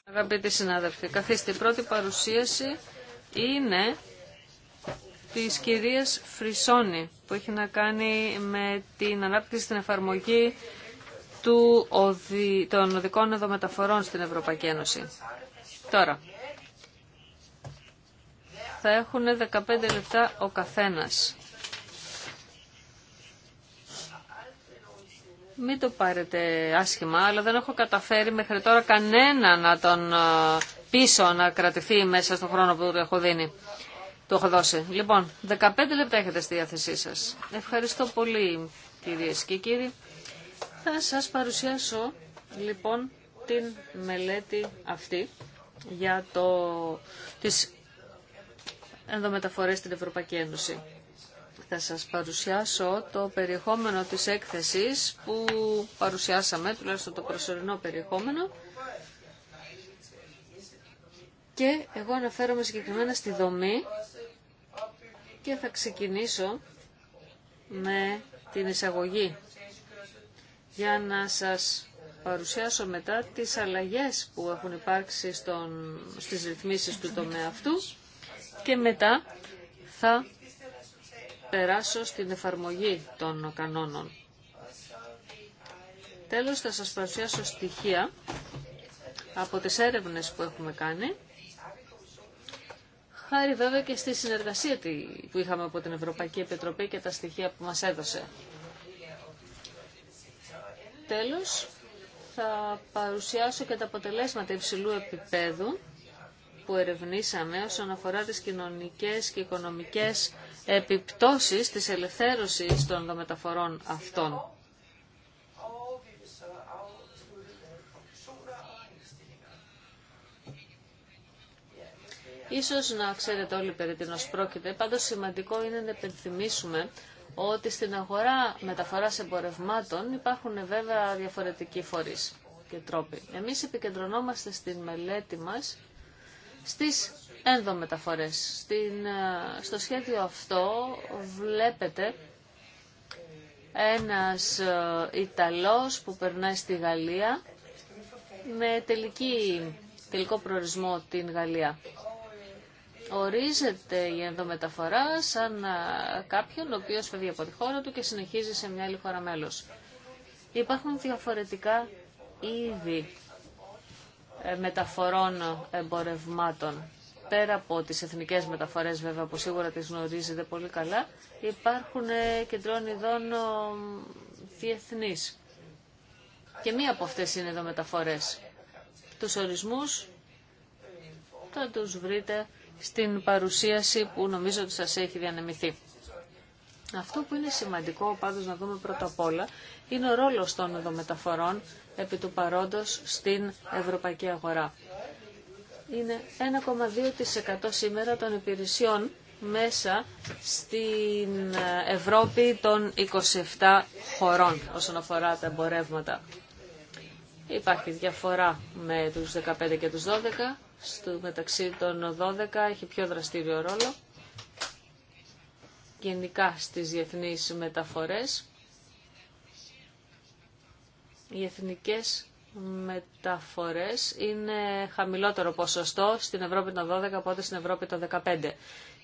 S2: Αγαπητοί συνάδελφοι, καθίστε. Η πρώτη παρουσίαση είναι της κυρίας Φρυσόνη που έχει να κάνει με την ανάπτυξη στην εφαρμογή του οδη... των οδικών εδωμεταφορών στην Ευρωπαϊκή Ένωση. Τώρα, θα έχουν 15 λεπτά ο καθένας. Μην το πάρετε άσχημα, αλλά δεν έχω καταφέρει μέχρι τώρα κανένα να τον ε, πίσω να κρατηθεί μέσα στον χρόνο που του έχω δίνει. Το έχω δώσει. Λοιπόν, 15 λεπτά έχετε στη διάθεσή σας. Ευχαριστώ πολύ κυρίες και κύριοι. Θα σας παρουσιάσω λοιπόν την μελέτη αυτή για το, τις ενδομεταφορές στην Ευρωπαϊκή Ένωση. Θα σας παρουσιάσω το περιεχόμενο της έκθεσης που παρουσιάσαμε, τουλάχιστον το προσωρινό περιεχόμενο. Και εγώ αναφέρομαι συγκεκριμένα στη δομή και θα ξεκινήσω με την εισαγωγή για να σας παρουσιάσω μετά τις αλλαγές που έχουν υπάρξει στον, στις ρυθμίσεις του τομέα αυτού και μετά θα περάσω στην εφαρμογή των κανόνων. Τέλος θα σας παρουσιάσω στοιχεία από τις έρευνες που έχουμε κάνει, χάρη βέβαια και στη συνεργασία που είχαμε από την Ευρωπαϊκή Επιτροπή και τα στοιχεία που μας έδωσε. Τέλος, θα παρουσιάσω και τα αποτελέσματα υψηλού επίπεδου που ερευνήσαμε όσον αφορά τις κοινωνικές και οικονομικές επιπτώσεις της ελευθέρωσης των μεταφορών αυτών. Ίσως να ξέρετε όλοι περί τίνος πρόκειται, πάντως σημαντικό είναι να επενθυμίσουμε ότι στην αγορά μεταφοράς εμπορευμάτων υπάρχουν βέβαια διαφορετικοί φορείς και τρόποι. Εμείς επικεντρωνόμαστε στην μελέτη μας στις ενδομεταφορές. Στην, ε, στο σχέδιο αυτό βλέπετε ένας ε, Ιταλός που περνάει στη Γαλλία με τελική, τελικό προορισμό την Γαλλία. Ορίζεται η ενδομεταφορά σαν ε, κάποιον ο οποίος φεύγει από τη χώρα του και συνεχίζει σε μια άλλη χώρα μέλος. Υπάρχουν διαφορετικά είδη ε, μεταφορών εμπορευμάτων. Πέρα από τις εθνικές μεταφορές βέβαια που σίγουρα τις γνωρίζετε πολύ καλά, υπάρχουν ε, κεντρών ειδών διεθνεί. Και μία από αυτές είναι εδώ μεταφορές. Τους ορισμούς θα τους βρείτε στην παρουσίαση που νομίζω ότι σας έχει διανεμηθεί. Αυτό που είναι σημαντικό πάντως να δούμε πρώτα απ' όλα είναι ο ρόλος των μεταφορών επί του παρόντος στην ευρωπαϊκή αγορά. Είναι 1,2% σήμερα των υπηρεσιών μέσα στην Ευρώπη των 27 χωρών όσον αφορά τα εμπορεύματα. Υπάρχει διαφορά με τους 15 και τους 12. Στο μεταξύ των 12 έχει πιο δραστήριο ρόλο. Γενικά στις διεθνείς μεταφορές οι εθνικές μεταφορές είναι χαμηλότερο ποσοστό στην Ευρώπη το 12 από ό,τι στην Ευρώπη το 15.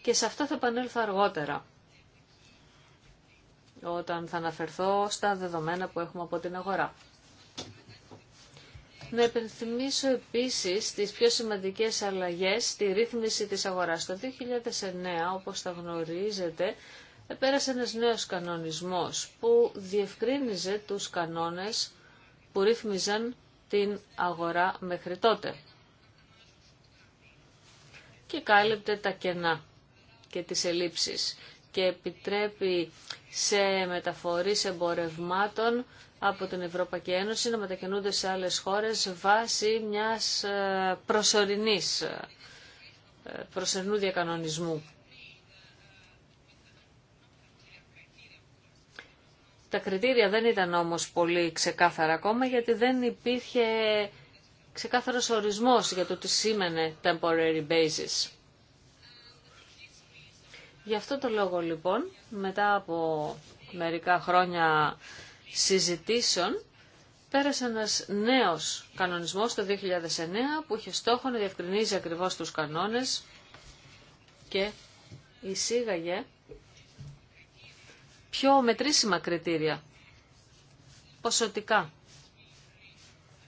S2: Και σε αυτό θα επανέλθω αργότερα όταν θα αναφερθώ στα δεδομένα που έχουμε από την αγορά. Να επενθυμίσω επίσης τις πιο σημαντικές αλλαγές στη ρύθμιση της αγοράς. Το 2009, όπως θα γνωρίζετε, πέρασε ένας νέος κανονισμός που διευκρίνιζε τους κανόνες που ρύθμιζαν την αγορά μέχρι τότε και κάλυπτε τα κενά και τις ελλείψεις και επιτρέπει σε μεταφορείς εμπορευμάτων από την Ευρωπαϊκή Ένωση να μετακινούνται σε άλλες χώρες βάσει μιας ε, προσωρινής, ε, προσωρινού διακανονισμού. Τα κριτήρια δεν ήταν όμως πολύ ξεκάθαρα ακόμα γιατί δεν υπήρχε ξεκάθαρος ορισμός για το τι σήμαινε temporary basis. Γι' αυτό το λόγο λοιπόν, μετά από μερικά χρόνια συζητήσεων, πέρασε ένας νέος κανονισμός το 2009 που είχε στόχο να διευκρινίζει ακριβώς τους κανόνες και εισήγαγε πιο μετρήσιμα κριτήρια, ποσοτικά.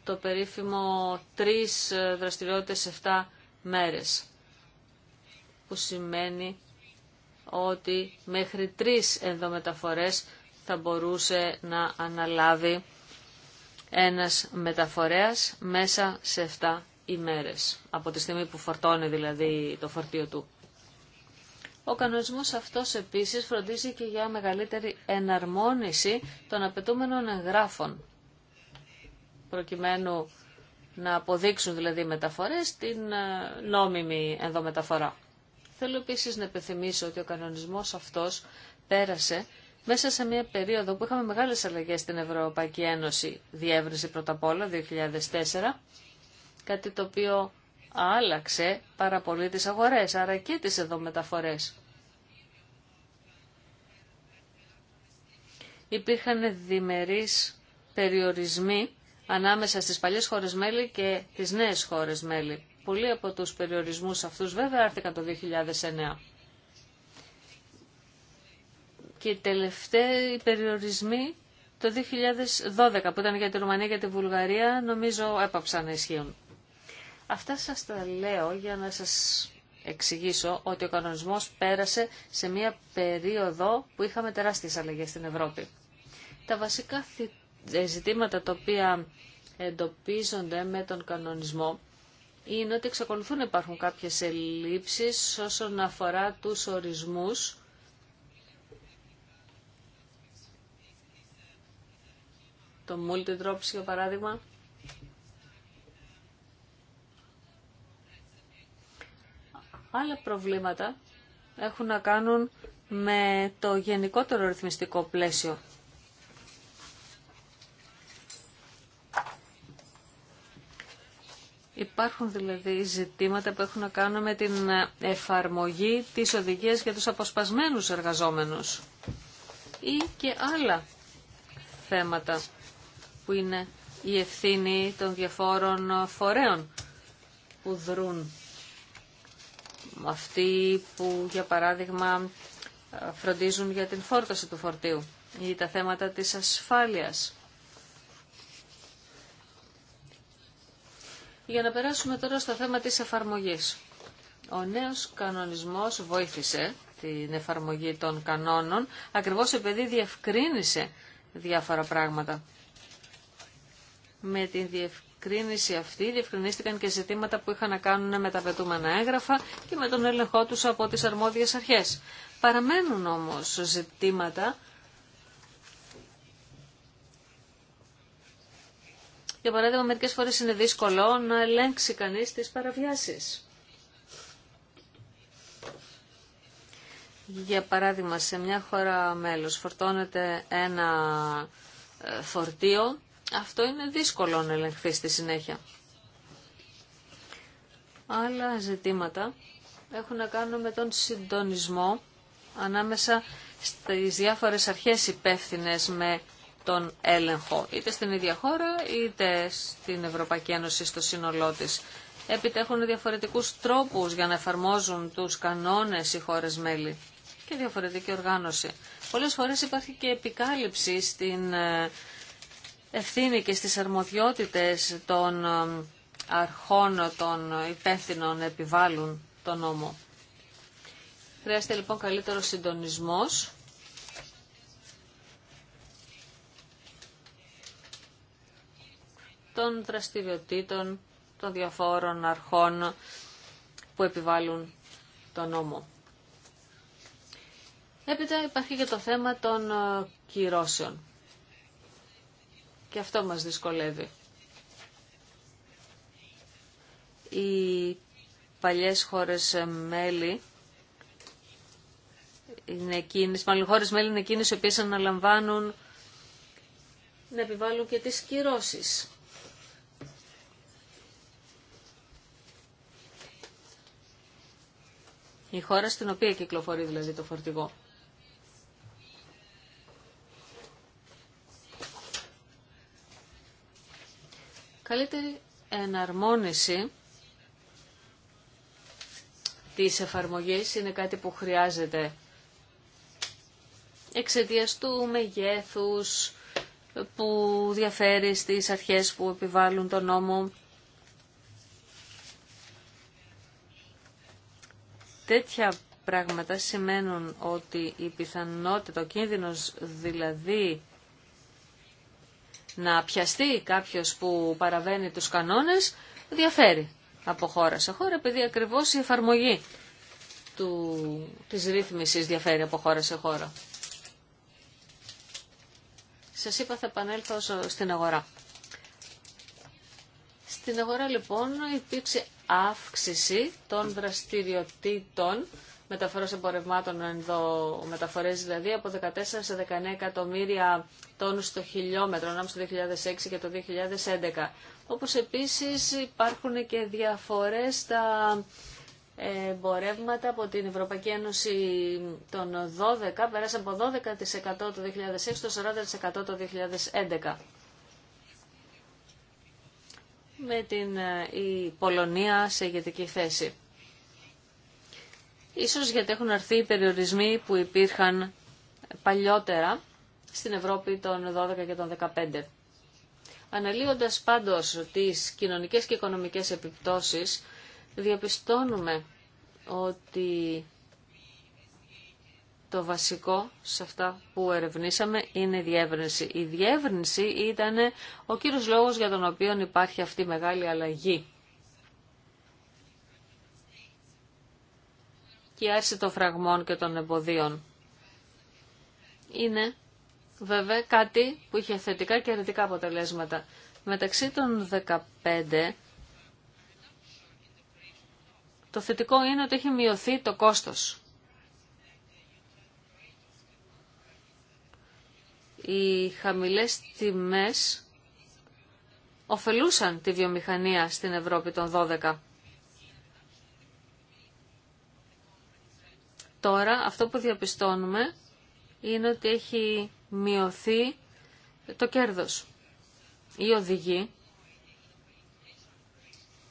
S2: Το περίφημο τρεις ε, δραστηριότητες σε 7 μέρες, που σημαίνει ότι μέχρι τρεις ενδομεταφορές θα μπορούσε να αναλάβει ένας μεταφορέας μέσα σε 7 ημέρες, από τη στιγμή που φορτώνει δηλαδή το φορτίο του. Ο κανονισμός αυτός επίσης φροντίζει και για μεγαλύτερη εναρμόνιση των απαιτούμενων εγγράφων, προκειμένου να αποδείξουν δηλαδή μεταφορές την ε, νόμιμη ενδομεταφορά. Θέλω επίσης να επιθυμίσω ότι ο κανονισμός αυτός πέρασε μέσα σε μια περίοδο που είχαμε μεγάλες αλλαγές στην Ευρωπαϊκή Ένωση, διεύρυνση πρώτα απ' όλα, 2004, κάτι το οποίο άλλαξε πάρα πολύ τις αγορές, άρα και τις εδώ μεταφορές. Υπήρχαν διμερείς περιορισμοί ανάμεσα στις παλιές χώρες μέλη και τις νέες χώρες μέλη. Πολλοί από τους περιορισμούς αυτούς βέβαια άρθηκαν το 2009. Και οι τελευταίοι περιορισμοί το 2012 που ήταν για τη Ρουμανία και τη Βουλγαρία νομίζω έπαψαν να ισχύουν. Αυτά σας τα λέω για να σας εξηγήσω ότι ο κανονισμός πέρασε σε μια περίοδο που είχαμε τεράστιες αλλαγές στην Ευρώπη. Τα βασικά ε, ζητήματα τα οποία εντοπίζονται με τον κανονισμό είναι ότι εξακολουθούν να υπάρχουν κάποιες ελλείψεις όσον αφορά τους ορισμούς το multi-drops για παράδειγμα Άλλα προβλήματα έχουν να κάνουν με το γενικότερο ρυθμιστικό πλαίσιο. Υπάρχουν δηλαδή ζητήματα που έχουν να κάνουν με την εφαρμογή της οδηγίας για τους αποσπασμένους εργαζόμενους ή και άλλα θέματα που είναι η ευθύνη των διαφόρων φορέων που δρούν αυτοί που για παράδειγμα φροντίζουν για την φόρτωση του φορτίου ή τα θέματα της ασφάλειας. Για να περάσουμε τώρα στο θέμα της εφαρμογής. Ο νέος κανονισμός βοήθησε την εφαρμογή των κανόνων, ακριβώς επειδή διευκρίνησε διάφορα πράγματα. Με την διευκρίνηση διευκρίνηση αυτή διευκρινίστηκαν και ζητήματα που είχαν να κάνουν με τα πετούμενα έγγραφα και με τον έλεγχό τους από τις αρμόδιες αρχές. Παραμένουν όμως ζητήματα Για παράδειγμα, μερικές φορές είναι δύσκολο να ελέγξει κανείς τις παραβιάσεις. Για παράδειγμα, σε μια χώρα μέλος φορτώνεται ένα ε, φορτίο αυτό είναι δύσκολο να ελεγχθεί στη συνέχεια. Άλλα ζητήματα έχουν να κάνουν με τον συντονισμό ανάμεσα στις διάφορες αρχές υπεύθυνε με τον έλεγχο, είτε στην ίδια χώρα είτε στην Ευρωπαϊκή Ένωση στο σύνολό της. έχουν διαφορετικούς τρόπους για να εφαρμόζουν τους κανόνες οι χώρες μέλη και διαφορετική οργάνωση. Πολλές φορές υπάρχει και επικάλυψη στην ε, ευθύνη και στις αρμοδιότητες των αρχών των υπεύθυνων επιβάλλουν τον νόμο. Χρειάζεται λοιπόν καλύτερο συντονισμός των δραστηριοτήτων των διαφόρων αρχών που επιβάλλουν τον νόμο. Έπειτα υπάρχει και το θέμα των ε, κυρώσεων. Και αυτό μας δυσκολεύει. Οι παλιές χώρες μέλη είναι εκείνες, χώρες μέλη είναι εκείνες οι οποίες αναλαμβάνουν να επιβάλλουν και τις κυρώσεις. Η χώρα στην οποία κυκλοφορεί δηλαδή το φορτηγό. Καλύτερη εναρμόνιση της εφαρμογής είναι κάτι που χρειάζεται εξαιτία του μεγέθους που διαφέρει στις αρχές που επιβάλλουν τον νόμο. Τέτοια πράγματα σημαίνουν ότι η πιθανότητα, ο κίνδυνος δηλαδή να πιαστεί κάποιος που παραβαίνει τους κανόνες διαφέρει από χώρα σε χώρα επειδή ακριβώς η εφαρμογή του, της ρύθμισης διαφέρει από χώρα σε χώρα. Σας είπα θα επανέλθω στην αγορά. Στην αγορά λοιπόν υπήρξε αύξηση των δραστηριοτήτων μεταφορέ εμπορευμάτων ενδο, μεταφορές δηλαδή από 14 σε 19 εκατομμύρια τόνους το χιλιόμετρο ανάμεσα στο 2006 και το 2011. Όπως επίσης υπάρχουν και διαφορές στα εμπορεύματα από την Ευρωπαϊκή Ένωση των 12, πέρασε από 12% το 2006 στο 40% το 2011. Με την ε, η Πολωνία σε ηγετική θέση. Ίσως γιατί έχουν αρθεί οι περιορισμοί που υπήρχαν παλιότερα στην Ευρώπη των 12 και των 15. Αναλύοντας πάντως τις κοινωνικές και οικονομικές επιπτώσεις, διαπιστώνουμε ότι το βασικό σε αυτά που ερευνήσαμε είναι η διεύρυνση. Η διεύρυνση ήταν ο κύριος λόγος για τον οποίο υπάρχει αυτή η μεγάλη αλλαγή και η άρση των φραγμών και των εμποδίων. Είναι βέβαια κάτι που είχε θετικά και αρνητικά αποτελέσματα. Μεταξύ των 15, το θετικό είναι ότι έχει μειωθεί το κόστος. Οι χαμηλές τιμές ωφελούσαν τη βιομηχανία στην Ευρώπη των 12. Τώρα αυτό που διαπιστώνουμε είναι ότι έχει μειωθεί το κέρδος. ή οδηγεί.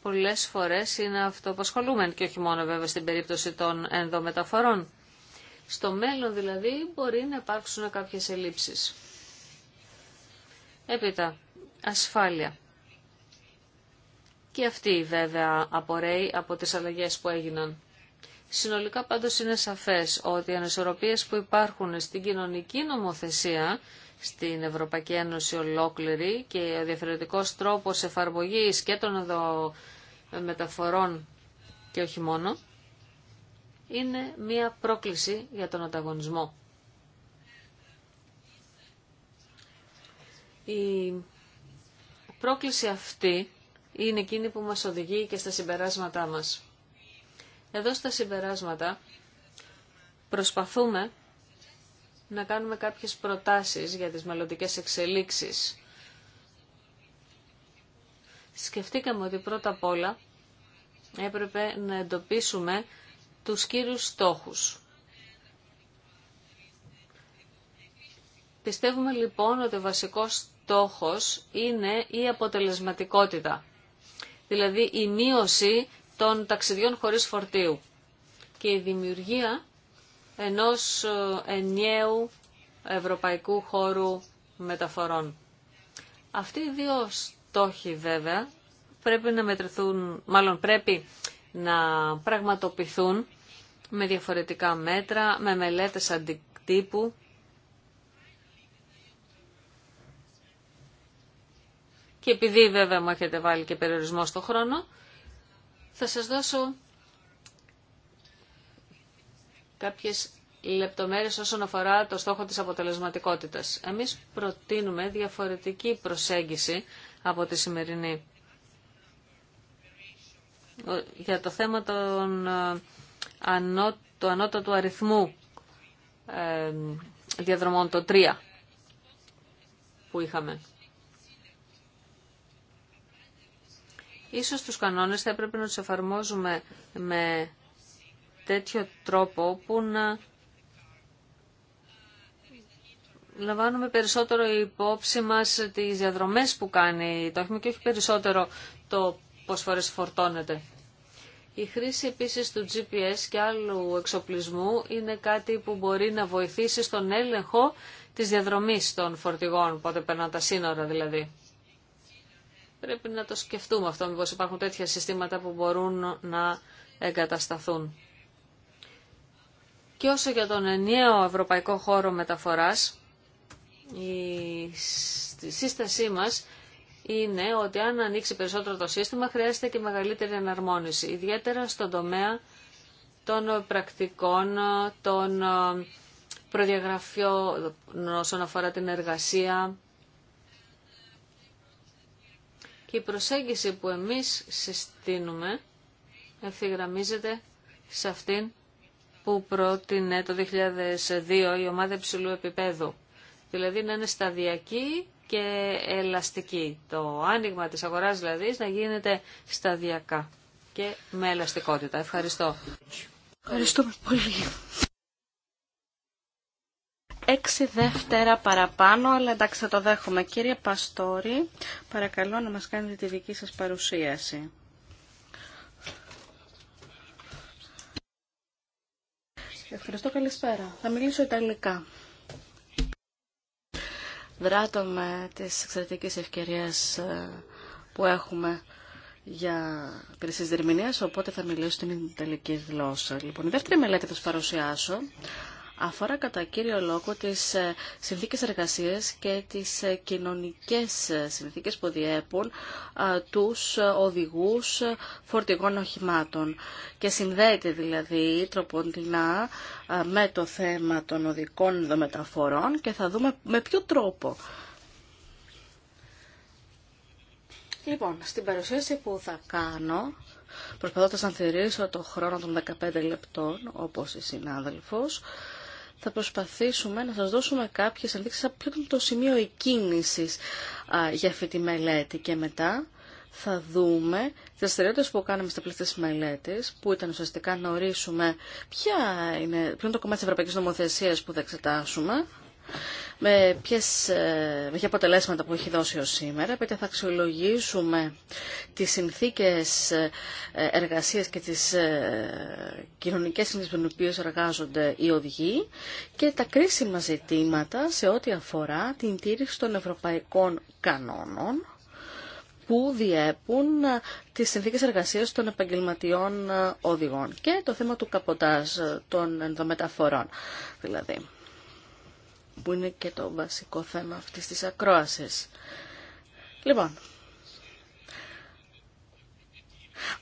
S2: πολλές φορές είναι αυτό ασχολούμε και όχι μόνο βέβαια στην περίπτωση των ενδομεταφορών. Στο μέλλον δηλαδή μπορεί να υπάρξουν κάποιες ελλείψεις. Έπειτα, ασφάλεια. Και αυτή βέβαια απορρέει από τις αλλαγές που έγιναν. Συνολικά πάντως είναι σαφές ότι οι ανισορροπίες που υπάρχουν στην κοινωνική νομοθεσία στην Ευρωπαϊκή Ένωση ολόκληρη και ο διαφορετικός τρόπος εφαρμογής και των εδώ μεταφορών και όχι μόνο, είναι μία πρόκληση για τον ανταγωνισμό. Η πρόκληση αυτή είναι εκείνη που μας οδηγεί και στα συμπεράσματά μας. Εδώ στα συμπεράσματα προσπαθούμε να κάνουμε κάποιες προτάσεις για τις μελλοντικές εξελίξεις. Σκεφτήκαμε ότι πρώτα απ' όλα έπρεπε να εντοπίσουμε τους κύριους στόχους. Πιστεύουμε λοιπόν ότι ο βασικός στόχος είναι η αποτελεσματικότητα, δηλαδή η μείωση των ταξιδιών χωρίς φορτίου και η δημιουργία ενός ε, ενιαίου ευρωπαϊκού χώρου μεταφορών. Αυτοί οι δύο στόχοι βέβαια πρέπει να μετρηθούν, μάλλον πρέπει να πραγματοποιηθούν με διαφορετικά μέτρα, με μελέτες αντικτύπου και επειδή βέβαια μου έχετε βάλει και περιορισμό στο χρόνο, θα σας δώσω κάποιες λεπτομέρειες όσον αφορά το στόχο της αποτελεσματικότητας. Εμείς προτείνουμε διαφορετική προσέγγιση από τη σημερινή. Για το θέμα των, ε, του ανώτατου αριθμού ε, διαδρομών, το 3 που είχαμε. Ίσως τους κανόνες θα έπρεπε να τους εφαρμόζουμε με τέτοιο τρόπο που να λαμβάνουμε περισσότερο υπόψη μας τις διαδρομές που κάνει το έχουμε και όχι περισσότερο το πόσες φορές φορτώνεται. Η χρήση επίσης του GPS και άλλου εξοπλισμού είναι κάτι που μπορεί να βοηθήσει στον έλεγχο της διαδρομής των φορτηγών, πότε περνά τα σύνορα δηλαδή. Πρέπει να το σκεφτούμε αυτό, μήπως υπάρχουν τέτοια συστήματα που μπορούν να εγκατασταθούν. Και όσο για τον ενιαίο ευρωπαϊκό χώρο μεταφοράς, η σύστασή μας είναι ότι αν ανοίξει περισσότερο το σύστημα χρειάζεται και μεγαλύτερη εναρμόνιση, ιδιαίτερα στον τομέα των πρακτικών, των ε, προδιαγραφιών όσον αφορά την εργασία, και η προσέγγιση που εμείς συστήνουμε ευθυγραμμίζεται σε αυτήν που πρότεινε το 2002 η ομάδα υψηλού επίπεδου. Δηλαδή να είναι σταδιακή και ελαστική. Το άνοιγμα της αγοράς δηλαδή να γίνεται σταδιακά και με ελαστικότητα. Ευχαριστώ. πολύ
S4: έξι δεύτερα παραπάνω, αλλά εντάξει θα το δέχομαι. Κύριε Παστόρη, παρακαλώ να μας κάνετε τη δική σας παρουσίαση. Ευχαριστώ, καλησπέρα. Θα μιλήσω Ιταλικά. Δράτω με τις εξαιρετικές ευκαιρίες ε, που έχουμε για υπηρεσίες διερμηνίας, οπότε θα μιλήσω στην Ιταλική γλώσσα. Λοιπόν, η δεύτερη μελέτη θα σας παρουσιάσω αφορά κατά κύριο λόγο τις ε, συνθήκες εργασίας και τις ε, κοινωνικές ε, συνθήκες που διέπουν τους οδηγούς φορτηγών οχημάτων και συνδέεται δηλαδή τροποντινά με το θέμα των οδικών μεταφορών και θα δούμε με ποιο τρόπο. Λοιπόν, στην παρουσίαση που θα κάνω, προσπαθώντας να θεωρήσω το χρόνο των 15 λεπτών, όπως η συνάδελφος, θα προσπαθήσουμε να σας δώσουμε κάποιες ενδείξεις από ποιο το σημείο εκκίνησης για αυτή τη μελέτη και μετά θα δούμε τις δραστηριότητες που κάναμε στα πλαίσια της μελέτης, που ήταν ουσιαστικά να ορίσουμε ποια είναι, ποιο είναι το κομμάτι της Ευρωπαϊκής Νομοθεσίας που θα εξετάσουμε, με, ποιες, ε, με ποια αποτελέσματα που έχει δώσει ως σήμερα. επειδή θα αξιολογήσουμε τις συνθήκες ε, εργασίας και τις ε, κοινωνικές συνθήκες με οποίες εργάζονται οι οδηγοί και τα κρίσιμα ζητήματα σε ό,τι αφορά την τήρηση των ευρωπαϊκών κανόνων που διέπουν τις συνθήκες εργασίας των επαγγελματιών οδηγών και το θέμα του καποτάζ των ενδομεταφορών δηλαδή που είναι και το βασικό θέμα αυτής της ακρόασης. Λοιπόν,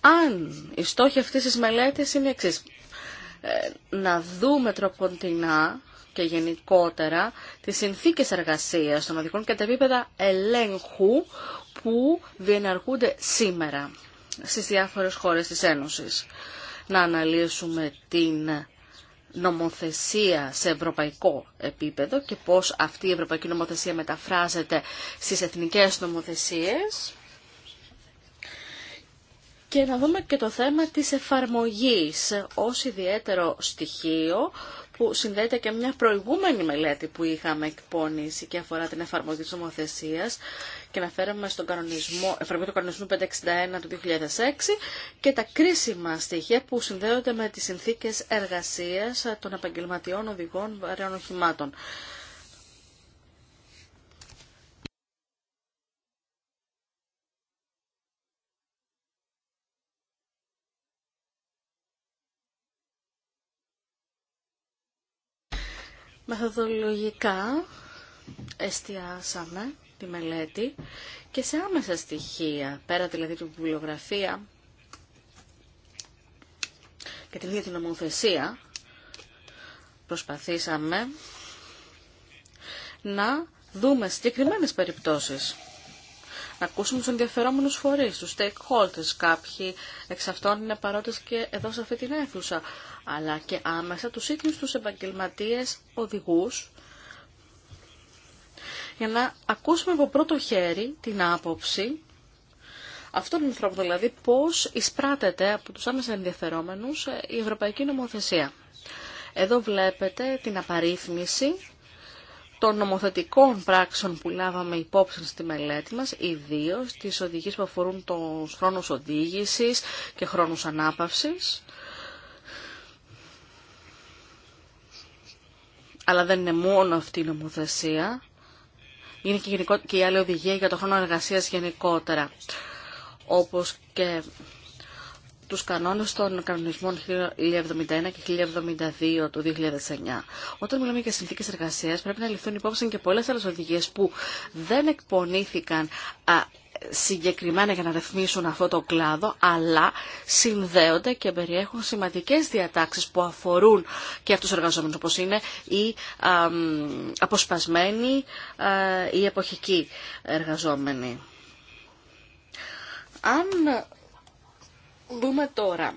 S4: αν η στόχη αυτής της μελέτης είναι εξή. Ε, να δούμε τροποντινά και γενικότερα τις συνθήκες εργασίας των οδικών και τα επίπεδα ελέγχου που διενεργούνται σήμερα στις διάφορες χώρες της Ένωσης. Να αναλύσουμε την νομοθεσία σε ευρωπαϊκό επίπεδο και πώς αυτή η ευρωπαϊκή νομοθεσία μεταφράζεται στις εθνικές νομοθεσίες και να δούμε και το θέμα της εφαρμογής ως ιδιαίτερο στοιχείο που συνδέεται και μια προηγούμενη μελέτη που είχαμε εκπονήσει και αφορά την εφαρμογή της νομοθεσίας και να αναφέραμε στον κανονισμό, εφαρμογή του κανονισμού 561 του 2006 και τα κρίσιμα στοιχεία που συνδέονται με τις συνθήκες εργασίας των επαγγελματιών οδηγών βαρέων οχημάτων. Μεθοδολογικά εστιάσαμε τη μελέτη και σε άμεσα στοιχεία, πέρα δηλαδή του βιβλιογραφία και την ίδια την νομοθεσία, προσπαθήσαμε να δούμε συγκεκριμένες περιπτώσεις. Να ακούσουμε τους ενδιαφερόμενους φορείς, τους stakeholders. Κάποιοι εξ αυτών είναι παρόντες και εδώ σε αυτή την αίθουσα αλλά και άμεσα τους ίδιους τους επαγγελματίες οδηγούς για να ακούσουμε από πρώτο χέρι την άποψη αυτόν τον ανθρώπων, δηλαδή πώς εισπράτεται από τους άμεσα ενδιαφερόμενους ε, η Ευρωπαϊκή Νομοθεσία. Εδώ βλέπετε την απαρίθμηση των νομοθετικών πράξεων που λάβαμε υπόψη στη μελέτη μας, ιδίως τις οδηγίες που αφορούν τους χρόνους οδήγησης και χρόνους ανάπαυσης, αλλά δεν είναι μόνο αυτή η νομοθεσία. Είναι και, η άλλη οδηγία για το χρόνο εργασίας γενικότερα, όπως και τους κανόνες των κανονισμών 1071 και 1072 του 2009. Όταν μιλάμε για συνθήκες εργασίας πρέπει να ληφθούν υπόψη και πολλές άλλες οδηγίες που δεν εκπονήθηκαν συγκεκριμένα για να ρυθμίσουν αυτό το κλάδο, αλλά συνδέονται και περιέχουν σημαντικές διατάξεις που αφορούν και αυτούς τους εργαζόμενους, όπως είναι οι αποσπασμένοι ή εποχικοί εργαζόμενοι. Αν δούμε τώρα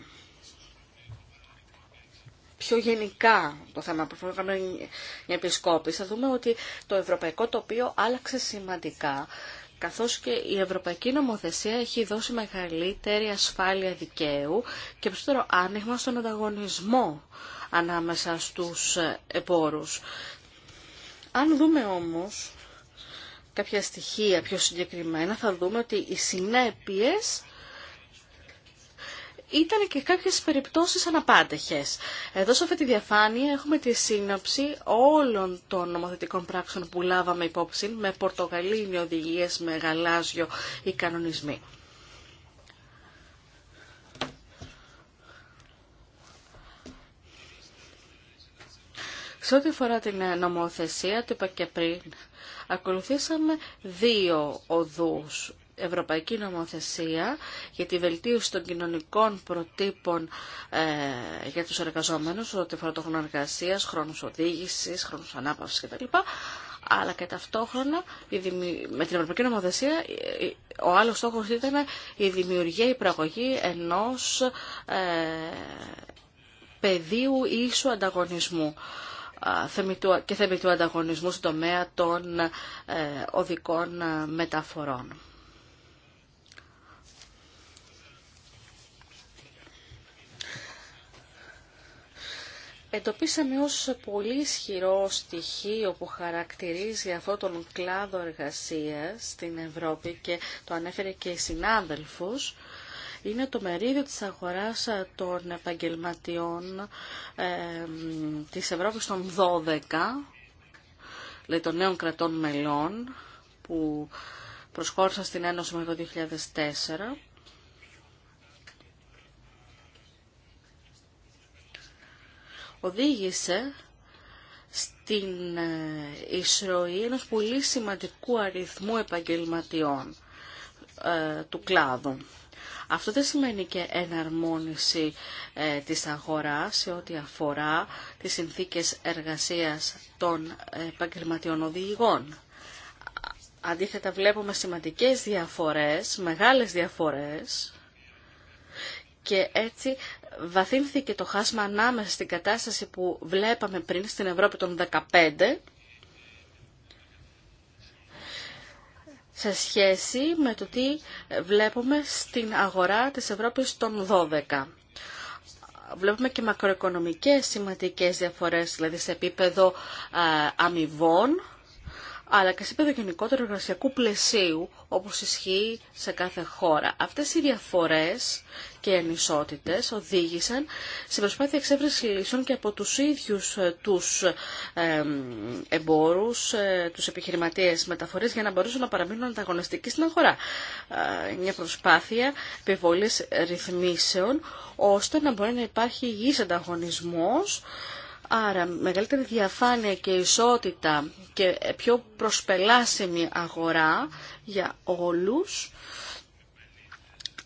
S4: πιο γενικά το θέμα που κάνουμε μια επισκόπηση, θα δούμε ότι το ευρωπαϊκό τοπίο άλλαξε σημαντικά καθώς και η Ευρωπαϊκή Νομοθεσία έχει δώσει μεγαλύτερη ασφάλεια δικαίου και περισσότερο άνοιγμα στον ανταγωνισμό ανάμεσα στους επόρους. Αν δούμε όμως κάποια στοιχεία πιο συγκεκριμένα, θα δούμε ότι οι συνέπειες ήταν και κάποιες περιπτώσεις αναπάντεχες. Εδώ σε αυτή τη διαφάνεια έχουμε τη σύνοψη όλων των νομοθετικών πράξεων που λάβαμε υπόψη με πορτογαλίνι οδηγίες, με γαλάζιο ή κανονισμοί. Σε ό,τι αφορά την ε, νομοθεσία, το είπα και πριν, ακολουθήσαμε δύο οδούς ευρωπαϊκή νομοθεσία για τη βελτίωση των κοινωνικών προτύπων ε, για τους εργαζόμενους, ό,τι αφορά το χρόνο εργασίας, χρόνους οδήγησης, χρόνους ανάπαυσης κτλ. Αλλά και ταυτόχρονα με την Ευρωπαϊκή Νομοθεσία ε, ο άλλος στόχος ήταν η δημιουργία, η πραγωγή ενός ε, πεδίου ίσου ανταγωνισμού και θεμητού ανταγωνισμού στον τομέα των ε, οδικών μεταφορών. εντοπίσαμε ως πολύ ισχυρό στοιχείο που χαρακτηρίζει αυτό τον κλάδο εργασίας στην Ευρώπη και το ανέφερε και οι συνάδελφους, είναι το μερίδιο της αγοράς ε, των επαγγελματιών ε, της Ευρώπης των 12, δηλαδή των νέων κρατών μελών, που προσχώρησαν στην Ένωση με το 2004 οδήγησε στην ε, εισρωή ενός πολύ σημαντικού αριθμού επαγγελματιών ε, του κλάδου. Αυτό δεν σημαίνει και εναρμόνιση ε, της αγοράς σε ό,τι αφορά τις συνθήκες εργασίας των επαγγελματιών οδηγών. Αντίθετα βλέπουμε σημαντικές διαφορές, μεγάλες διαφορές και έτσι βαθύνθηκε το χάσμα ανάμεσα στην κατάσταση που βλέπαμε πριν στην Ευρώπη των 15 σε σχέση με το τι βλέπουμε στην αγορά της Ευρώπης των 12. Βλέπουμε και μακροοικονομικές σημαντικές διαφορές, δηλαδή σε επίπεδο αμοιβών, αλλά και σε επίπεδο γενικότερο εργασιακού πλαισίου, όπως ισχύει σε κάθε χώρα. Αυτές οι διαφορές και οι ανισότητες οδήγησαν σε προσπάθεια εξέβρεση λύσεων και από τους ίδιους ε, τους εμπόρους, ε, τους επιχειρηματίες μεταφορές, για να μπορούσαν να παραμείνουν ανταγωνιστικοί στην αγορά. Ε, μια προσπάθεια επιβολής ρυθμίσεων, ώστε να μπορεί να υπάρχει υγιής ανταγωνισμός, Άρα μεγαλύτερη διαφάνεια και ισότητα και πιο προσπελάσιμη αγορά για όλους,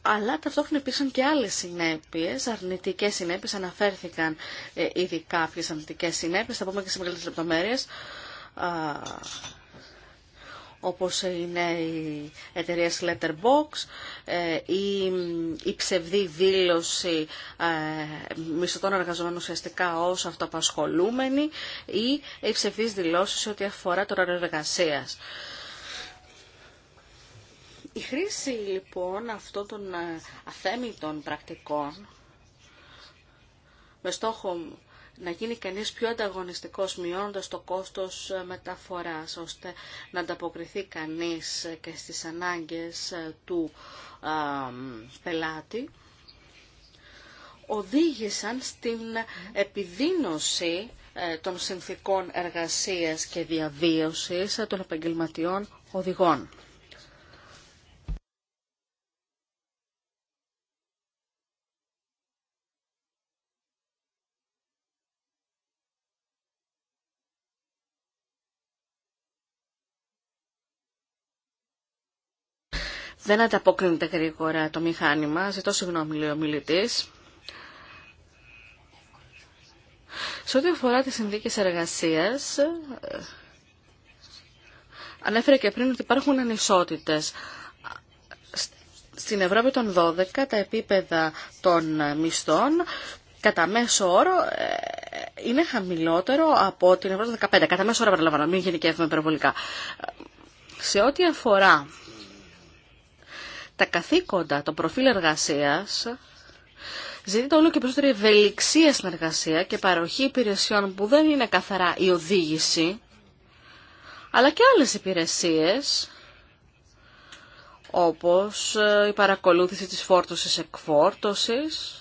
S4: αλλά ταυτόχρονα υπήρξαν και άλλες συνέπειες, αρνητικές συνέπειες, αναφέρθηκαν ε, ήδη κάποιες αρνητικές συνέπειες, θα πούμε και σε μεγαλύτερες λεπτομέρειες όπως είναι η εταιρεία Letterbox, ε, η, η ψευδή δήλωση ε, μισθωτών εργαζομένων ουσιαστικά ως αυτοαπασχολούμενοι ή οι ψευδείς δηλώσεις ό,τι αφορά το ωράριο εργασίας. Η χρήση αφορα τωρα εργασια αυτών των ε, αθέμητων πρακτικών με στόχο να γίνει κανείς πιο ανταγωνιστικός μειώνοντας το κόστος ε, μεταφοράς ώστε να ανταποκριθεί κανείς ε, και στις ανάγκες ε, του πελάτη οδήγησαν στην επιδίνωση των συνθήκων εργασίας και διαβίωσης των επαγγελματιών οδηγών. Δεν ανταποκρίνεται γρήγορα το μηχάνημα. Ζητώ συγγνώμη, λέει ο μιλητή. Σε ό,τι αφορά τις συνδίκες εργασίας, ε, ανέφερε και πριν ότι υπάρχουν ανισότητες. Στην Ευρώπη των 12 τα επίπεδα των μισθών κατά μέσο όρο ε, είναι χαμηλότερο από την Ευρώπη των 15. Κατά μέσο όρο, παραλαμβάνω, μην γενικεύουμε υπερβολικά. Σε ό,τι αφορά τα καθήκοντα, το προφίλ εργασίας, ζητείται όλο και περισσότερη ευελιξία στην εργασία και παροχή υπηρεσιών που δεν είναι καθαρά η οδήγηση, αλλά και άλλες υπηρεσίες, όπως ε, η παρακολούθηση της φόρτωσης εκφόρτωσης,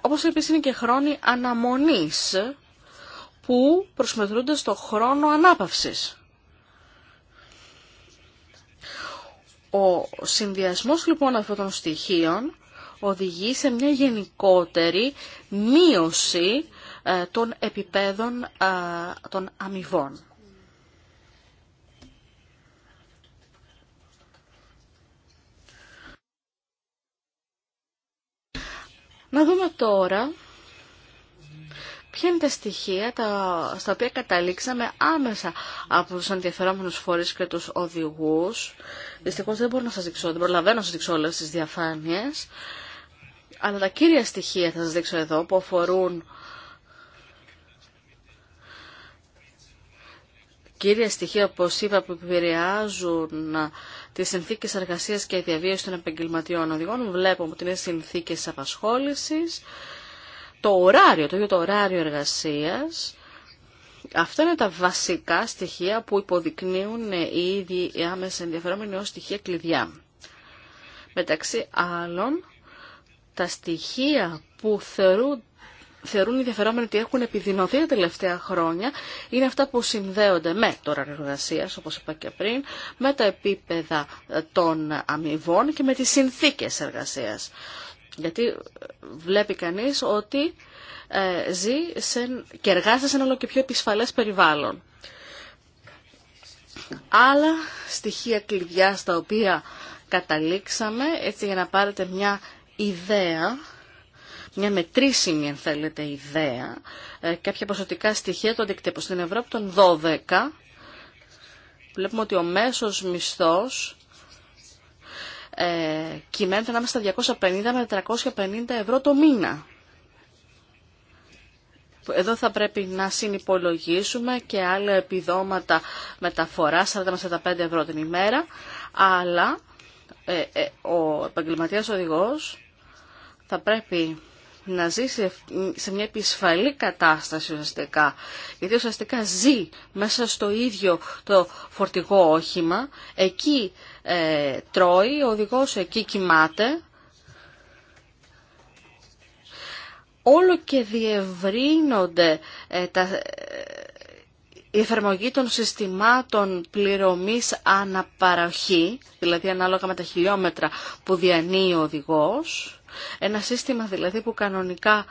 S4: όπως επίσης είναι και χρόνοι αναμονής, που προσμετρούνται στο χρόνο ανάπαυσης. Ο συνδυασμός λοιπόν αυτών των στοιχείων οδηγεί σε μια γενικότερη μείωση ε, των επιπέδων ε, των αμοιβών. Να δούμε τώρα ποια είναι τα στοιχεία τα, στα οποία καταλήξαμε άμεσα από τους ενδιαφερόμενους φορείς και τους οδηγούς Δυστυχώ δεν μπορώ να σα δείξω, δεν προλαβαίνω να σα δείξω όλε τις διαφάνειες, αλλά τα κύρια στοιχεία θα σας δείξω εδώ που αφορούν κύρια στοιχεία, όπω είπα, που επηρεάζουν τι συνθήκε εργασία και διαβίωση των επαγγελματιών οδηγών. Βλέπουμε ότι είναι συνθήκε απασχόλησης, το ωράριο, το ίδιο το ωράριο εργασίας, Αυτά είναι τα βασικά στοιχεία που υποδεικνύουν οι ίδιοι οι άμεσα ενδιαφερόμενοι ως στοιχεία κλειδιά. Μεταξύ άλλων, τα στοιχεία που θεωρούν θεωρούν οι ενδιαφερόμενοι ότι έχουν επιδεινωθεί τα τελευταία χρόνια είναι αυτά που συνδέονται με το εργασία, όπω είπα και πριν, με τα επίπεδα ε, των αμοιβών και με τι συνθήκες εργασία. Γιατί βλέπει κανεί ότι ε, ζει σε, και εργάζεται σε ένα όλο και πιο επισφαλές περιβάλλον. Άλλα στοιχεία κλειδιά στα οποία καταλήξαμε, έτσι για να πάρετε μια ιδέα, μια μετρήσιμη αν θέλετε ιδέα, ε, κάποια ποσοτικά στοιχεία του αντικτύπου. Στην Ευρώπη των 12 βλέπουμε ότι ο μέσος μισθός ε, κυμαίνεται ανάμεσα στα 250 με 450 ευρώ το μήνα. Εδώ θα πρέπει να συνυπολογίσουμε και άλλα επιδόματα μεταφορά 40 με 45 ευρώ την ημέρα, αλλά ε, ε, ο επαγγελματίας οδηγός θα πρέπει να ζει σε μια επισφαλή κατάσταση ουσιαστικά. Γιατί ουσιαστικά ζει μέσα στο ίδιο το φορτηγό όχημα, εκεί ε, τρώει, ο οδηγός εκεί κοιμάται όλο και διευρύνονται ε, τα, ε, η εφαρμογή των συστημάτων πληρωμής αναπαραχή, δηλαδή ανάλογα με τα χιλιόμετρα που διανύει ο οδηγός, ένα σύστημα δηλαδή που κανονικά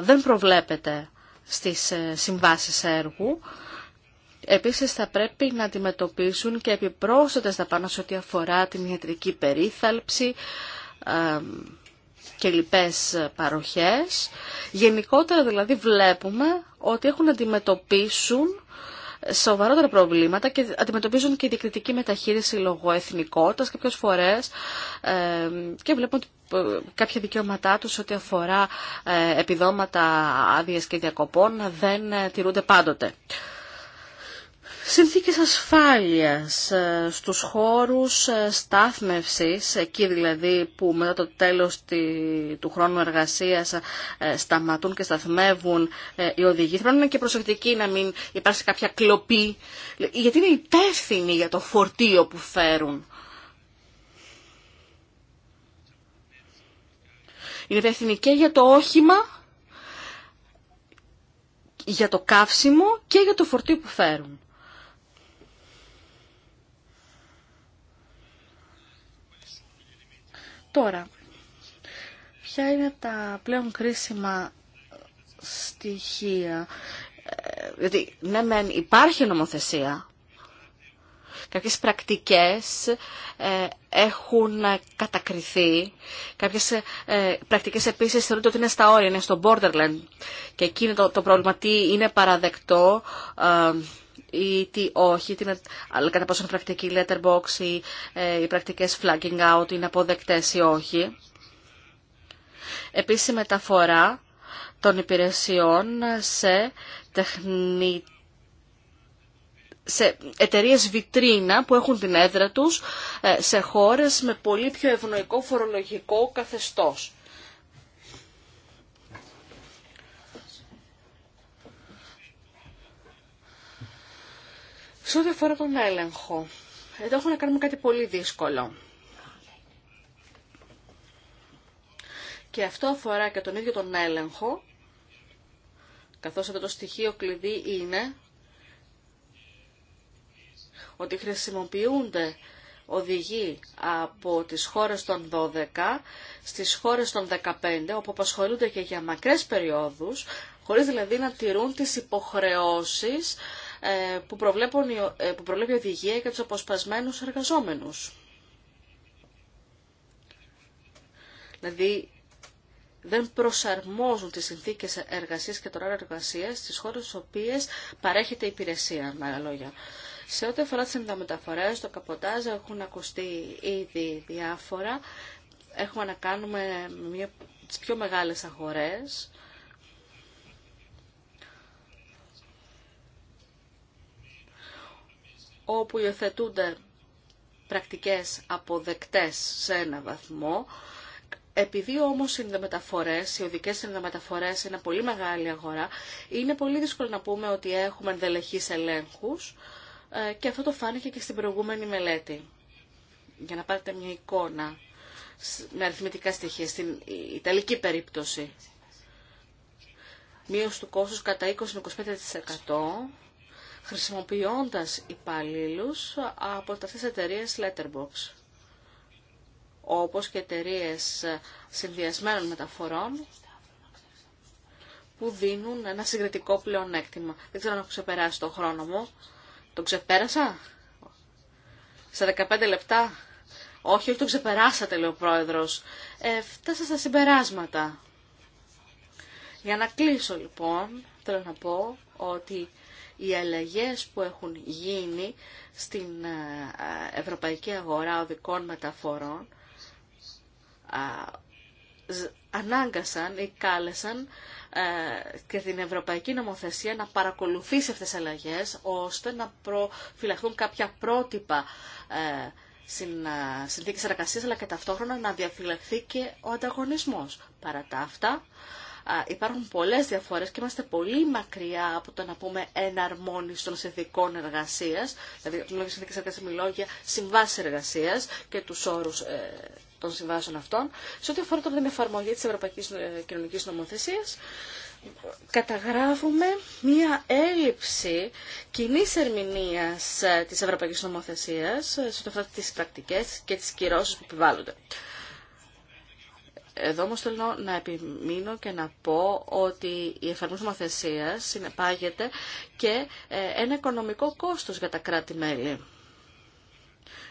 S4: δεν προβλέπεται στις ε, συμβάσεις έργου, Επίσης θα πρέπει να αντιμετωπίσουν και επιπρόσθετες σε ό,τι αφορά την ιατρική περίθαλψη, και λοιπές παροχές. Γενικότερα δηλαδή βλέπουμε ότι έχουν να αντιμετωπίσουν σοβαρότερα προβλήματα και αντιμετωπίζουν και διεκριτική μεταχείριση λόγω εθνικότητας κάποιες φορές ε, και βλέπουμε ε, κάποια δικαιώματά τους ό,τι αφορά ε, επιδόματα άδειες και διακοπών δεν τηρούνται πάντοτε συνθήκες ασφάλειας ε, στους χώρους ε, στάθμευσης, εκεί δηλαδή που μετά το τέλος του χρόνου εργασίας ε, σταματούν και σταθμεύουν οι οδηγοί. Πρέπει να είναι και προσεκτικοί να μην υπάρξει κάποια κλοπή, γιατί είναι υπεύθυνοι για το φορτίο που φέρουν. Είναι υπεύθυνοι και για το όχημα, για το καύσιμο και για το φορτίο που φέρουν. Τώρα, ποια είναι τα πλέον κρίσιμα στοιχεία. Ε, γιατί, ναι, μεν υπάρχει νομοθεσία, κάποιες πρακτικές ε, έχουν κατακριθεί, κάποιες ε, πρακτικές επίσης θεωρούνται ότι είναι στα όρια, είναι στο borderland και εκεί είναι το, το πρόβλημα, τι είναι παραδεκτό, ε, ή τι όχι, τι είναι, αλλά κατά πόσο η τι οχι τι αλλα κατα ποσο είναι πρακτικη letterbox ή ε, οι πρακτικές flagging out είναι αποδεκτές ή όχι. Επίσης η μεταφορά των υπηρεσιών σε τεχνη... σε εταιρείες βιτρίνα που έχουν την έδρα τους ε, σε χώρες με πολύ πιο ευνοϊκό φορολογικό καθεστώς. Σε ό,τι αφορά τον έλεγχο, εδώ έχουμε να κάνουμε κάτι πολύ δύσκολο. Και αυτό αφορά και τον ίδιο τον έλεγχο, καθώς αυτό το στοιχείο κλειδί είναι ότι χρησιμοποιούνται οδηγοί από τις χώρες των 12 στις χώρες των 15, όπου απασχολούνται και για μακρές περιόδους, χωρίς δηλαδή να τηρούν τις υποχρεώσεις ε, που, ε, που προβλέπει η οδηγία για τους αποσπασμένους εργαζόμενους. Δηλαδή, δεν προσαρμόζουν τις συνθήκες εργασίας και τον ώρα εργασίας στις χώρες στις οποίες παρέχεται υπηρεσία, με άλλα λόγια. Σε ό,τι αφορά τις μεταφορές, το καποτάζ έχουν ακουστεί ήδη διάφορα. Έχουμε να κάνουμε μια, τις πιο μεγάλες αγορές όπου υιοθετούνται πρακτικές αποδεκτές σε ένα βαθμό. Επειδή όμως οι μεταφορές, οι οδικές μεταφορές είναι πολύ μεγάλη αγορά, είναι πολύ δύσκολο να πούμε ότι έχουμε ενδελεχείς ελέγχους ε, και αυτό το φάνηκε και στην προηγούμενη μελέτη. Για να πάρετε μια εικόνα με αριθμητικά στοιχεία στην Ιταλική περίπτωση. Μείωση του κόστους κατά 20-25% χρησιμοποιώντας υπαλλήλου από αυτές τις εταιρείες Letterbox, όπως και εταιρείε συνδυασμένων μεταφορών που δίνουν ένα συγκριτικό πλεονέκτημα. Δεν ξέρω αν έχω ξεπεράσει το χρόνο μου. Το ξεπέρασα? Σε 15 λεπτά? Όχι, όχι, το ξεπεράσατε, λέει ο πρόεδρος. Ε, φτάσα στα συμπεράσματα. Για να κλείσω, λοιπόν, θέλω να πω ότι οι αλλαγές που έχουν γίνει στην ε, ευρωπαϊκή αγορά οδικών μεταφορών ανάγκασαν ή κάλεσαν ε, και την Ευρωπαϊκή Νομοθεσία να παρακολουθήσει αυτές τις αλλαγές ώστε να προφυλαχθούν κάποια πρότυπα ε, στην συνθήκη εργασία, αλλά και ταυτόχρονα να διαφυλαχθεί και ο ανταγωνισμός. Παρά αυτά, υπάρχουν πολλές διαφορές και είμαστε πολύ μακριά από το να πούμε εναρμόνιση των συνθηκών εργασίας, δηλαδή το λόγιων συνθήκες εργασίας μιλώ για συμβάσεις εργασίας και τους όρους ε, των συμβάσεων αυτών. Σε ό,τι αφορά την εφαρμογή της Ευρωπαϊκής ε, Κοινωνικής Νομοθεσίας, καταγράφουμε μία έλλειψη κοινή ερμηνεία ε, της Ευρωπαϊκής Νομοθεσίας σε ό,τι αφορά τις πρακτικές και τις κυρώσεις που επιβάλλονται. Εδώ όμως θέλω να επιμείνω και να πω ότι η εφαρμογή νομοθεσία συνεπάγεται και ε, ένα οικονομικό κόστος για τα κράτη-μέλη.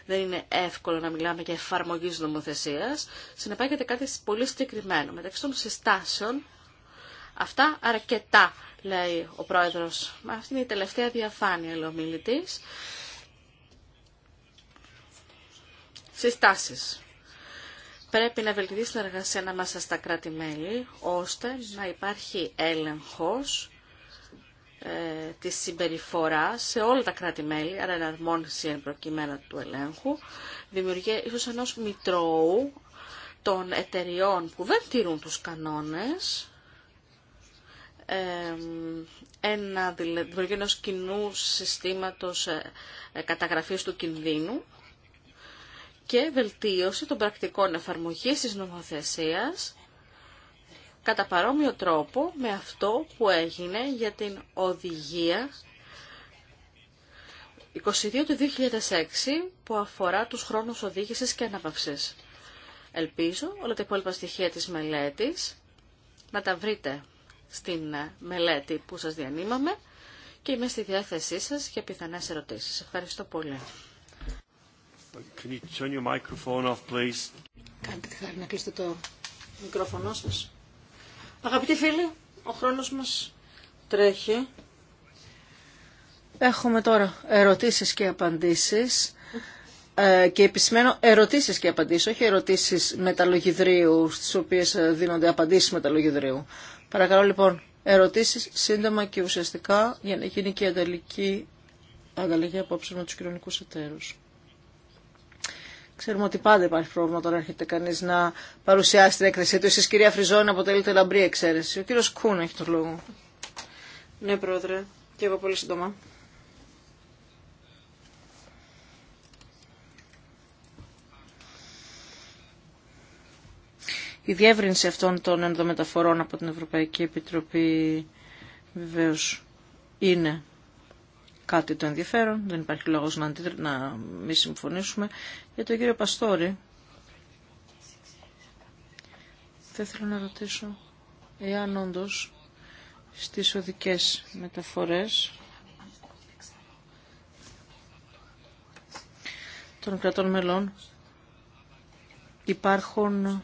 S4: Δεν είναι εύκολο να μιλάμε για εφαρμογή νομοθεσία. Συνεπάγεται κάτι πολύ συγκεκριμένο. Μεταξύ των συστάσεων, αυτά αρκετά, λέει ο πρόεδρος. Αυτή είναι η τελευταία διαφάνεια, λέει ο μιλητής. Συστάσεις πρέπει να βελτιωθεί στην εργασία ανάμεσα στα κράτη-μέλη, ώστε να υπάρχει έλεγχος ε, της συμπεριφοράς σε όλα τα κράτη-μέλη, άρα εναρμόνιση εν προκειμένου του ελέγχου, δημιουργεί ίσως ενός μητρώου των εταιριών που δεν τηρούν τους κανόνες, ε, ένα, ενός κοινού συστήματος ε, ε καταγραφής του κινδύνου, και βελτίωση των πρακτικών εφαρμογής της νομοθεσίας κατά παρόμοιο τρόπο με αυτό που έγινε για την οδηγία 22 του 2006 που αφορά τους χρόνους οδήγησης και ανάπαυσης. Ελπίζω όλα τα υπόλοιπα στοιχεία της μελέτης να τα βρείτε στην μελέτη που σας διανύμαμε και είμαι στη διάθεσή σας για πιθανές ερωτήσεις. Ευχαριστώ πολύ. Can τη χάρη να κλείσετε το
S3: μικρόφωνο σας. Αγαπητοί φίλοι, ο χρόνος μας τρέχει. Έχουμε τώρα ερωτήσεις και απαντήσεις. Ε, και επισημαίνω ερωτήσεις και απαντήσεις, όχι ερωτήσεις μεταλογιδρίου, στις οποίες ε, δίνονται απαντήσεις μεταλογιδρίου. Παρακαλώ λοιπόν, ερωτήσεις σύντομα και ουσιαστικά για να γίνει και η ανταλλαγή απόψε με τους κοινωνικούς εταίρους. Ξέρουμε ότι πάντα υπάρχει πρόβλημα όταν έρχεται κανεί να παρουσιάσει την έκθεσή του. Εσεί, κυρία Φριζόνη, αποτελείτε λαμπρή εξαίρεση. Ο κύριο Κούν έχει τον λόγο. Ναι, πρόεδρε. Και εγώ πολύ σύντομα. Η διεύρυνση αυτών των ενδομεταφορών από την Ευρωπαϊκή Επιτροπή βεβαίω είναι κάτι το ενδιαφέρον, δεν υπάρχει λόγος να, να μη συμφωνήσουμε. Για τον κύριο Παστόρη, θα ήθελα να ρωτήσω εάν όντω στις οδικές μεταφορές των κρατών μελών υπάρχουν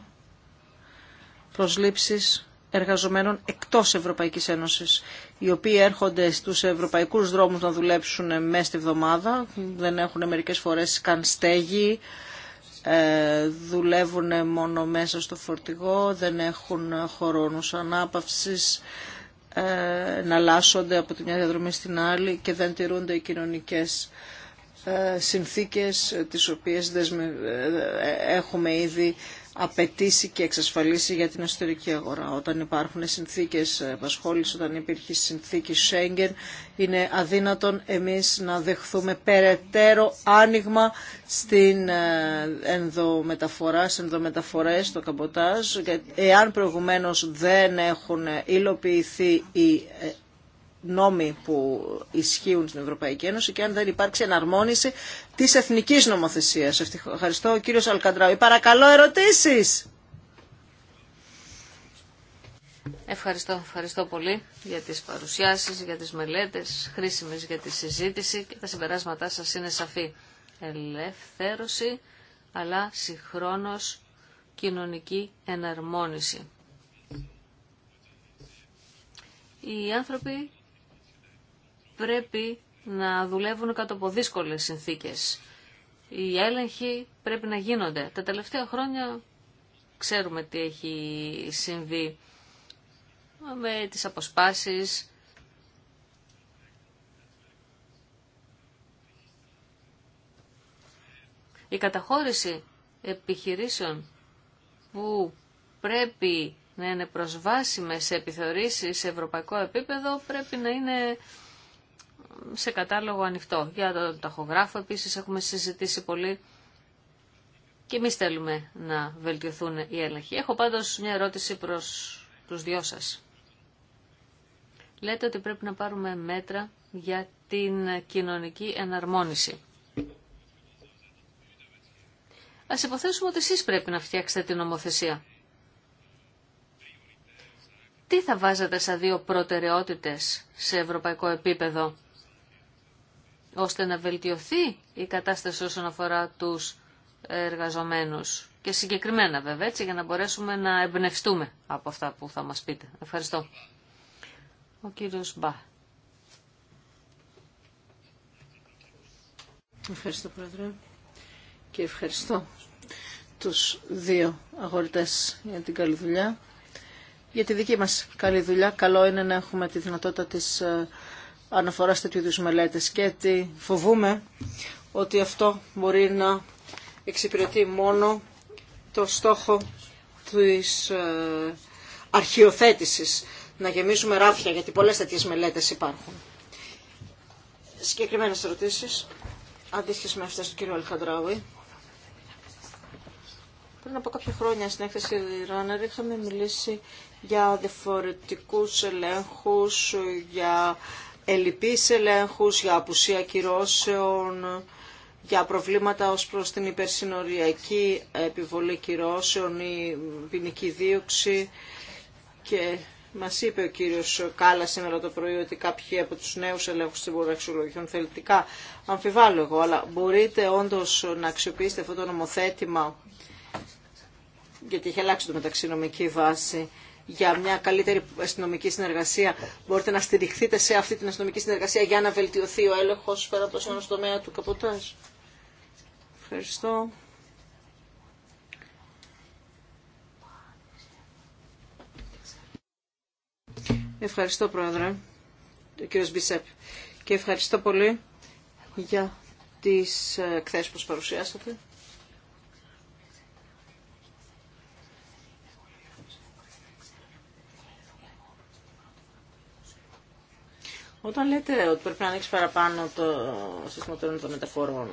S3: προσλήψεις εργαζομένων εκτός Ευρωπαϊκής Ένωσης οι οποίοι έρχονται στους ευρωπαϊκούς δρόμους να δουλέψουν μέσα στη βδομάδα, δεν έχουν μερικές φορές καν στέγη, ε, δουλεύουν μόνο μέσα στο φορτηγό, δεν έχουν χρόνους ανάπαυσης, ε, να από τη μια διαδρομή στην άλλη και δεν τηρούνται οι κοινωνικές ε, συνθήκες τις οποίες έχουμε ήδη απαιτήσει και εξασφαλίσει για την εσωτερική αγορά. Όταν υπάρχουν συνθήκες επασχόλησης, όταν υπήρχε συνθήκη Σέγγεν, είναι αδύνατον εμείς να δεχθούμε περαιτέρω άνοιγμα στην ε, ενδομεταφορά, στις ενδομεταφορές, στο καμποτάζ, εάν προηγουμένως δεν έχουν υλοποιηθεί οι ε, νόμοι που ισχύουν στην Ευρωπαϊκή Ένωση και αν δεν υπάρξει εναρμόνιση τη εθνική νομοθεσία. Ευχαριστώ κύριος Αλκαντράου. Παρακαλώ ερωτήσεις.
S2: Ευχαριστώ, ευχαριστώ πολύ για τις παρουσιάσεις, για τις μελέτες, χρήσιμες για τη συζήτηση και τα συμπεράσματά σας είναι σαφή. Ελευθέρωση, αλλά συγχρόνως κοινωνική εναρμόνιση. Οι άνθρωποι πρέπει να δουλεύουν κάτω από δύσκολες συνθήκες. Οι έλεγχοι πρέπει να γίνονται. Τα τελευταία χρόνια ξέρουμε τι έχει συμβεί με τις αποσπάσεις, Η καταχώρηση επιχειρήσεων που πρέπει να είναι προσβάσιμες σε επιθεωρήσεις σε ευρωπαϊκό επίπεδο πρέπει να είναι σε κατάλογο ανοιχτό. Για τον ταχογράφο επίσης έχουμε συζητήσει πολύ και εμεί θέλουμε να βελτιωθούν οι έλεγχοι. Έχω πάντως μια ερώτηση προς τους δυο σας. Λέτε ότι πρέπει να πάρουμε μέτρα για την κοινωνική εναρμόνιση. Ας υποθέσουμε ότι εσείς πρέπει να φτιάξετε την νομοθεσία. Τι θα βάζατε σαν δύο προτεραιότητες σε ευρωπαϊκό επίπεδο ώστε να βελτιωθεί η κατάσταση όσον αφορά τους εργαζομένους και συγκεκριμένα βέβαια έτσι για να μπορέσουμε να εμπνευστούμε από αυτά που θα μας πείτε. Ευχαριστώ. Ο κύριος Μπά. Ευχαριστώ Πρόεδρε
S3: και ευχαριστώ τους δύο αγορητές για την καλή δουλειά. Για τη δική μας καλή δουλειά καλό είναι να έχουμε τη δυνατότητα της ε, αναφορά σε τέτοιου μελέτε μελέτες και ότι φοβούμε ότι αυτό μπορεί να εξυπηρετεί μόνο το στόχο της ε, αρχιοθέτηση. να γεμίσουμε ράφια, γιατί πολλές τέτοιε μελέτες υπάρχουν. Συγκεκριμένες ερωτήσεις, αντίστοιχε με αυτές του κ. Αλχαντράουη. Πριν από κάποια χρόνια στην έκθεση Ράνερ είχαμε μιλήσει για διαφορετικούς ελέγχους, για ελλειπείς ελέγχους για απουσία κυρώσεων, για προβλήματα ως προς την υπερσυνοριακή επιβολή κυρώσεων ή ποινική δίωξη και μας είπε ο κύριος Κάλλα σήμερα το πρωί ότι κάποιοι από τους νέους ελέγχους δεν μπορούν να αξιολογηθούν θελητικά. Αμφιβάλλω εγώ, αλλά μπορείτε όντως να αξιοποιήσετε αυτό το νομοθέτημα, γιατί έχει αλλάξει το μεταξύ νομική βάση, για μια καλύτερη αστυνομική συνεργασία. Μπορείτε να στηριχθείτε σε αυτή την αστυνομική συνεργασία για να βελτιωθεί ο έλεγχος πέρα από το τομέα του καποτάζ. Ευχαριστώ. Ευχαριστώ, Πρόεδρε, κύριος Μπισέπ. Και ευχαριστώ πολύ για τις ε, εκθέσεις που παρουσιάσατε. Όταν λέτε ότι πρέπει να ανοίξει παραπάνω το σύστημα των μεταφορών,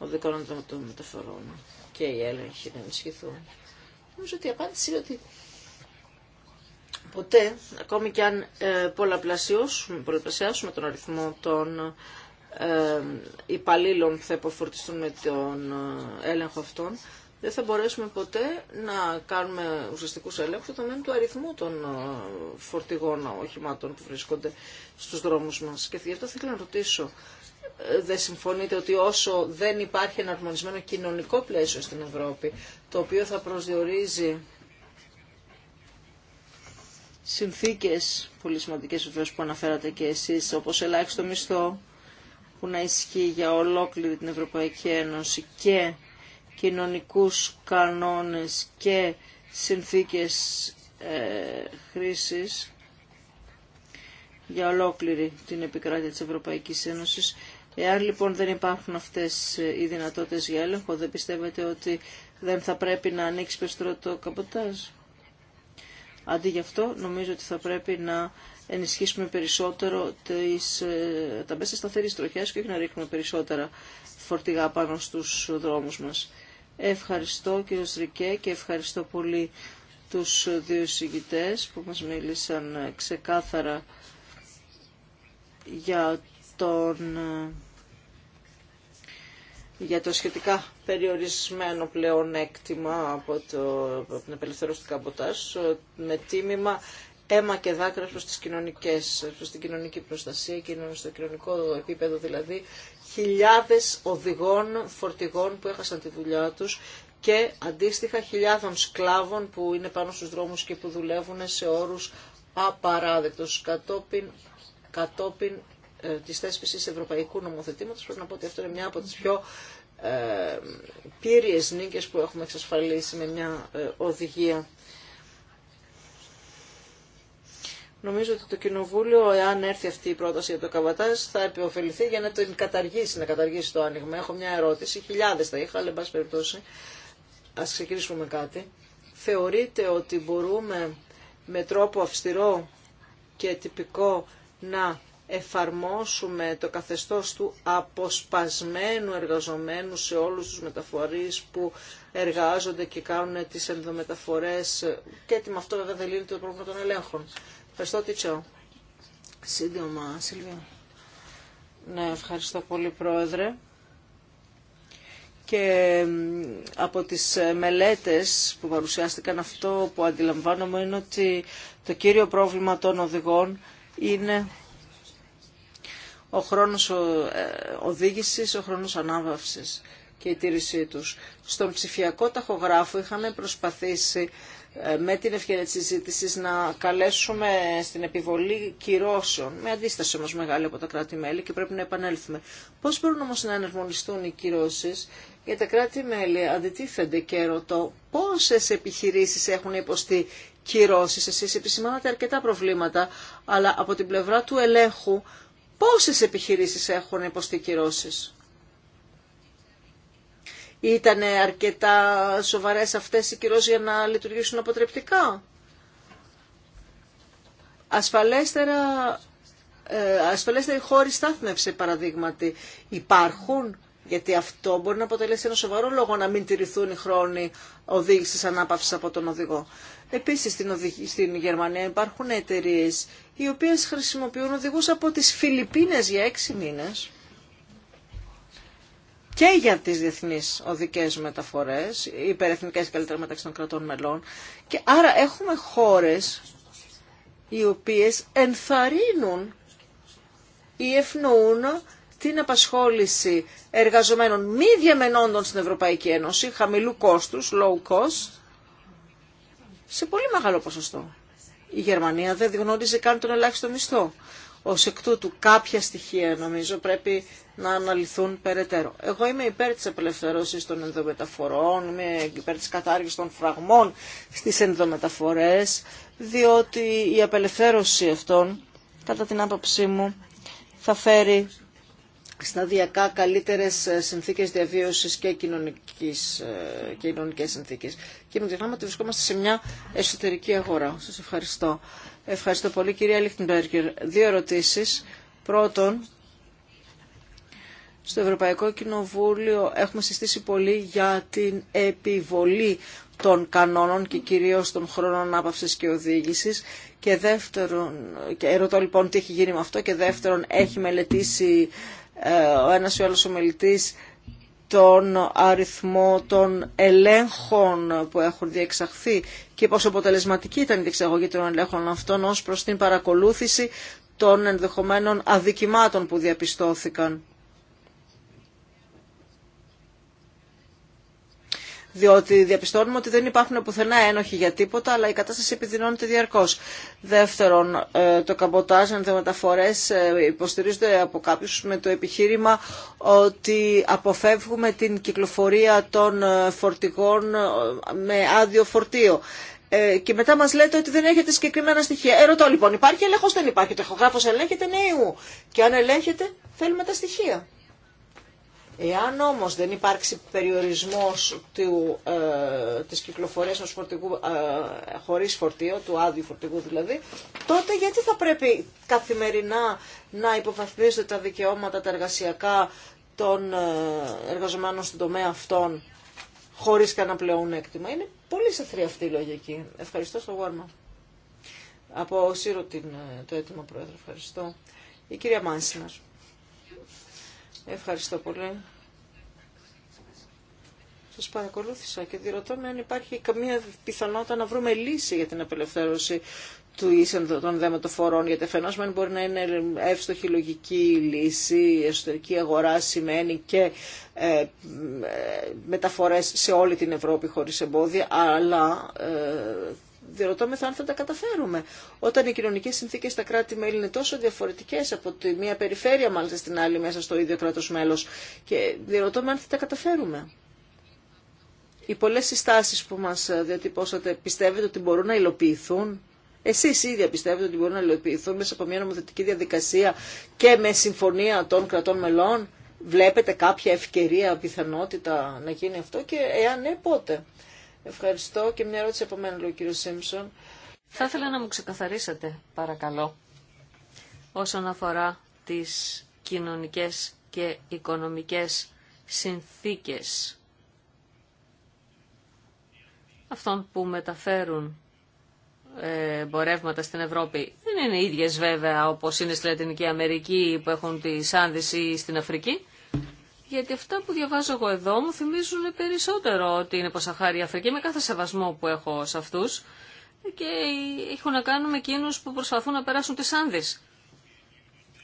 S3: δικό των μεταφορών και οι έλεγχοι να ενισχυθούν, νομίζω ότι η απάντηση είναι ότι ποτέ, ακόμη και αν ε, πολλαπλασιάσουμε, πολλαπλασιάσουμε τον αριθμό των ε, υπαλλήλων που θα υποφορτιστούν με τον ε, έλεγχο αυτών, δεν θα μπορέσουμε ποτέ να κάνουμε ουσιαστικούς ελέγχους όταν τομέα του αριθμού των ε, φορτηγών οχημάτων που βρίσκονται στους δρόμους μας. Και γι' αυτό θέλω να ρωτήσω, ε, δεν συμφωνείτε ότι όσο δεν υπάρχει ένα αρμονισμένο κοινωνικό πλαίσιο στην Ευρώπη, το οποίο θα προσδιορίζει συνθήκες πολύ σημαντικές που αναφέρατε και εσείς, όπως ελάχιστο μισθό, που να ισχύει για ολόκληρη την Ευρωπαϊκή Ένωση και κοινωνικούς κανόνες και συνθήκες ε, χρήσης για ολόκληρη την επικράτεια της Ευρωπαϊκής Ένωσης. Εάν λοιπόν δεν υπάρχουν αυτές ε, οι δυνατότητες για έλεγχο, δεν πιστεύετε ότι δεν θα πρέπει να ανοίξει περισσότερο το καποτάζ. Αντί γι' αυτό, νομίζω ότι θα πρέπει να ενισχύσουμε περισσότερο τις, ε, τα μέσα σταθερής τροχιάς και όχι να ρίχνουμε περισσότερα φορτηγά πάνω στους δρόμους μας. Ευχαριστώ κύριο Ρικέ και ευχαριστώ πολύ τους δύο συγγητές που μας μίλησαν ξεκάθαρα για, τον, για το σχετικά περιορισμένο πλέον έκτημα από, το, από την απελευθέρωση του με τίμημα αίμα και δάκρυα προς, τις κοινωνικές, προς την κοινωνική προστασία, στο κοινωνικό επίπεδο δηλαδή, χιλιάδες οδηγών φορτηγών που έχασαν τη δουλειά τους και αντίστοιχα χιλιάδων σκλάβων που είναι πάνω στους δρόμους και που δουλεύουν σε όρους απαράδεκτος κατόπιν, κατόπιν ε, της θέσπισης ευρωπαϊκού νομοθετήματος. Πρέπει να πω ότι αυτό είναι μια από τις πιο ε, πύριες νίκες που έχουμε εξασφαλίσει με μια ε, οδηγία Νομίζω ότι το Κοινοβούλιο, εάν έρθει αυτή η πρόταση για το καβατάζ, θα επιοφεληθεί για να την καταργήσει, να καταργήσει το άνοιγμα. Έχω μια ερώτηση, χιλιάδες τα είχα, αλλά εν πάση περιπτώσει, ας ξεκινήσουμε με κάτι. Θεωρείτε ότι μπορούμε με τρόπο αυστηρό και τυπικό να εφαρμόσουμε το καθεστώς του αποσπασμένου εργαζομένου σε όλους τους μεταφορείς που εργάζονται και κάνουν τις ενδομεταφορές ε, και με αυτό βέβαια δεν λύνεται το πρόβλημα των ελέγχων. Ευχαριστώ, Τιτσό. Σύντομα, Σίλβια. Ναι, ευχαριστώ πολύ, Πρόεδρε. Και από τις ε, μελέτες που παρουσιάστηκαν αυτό που αντιλαμβάνομαι είναι ότι το κύριο πρόβλημα των οδηγών είναι ο χρόνος ε, οδήγησης, ο χρόνος ανάβαυσης και η τήρησή τους. Στον ψηφιακό ταχογράφο είχαμε προσπαθήσει ε, με την ευκαιρία της συζήτηση να καλέσουμε στην επιβολή κυρώσεων, με αντίσταση όμως μεγάλη από τα κράτη-μέλη και πρέπει να επανέλθουμε. Πώς μπορούν όμως να εναρμονιστούν οι κυρώσεις, για τα κράτη-μέλη αντιτίθενται και ρωτώ πόσες επιχειρήσεις έχουν υποστεί κυρώσεις. Εσείς επισημάνατε αρκετά προβλήματα, αλλά από την πλευρά του ελέγχου πόσες επιχειρήσεις έχουν υποστεί κυρώσεις. Ήταν αρκετά σοβαρές αυτές οι κυρώσεις για να λειτουργήσουν αποτρεπτικά. Ασφαλέστερα, ε, ασφαλέστερα χώροι στάθμευση παραδείγματι υπάρχουν γιατί αυτό μπορεί να αποτελέσει ένα σοβαρό λόγο να μην τηρηθούν οι χρόνοι οδήγηση ανάπαυση από τον οδηγό. Επίση στην, στην Γερμανία υπάρχουν εταιρείε οι οποίε χρησιμοποιούν οδηγού από τι Φιλιππίνες για έξι μήνε και για τις διεθνείς οδικές μεταφορές, υπερεθνικές καλύτερα μεταξύ των κρατών μελών. Και άρα έχουμε χώρες οι οποίες ενθαρρύνουν ή ευνοούν την απασχόληση εργαζομένων μη διαμενόντων στην Ευρωπαϊκή Ένωση, χαμηλού κόστους, low cost, σε πολύ μεγάλο ποσοστό. Η Γερμανία δεν γνώριζε καν τον ελάχιστο μισθό. Ως εκ τούτου κάποια στοιχεία νομίζω πρέπει να αναλυθούν περαιτέρω. Εγώ είμαι υπέρ της απελευθερώσης των ενδομεταφορών, είμαι υπέρ της κατάργησης των φραγμών στις ενδομεταφορές, διότι η απελευθέρωση αυτών, κατά την άποψή μου, θα φέρει σταδιακά καλύτερες ε, συνθήκες διαβίωσης και κοινωνικής, ε, κοινωνικές συνθήκες. Και μην ξεχνάμε ότι βρισκόμαστε σε μια εσωτερική αγορά. Σας ευχαριστώ. Ευχαριστώ πολύ κυρία Λίχτενμπέργκερ. Δύο ερωτήσεις. Πρώτον, στο Ευρωπαϊκό Κοινοβούλιο έχουμε συστήσει πολύ για την επιβολή των κανόνων και κυρίως των χρόνων άπαυσης και οδήγησης. Και δεύτερον, και ερωτώ λοιπόν τι έχει γίνει με αυτό και δεύτερον έχει μελετήσει ε, ο ένας ή ο άλλος ομιλητής τον αριθμό των ελέγχων που έχουν διεξαχθεί και πόσο αποτελεσματική ήταν η διεξαγωγή των ελέγχων αυτών ως προς την παρακολούθηση των ενδεχομένων αδικημάτων που διαπιστώθηκαν. διότι διαπιστώνουμε ότι δεν υπάρχουν πουθενά ένοχοι για τίποτα, αλλά η κατάσταση επιδεινώνεται διαρκώ. Δεύτερον, ε, το καμποτάζ, αν δεν μεταφορέ, ε, υποστηρίζονται από κάποιου με το επιχείρημα ότι αποφεύγουμε την κυκλοφορία των ε, φορτηγών με άδειο φορτίο. και μετά μα λέτε ότι δεν έχετε συγκεκριμένα στοιχεία. Ερωτώ λοιπόν, υπάρχει έλεγχο, δεν υπάρχει. Το εχογράφο ελέγχεται νέου. Ναι και αν ελέγχεται, θέλουμε τα στοιχεία. Εάν όμως δεν υπάρξει περιορισμός του, ε, της κυκλοφορίας φορτηγού ε, χωρίς φορτίο, του άδειου φορτηγού δηλαδή, τότε γιατί θα πρέπει καθημερινά να υποβαθμίζονται τα δικαιώματα τα εργασιακά των ε, εργαζομένων στον τομέα αυτών χωρίς κανένα πλέον έκτημα. Είναι πολύ σαθρή αυτή η λογική. Ευχαριστώ στο Γόρμα. Από Σύρο την, ε, το έτοιμο, Πρόεδρο. Ευχαριστώ. Η κυρία Μάνσινας. Ευχαριστώ πολύ. Σας παρακολούθησα και διερωτώ με αν υπάρχει καμία πιθανότητα να βρούμε λύση για την απελευθέρωση του ίσεν των δεματοφορών γιατί φαινόμενο μπορεί να είναι εύστοχη λογική λύση, η εσωτερική αγορά σημαίνει και ε, ε μεταφορές σε όλη την Ευρώπη χωρίς εμπόδια, αλλά ε, διερωτώμεθα αν θα τα καταφέρουμε. Όταν οι κοινωνικέ συνθήκε στα κράτη-μέλη είναι τόσο διαφορετικέ από τη μία περιφέρεια, μάλιστα στην άλλη, μέσα στο ίδιο κράτο μέλο. Και διερωτώμε αν θα τα καταφέρουμε. Οι πολλέ συστάσει που μα διατυπώσατε, πιστεύετε ότι μπορούν να υλοποιηθούν. Εσεί ίδια πιστεύετε ότι μπορούν να υλοποιηθούν μέσα από μια νομοθετική διαδικασία και με συμφωνία των κρατών μελών. Βλέπετε κάποια ευκαιρία, πιθανότητα να γίνει αυτό και εάν ναι, πότε. Ευχαριστώ και μια ερώτηση από μένα, λέει ο κύριος Σίμψον.
S2: Θα ήθελα να μου ξεκαθαρίσετε, παρακαλώ, όσον αφορά τις κοινωνικές και οικονομικές συνθήκες αυτών που μεταφέρουν ε, εμπορεύματα στην Ευρώπη. Δεν είναι ίδιες βέβαια όπως είναι στη Λατινική Αμερική που έχουν τη σάνδηση στην Αφρική γιατί αυτά που διαβάζω εγώ εδώ μου θυμίζουν περισσότερο ότι είναι ποσαχάρη Αφρική με κάθε σεβασμό που έχω σε αυτούς και έχουν να κάνουν με που προσπαθούν να περάσουν τις άνδε.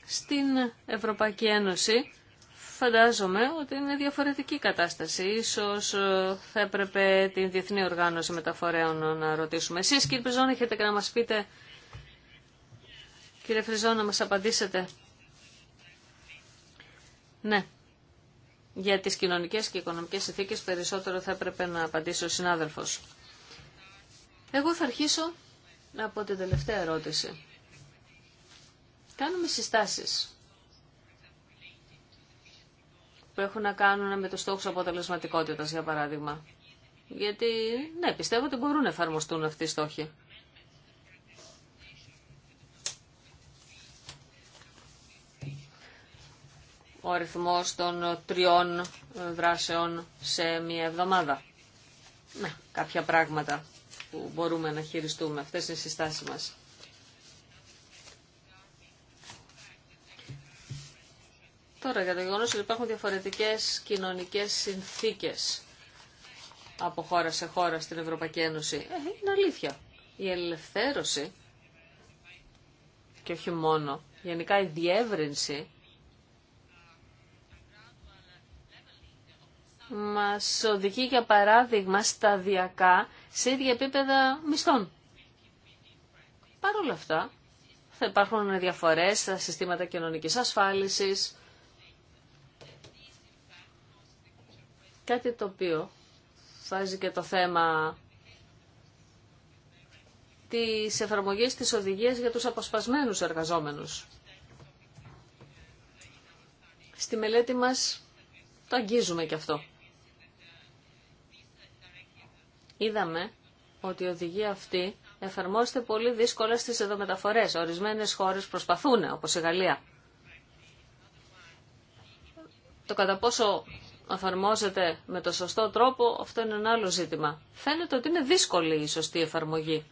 S2: Στην Ευρωπαϊκή Ένωση φαντάζομαι ότι είναι διαφορετική κατάσταση. Ίσως ε, θα έπρεπε την Διεθνή Οργάνωση Μεταφορέων να ρωτήσουμε. Εσείς κύριε Φριζόν έχετε και να μας πείτε, κύριε Φριζόν να μας απαντήσετε. Ναι για τις κοινωνικές και οικονομικές συνθήκες περισσότερο θα έπρεπε να απαντήσει ο συνάδελφος. Εγώ θα αρχίσω από την τελευταία ερώτηση. Κάνουμε συστάσεις που έχουν να κάνουν με τους στόχους αποτελεσματικότητας, για παράδειγμα. Γιατί, ναι, πιστεύω ότι μπορούν να εφαρμοστούν αυτοί οι στόχοι. ο αριθμός των ε, τριών ε, δράσεων σε μία εβδομάδα. Ναι, κάποια πράγματα που μπορούμε να χειριστούμε. Αυτές είναι οι συστάσεις μας. Τώρα, για το γεγονό ότι υπάρχουν διαφορετικές κοινωνικές συνθήκες από χώρα σε χώρα στην Ευρωπαϊκή Ένωση. Ε, είναι αλήθεια. Η ελευθέρωση και όχι μόνο, γενικά η διεύρυνση μας οδηγεί για παράδειγμα σταδιακά σε ίδια επίπεδα μισθών. Παρ' όλα αυτά θα υπάρχουν διαφορές στα συστήματα κοινωνικής ασφάλισης, κάτι το οποίο φάζει και το θέμα της εφαρμογής της οδηγίας για τους αποσπασμένους εργαζόμενους. Στη μελέτη μας το αγγίζουμε και αυτό είδαμε ότι η οδηγία αυτή εφαρμόζεται πολύ δύσκολα στις εδωμεταφορές. Ορισμένες χώρες προσπαθούν, όπως η Γαλλία. Το κατά πόσο εφαρμόζεται με το σωστό τρόπο, αυτό είναι ένα άλλο ζήτημα. Φαίνεται ότι είναι δύσκολη η σωστή εφαρμογή.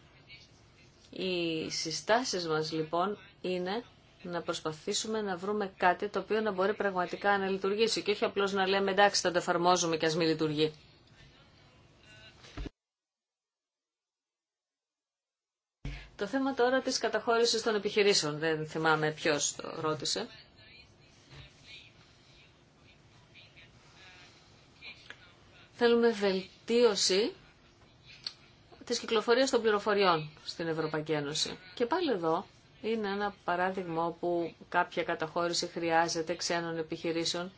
S2: Οι συστάσεις μας λοιπόν είναι να προσπαθήσουμε να βρούμε κάτι το οποίο να μπορεί πραγματικά να λειτουργήσει και όχι απλώς να λέμε εντάξει θα το εφαρμόζουμε και ας μην λειτουργεί. Το θέμα τώρα της καταχώρησης των επιχειρήσεων, δεν θυμάμαι ποιος το ρώτησε. Θέλουμε βελτίωση της κυκλοφορίας των πληροφοριών στην Ευρωπαϊκή Ένωση. Και πάλι εδώ είναι ένα παράδειγμα όπου κάποια καταχώρηση χρειάζεται ξένων επιχειρήσεων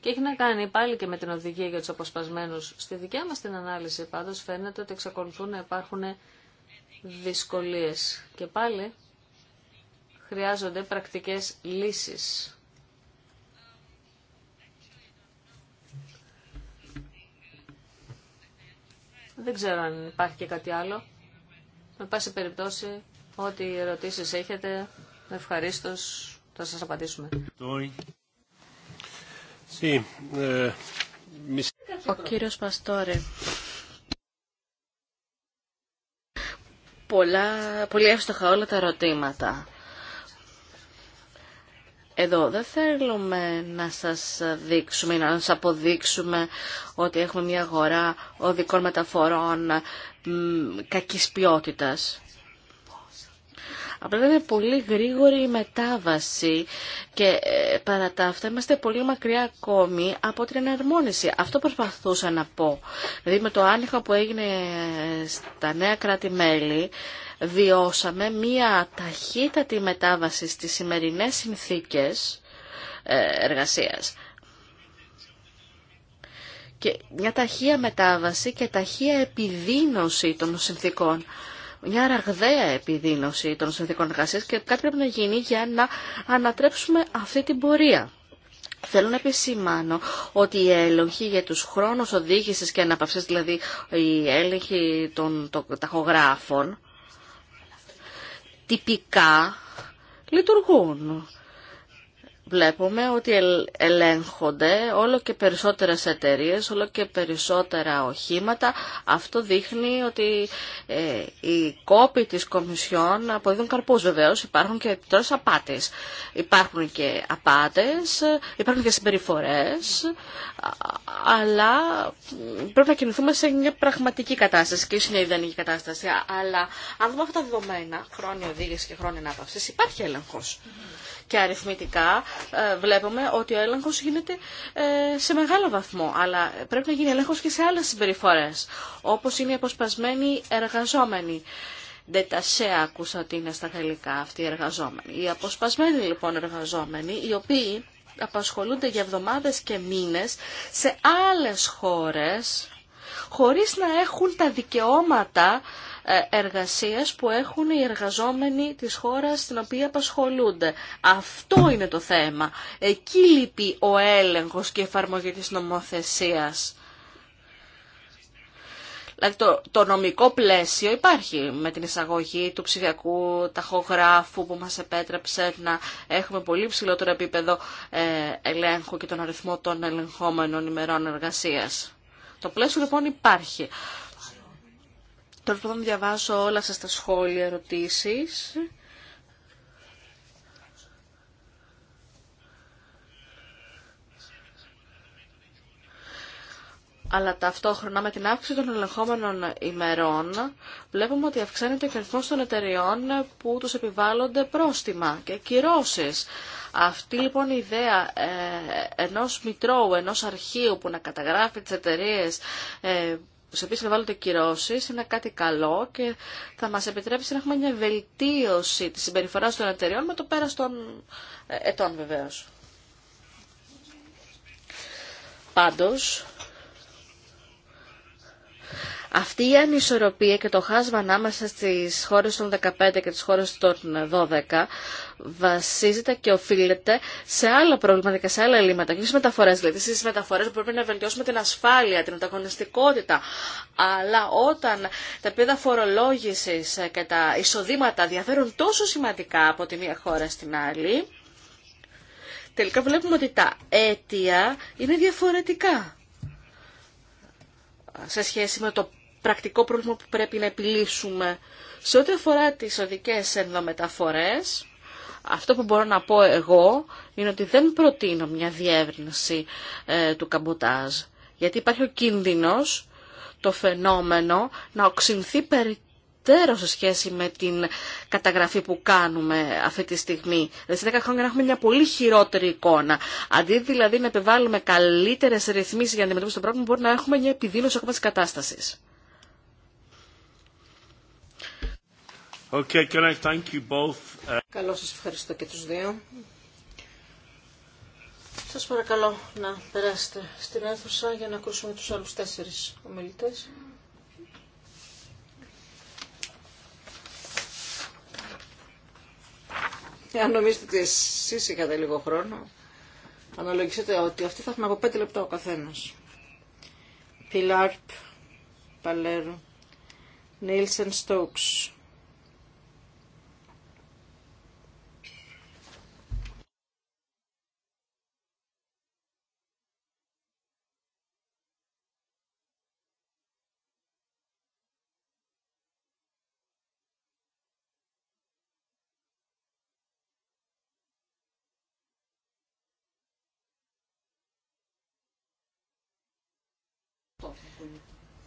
S2: και έχει να κάνει πάλι και με την οδηγία για τους αποσπασμένους. Στη δικιά μας την ανάλυση πάντως φαίνεται ότι εξακολουθούν να υπάρχουν δυσκολίες. Και πάλι χρειάζονται πρακτικές λύσεις. Δεν ξέρω αν υπάρχει και κάτι άλλο. Με πάση περιπτώσει, ό,τι ερωτήσεις έχετε, ευχαρίστω θα σας απαντήσουμε.
S1: Ε, Ο κύριος
S4: Παστόρε. πολλά, πολύ εύστοχα όλα τα ερωτήματα. Εδώ δεν θέλουμε να σας δείξουμε ή να σας αποδείξουμε ότι έχουμε μια αγορά οδικών μεταφορών κακής ποιότητας. Απλά είναι πολύ γρήγορη η μετάβαση και ε, παρά τα αυτά είμαστε πολύ μακριά ακόμη από την εναρμόνιση. Αυτό προσπαθούσα να πω. Δηλαδή με το άνοιγμα που έγινε ε, στα νέα κράτη-μέλη βιώσαμε μία ταχύτατη μετάβαση στις σημερινές συνθήκες ε, εργασίας. Και μια ταχεία μετάβαση και ταχεία επιδείνωση των συνθήκων μια ραγδαία επιδείνωση των συνθήκων εργασία και κάτι πρέπει να γίνει για να ανατρέψουμε αυτή την πορεία. Θέλω να επισημάνω ότι οι έλεγχοι για τους χρόνους οδήγησης και αναπαυσής, δηλαδή οι έλεγχοι των ταχογράφων, τυπικά λειτουργούν βλέπουμε ότι ελέγχονται όλο και περισσότερες εταιρείε, όλο και περισσότερα οχήματα. Αυτό δείχνει ότι ε, οι κόποι της Κομισιόν αποδίδουν καρπούς βεβαίως. Υπάρχουν και τρεις απάτες. Υπάρχουν και απάτες, υπάρχουν και συμπεριφορές, αλλά πρέπει να κινηθούμε σε μια πραγματική κατάσταση και είναι η ιδανική κατάσταση. Αλλά αν δούμε αυτά τα δεδομένα, χρόνια οδήγηση και χρόνια ανάπαυσης, υπάρχει έλεγχος και αριθμητικά ε, βλέπουμε ότι ο έλεγχος γίνεται ε, σε μεγάλο βαθμό, αλλά πρέπει να γίνει έλεγχος και σε άλλες συμπεριφορές, όπως είναι οι αποσπασμένοι εργαζόμενοι. Δεν τα σε άκουσα ότι είναι στα γαλλικά αυτοί οι εργαζόμενοι. Οι αποσπασμένοι λοιπόν εργαζόμενοι, οι οποίοι απασχολούνται για εβδομάδες και μήνες σε άλλες χώρες, χωρίς να έχουν τα δικαιώματα ε, εργασίας που έχουν οι εργαζόμενοι της χώρας στην οποία απασχολούνται. Αυτό είναι το θέμα. Εκεί λείπει ο έλεγχος και η εφαρμογή της νομοθεσίας. Δηλαδή το, το νομικό πλαίσιο υπάρχει με την εισαγωγή του ψηφιακού ταχογράφου που μας επέτρεψε να έχουμε πολύ ψηλότερο επίπεδο ε, ελέγχου και τον αριθμό των ελεγχόμενων ημερών εργασίας. Το πλαίσιο λοιπόν υπάρχει. Τώρα πρέπει λοιπόν, να διαβάσω όλα σας τα σχόλια, ερωτήσεις. αλλά ταυτόχρονα με την αύξηση των ελεγχόμενων ημερών βλέπουμε ότι αυξάνεται ο αριθμό των εταιριών που τους επιβάλλονται πρόστιμα και κυρώσεις. Αυτή λοιπόν η ιδέα ε, ενός μητρώου, ενός αρχείου που να καταγράφει τις εταιρείε ε, στους να βάλουν κυρώσει, είναι κάτι καλό και θα μας επιτρέψει να έχουμε μια βελτίωση της συμπεριφοράς των εταιριών με το πέρας των ε, ετών βεβαίως. Πάντως, αυτή η ανισορροπία και το χάσμα ανάμεσα στις χώρες των 15 και τις χώρες των 12 βασίζεται και οφείλεται σε άλλα προβλήματα και σε άλλα ελλείμματα. Και στις μεταφορές, δηλαδή στις μεταφορές μπορούμε να βελτιώσουμε την ασφάλεια, την ανταγωνιστικότητα. Αλλά όταν τα πίδα φορολόγησης και τα εισοδήματα διαφέρουν τόσο σημαντικά από τη μία χώρα στην άλλη, τελικά βλέπουμε ότι τα αίτια είναι διαφορετικά σε σχέση με το πρακτικό πρόβλημα που πρέπει να επιλύσουμε. Σε ό,τι αφορά τις οδικές ενδομεταφορές, αυτό που μπορώ να πω εγώ είναι ότι δεν προτείνω μια διεύρυνση ε, του καμποτάζ. Γιατί υπάρχει ο κίνδυνος, το φαινόμενο, να οξυνθεί περιττέρω σε σχέση με την καταγραφή που κάνουμε αυτή τη στιγμή. Δηλαδή σε 10 χρόνια έχουμε μια πολύ χειρότερη εικόνα. Αντί δηλαδή να επιβάλλουμε καλύτερε ρυθμίσει για να αντιμετωπίσουμε το πρόβλημα, μπορεί να έχουμε μια επιδείνωση ακόμα τη κατάσταση.
S1: Okay, can thank you both. Uh,
S4: Καλώς
S3: σας ευχαριστώ και τους δύο. Σας παρακαλώ να περάσετε στην αίθουσα για να ακούσουμε τους άλλους τέσσερις ομιλητές. Αν νομίζετε ότι εσείς είχατε λίγο χρόνο, αναλογιστείτε ότι αυτοί θα έχουν από πέντε λεπτά ο καθένας. Πιλάρπ, Παλέρο, Νίλσεν Στόξ,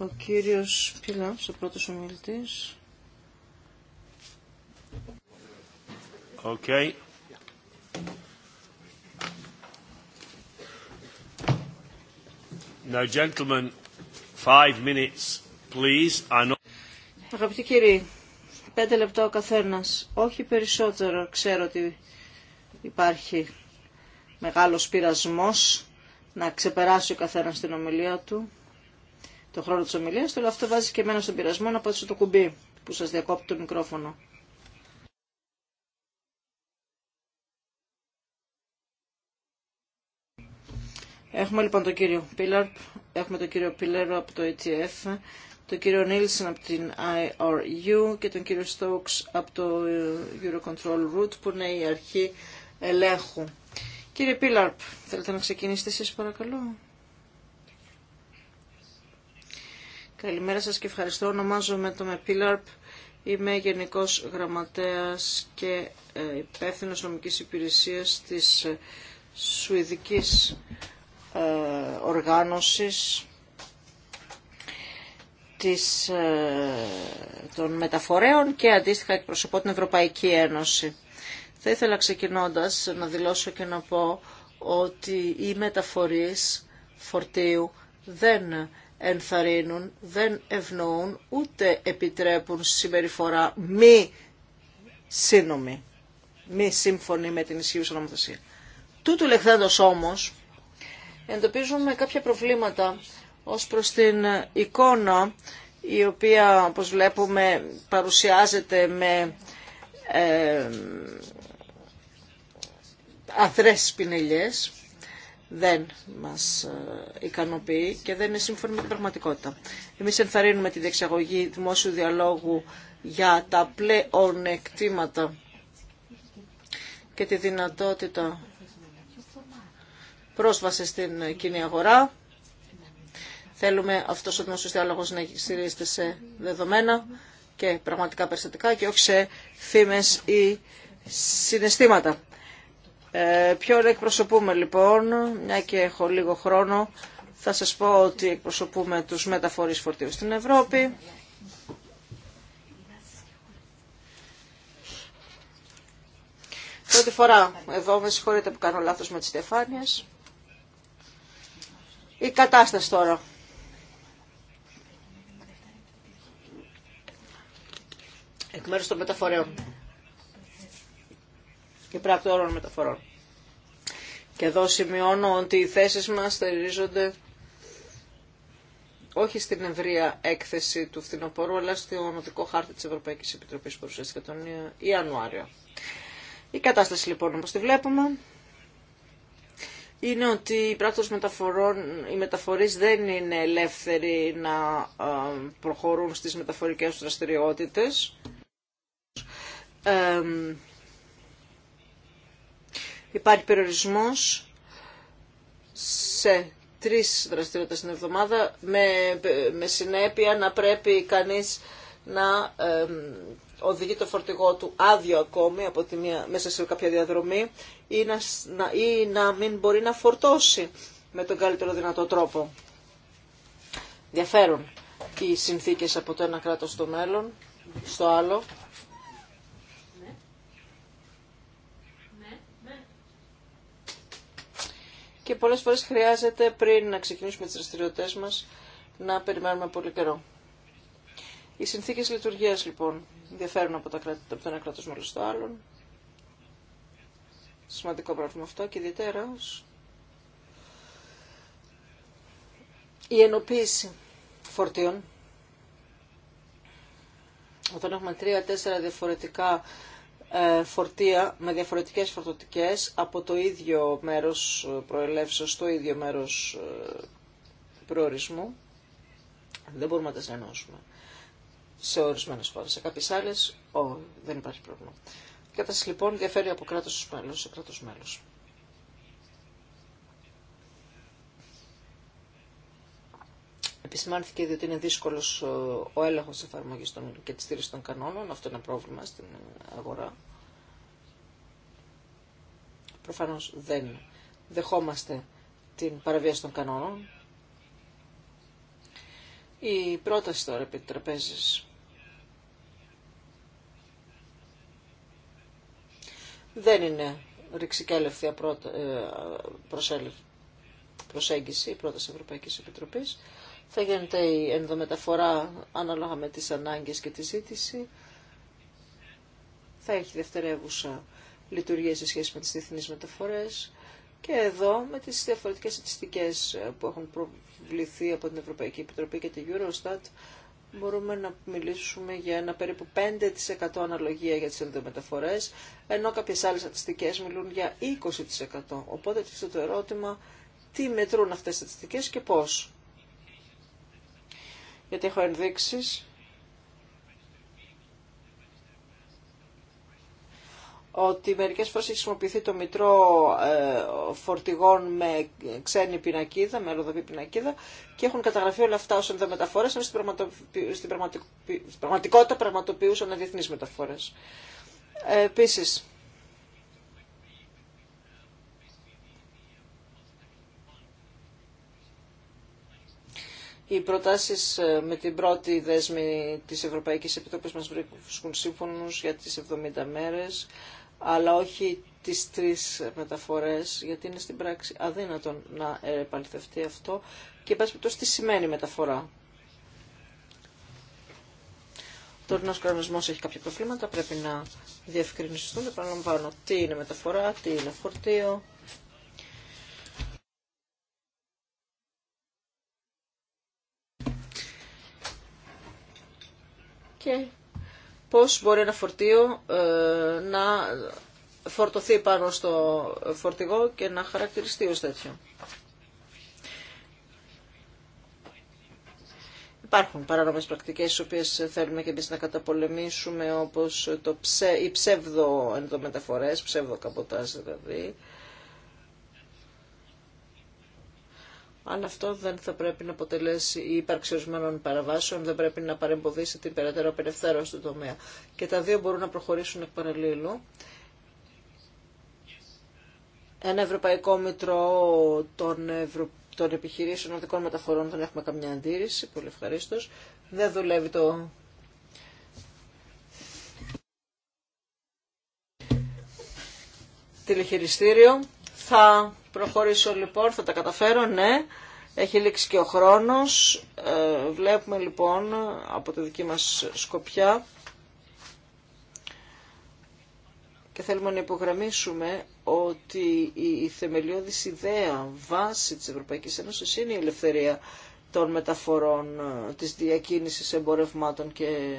S3: Ο κύριος Πιλάμς, ο πρώτος ομιλητής.
S1: Okay. Now, gentlemen, five minutes, please. I know...
S3: Αγαπητοί κύριοι, πέντε λεπτά ο καθένας, όχι περισσότερο. Ξέρω ότι υπάρχει μεγάλος πειρασμός να ξεπεράσει ο καθένας την ομιλία του το χρόνο τη ομιλία. του, αλλά αυτό βάζει και εμένα στον πειρασμό να πατήσω το κουμπί που σας διακόπτει το μικρόφωνο. Έχουμε λοιπόν τον κύριο Πίλαρ, έχουμε τον κύριο Πιλέρο από το ETF, ε τον κύριο Νίλσον από την IRU και τον κύριο Στόξ από το Eurocontrol Route που είναι η αρχή ελέγχου. Κύριε Πίλαρπ, θέλετε να ξεκινήσετε εσείς παρακαλώ. Καλημέρα σας και ευχαριστώ. Ονομάζομαι το Μεπίλαρπ. Είμαι Γενικός Γραμματέας και ε, υπεύθυνο νομικής υπηρεσίας της ε, Σουηδικής ε, Οργάνωσης της, των μεταφορέων και αντίστοιχα εκπροσωπώ την Ευρωπαϊκή Ένωση. Θα ήθελα ξεκινώντας να δηλώσω και να πω ότι οι μεταφορείς φορτίου δεν ενθαρρύνουν, δεν ευνοούν, ούτε επιτρέπουν συμπεριφορά μη σύνομη, μη σύμφωνη με την ισχύουσα νομοθεσία. Τούτου λεχθέντος όμως εντοπίζουμε κάποια προβλήματα ως προς την εικόνα η οποία όπως βλέπουμε παρουσιάζεται με ε, αδρές δεν μας ε, ικανοποιεί και δεν είναι σύμφωνο με την πραγματικότητα. Εμείς ενθαρρύνουμε τη διεξαγωγή δημόσιου διαλόγου για τα πλέον εκτίματα και τη δυνατότητα πρόσβαση στην κοινή αγορά. Θέλουμε αυτός ο δημόσιος διάλογος να στηρίζεται σε δεδομένα και πραγματικά περιστατικά και όχι σε φήμες ή συναισθήματα. Ε, ποιον εκπροσωπούμε λοιπόν, μια και έχω λίγο χρόνο, θα σας πω ότι εκπροσωπούμε τους μεταφορείς φορτίου στην Ευρώπη. Πρώτη φορά εδώ, με συγχωρείτε που κάνω λάθος με τις στεφάνιες. Η κατάσταση τώρα. Εκ μέρους των μεταφορέων και πρακτόρων μεταφορών. Και εδώ σημειώνω ότι οι θέσεις μας στερίζονται όχι στην ευρεία έκθεση του φθινοπορού, αλλά στο νοτικό χάρτη της Ευρωπαϊκής Επιτροπής που ουσιαστικά τον Ιανουάριο. Η κατάσταση λοιπόν όπως τη βλέπουμε είναι ότι οι πράκτορες μεταφορών, οι μεταφορείς δεν είναι ελεύθεροι να ε, προχωρούν στις μεταφορικές δραστηριότητες. Ε, Υπάρχει περιορισμός σε τρεις δραστηριότητες την εβδομάδα με, με συνέπεια να πρέπει κανείς να οδηγεί το φορτηγό του άδειο ακόμη από τη μία, μέσα σε κάποια διαδρομή ή να, ή να μην μπορεί να φορτώσει με τον καλύτερο δυνατό τρόπο. Διαφέρουν οι συνθήκες από το ένα κράτος στο μέλλον, στο άλλο. και πολλές φορές χρειάζεται πριν να ξεκινήσουμε τις δραστηριότητε μας να περιμένουμε πολύ καιρό. Οι συνθήκες λειτουργίας λοιπόν διαφέρουν από, τα κράτη, από το ένα κράτος στο άλλο. Σημαντικό πράγμα αυτό και ιδιαίτερα η ενοποίηση φορτίων. Όταν έχουμε τρία-τέσσερα διαφορετικά ε, φορτία με διαφορετικές φορτωτικές από το ίδιο μέρος ε, προελεύσεως στο ίδιο μέρος ε, προορισμού. Δεν μπορούμε να τα συνενώσουμε σε ορισμένε χώρε. Σε κάποιε άλλε, δεν υπάρχει πρόβλημα. Η κατάσταση λοιπόν διαφέρει από κράτο σε κράτο μέλο. Επισημάνθηκε διότι είναι δύσκολο ε, ο έλεγχο εφαρμογή και τη στήριξη των κανόνων. Αυτό είναι ένα πρόβλημα στην αγορά. Προφανώ δεν δεχόμαστε την παραβίαση των κανόνων. Η πρόταση τώρα επί τραπέζης δεν είναι ρηξικέλευθη ε, προσέγγιση η πρόταση Ευρωπαϊκής Επιτροπής θα γίνεται η ενδομεταφορά ανάλογα με τις ανάγκες και τη ζήτηση, θα έχει δευτερεύουσα λειτουργία σε σχέση με τις διεθνείς μεταφορές και εδώ με τις διαφορετικές στατιστικές που έχουν προβληθεί από την Ευρωπαϊκή Επιτροπή και την Eurostat μπορούμε να μιλήσουμε για ένα περίπου 5% αναλογία για τις ενδομεταφορές, ενώ κάποιες άλλες στατιστικές μιλούν για 20%. Οπότε τίθεται το ερώτημα τι μετρούν αυτές τις στατιστικές και πώς γιατί έχω ενδείξεις ότι μερικές φορές χρησιμοποιηθεί το μητρό ε, φορτηγών με ξένη πινακίδα, με ροδοπή πινακίδα και έχουν καταγραφεί όλα αυτά ως ενδομεταφορές, ενώ στην, πραγματικότητα πραγματοποιούσαν διεθνεί μεταφορές. Ε, επίσης, Οι προτάσει ε, με την πρώτη δέσμη της Ευρωπαϊκής Επιτροπής μας βρίσκουν σύμφωνους για τις 70 μέρες, αλλά όχι τις τρεις μεταφορές, γιατί είναι στην πράξη αδύνατον να επαληθευτεί αυτό και πάση τι σημαίνει μεταφορά. Το τωρινό κανονισμό έχει κάποια προβλήματα, πρέπει να διευκρινιστούν. Επαναλαμβάνω, τι είναι μεταφορά, τι είναι φορτίο, και πώς μπορεί ένα φορτίο ε, να φορτωθεί πάνω στο φορτηγό και να χαρακτηριστεί ως τέτοιο. Υπάρχουν παράνομες πρακτικές τις οποίες θέλουμε και εμείς να καταπολεμήσουμε όπως το ψε, οι ψεύδο ενδομεταφορές, ψεύδο καποτάζ δηλαδή, Αν αυτό δεν θα πρέπει να αποτελέσει η ύπαρξη ορισμένων παραβάσεων, δεν πρέπει να παρεμποδίσει την περαιτέρω απελευθέρωση του τομέα. Και τα δύο μπορούν να προχωρήσουν εκ παραλίλου. Ένα ευρωπαϊκό μητρό των, Ευρω... των επιχειρήσεων οδικών μεταφορών δεν έχουμε καμιά αντίρρηση, πολύ ευχαρίστω. Δεν δουλεύει το. Τηλεχειριστήριο. Θα προχωρήσω λοιπόν, θα τα καταφέρω, ναι. Έχει λήξει και ο χρόνος. Ε, βλέπουμε λοιπόν από τη δική μας σκοπιά και θέλουμε να υπογραμμίσουμε ότι η θεμελιώδης ιδέα βάση της Ευρωπαϊκής Ένωσης είναι η ελευθερία των μεταφορών, της διακίνησης εμπορευμάτων και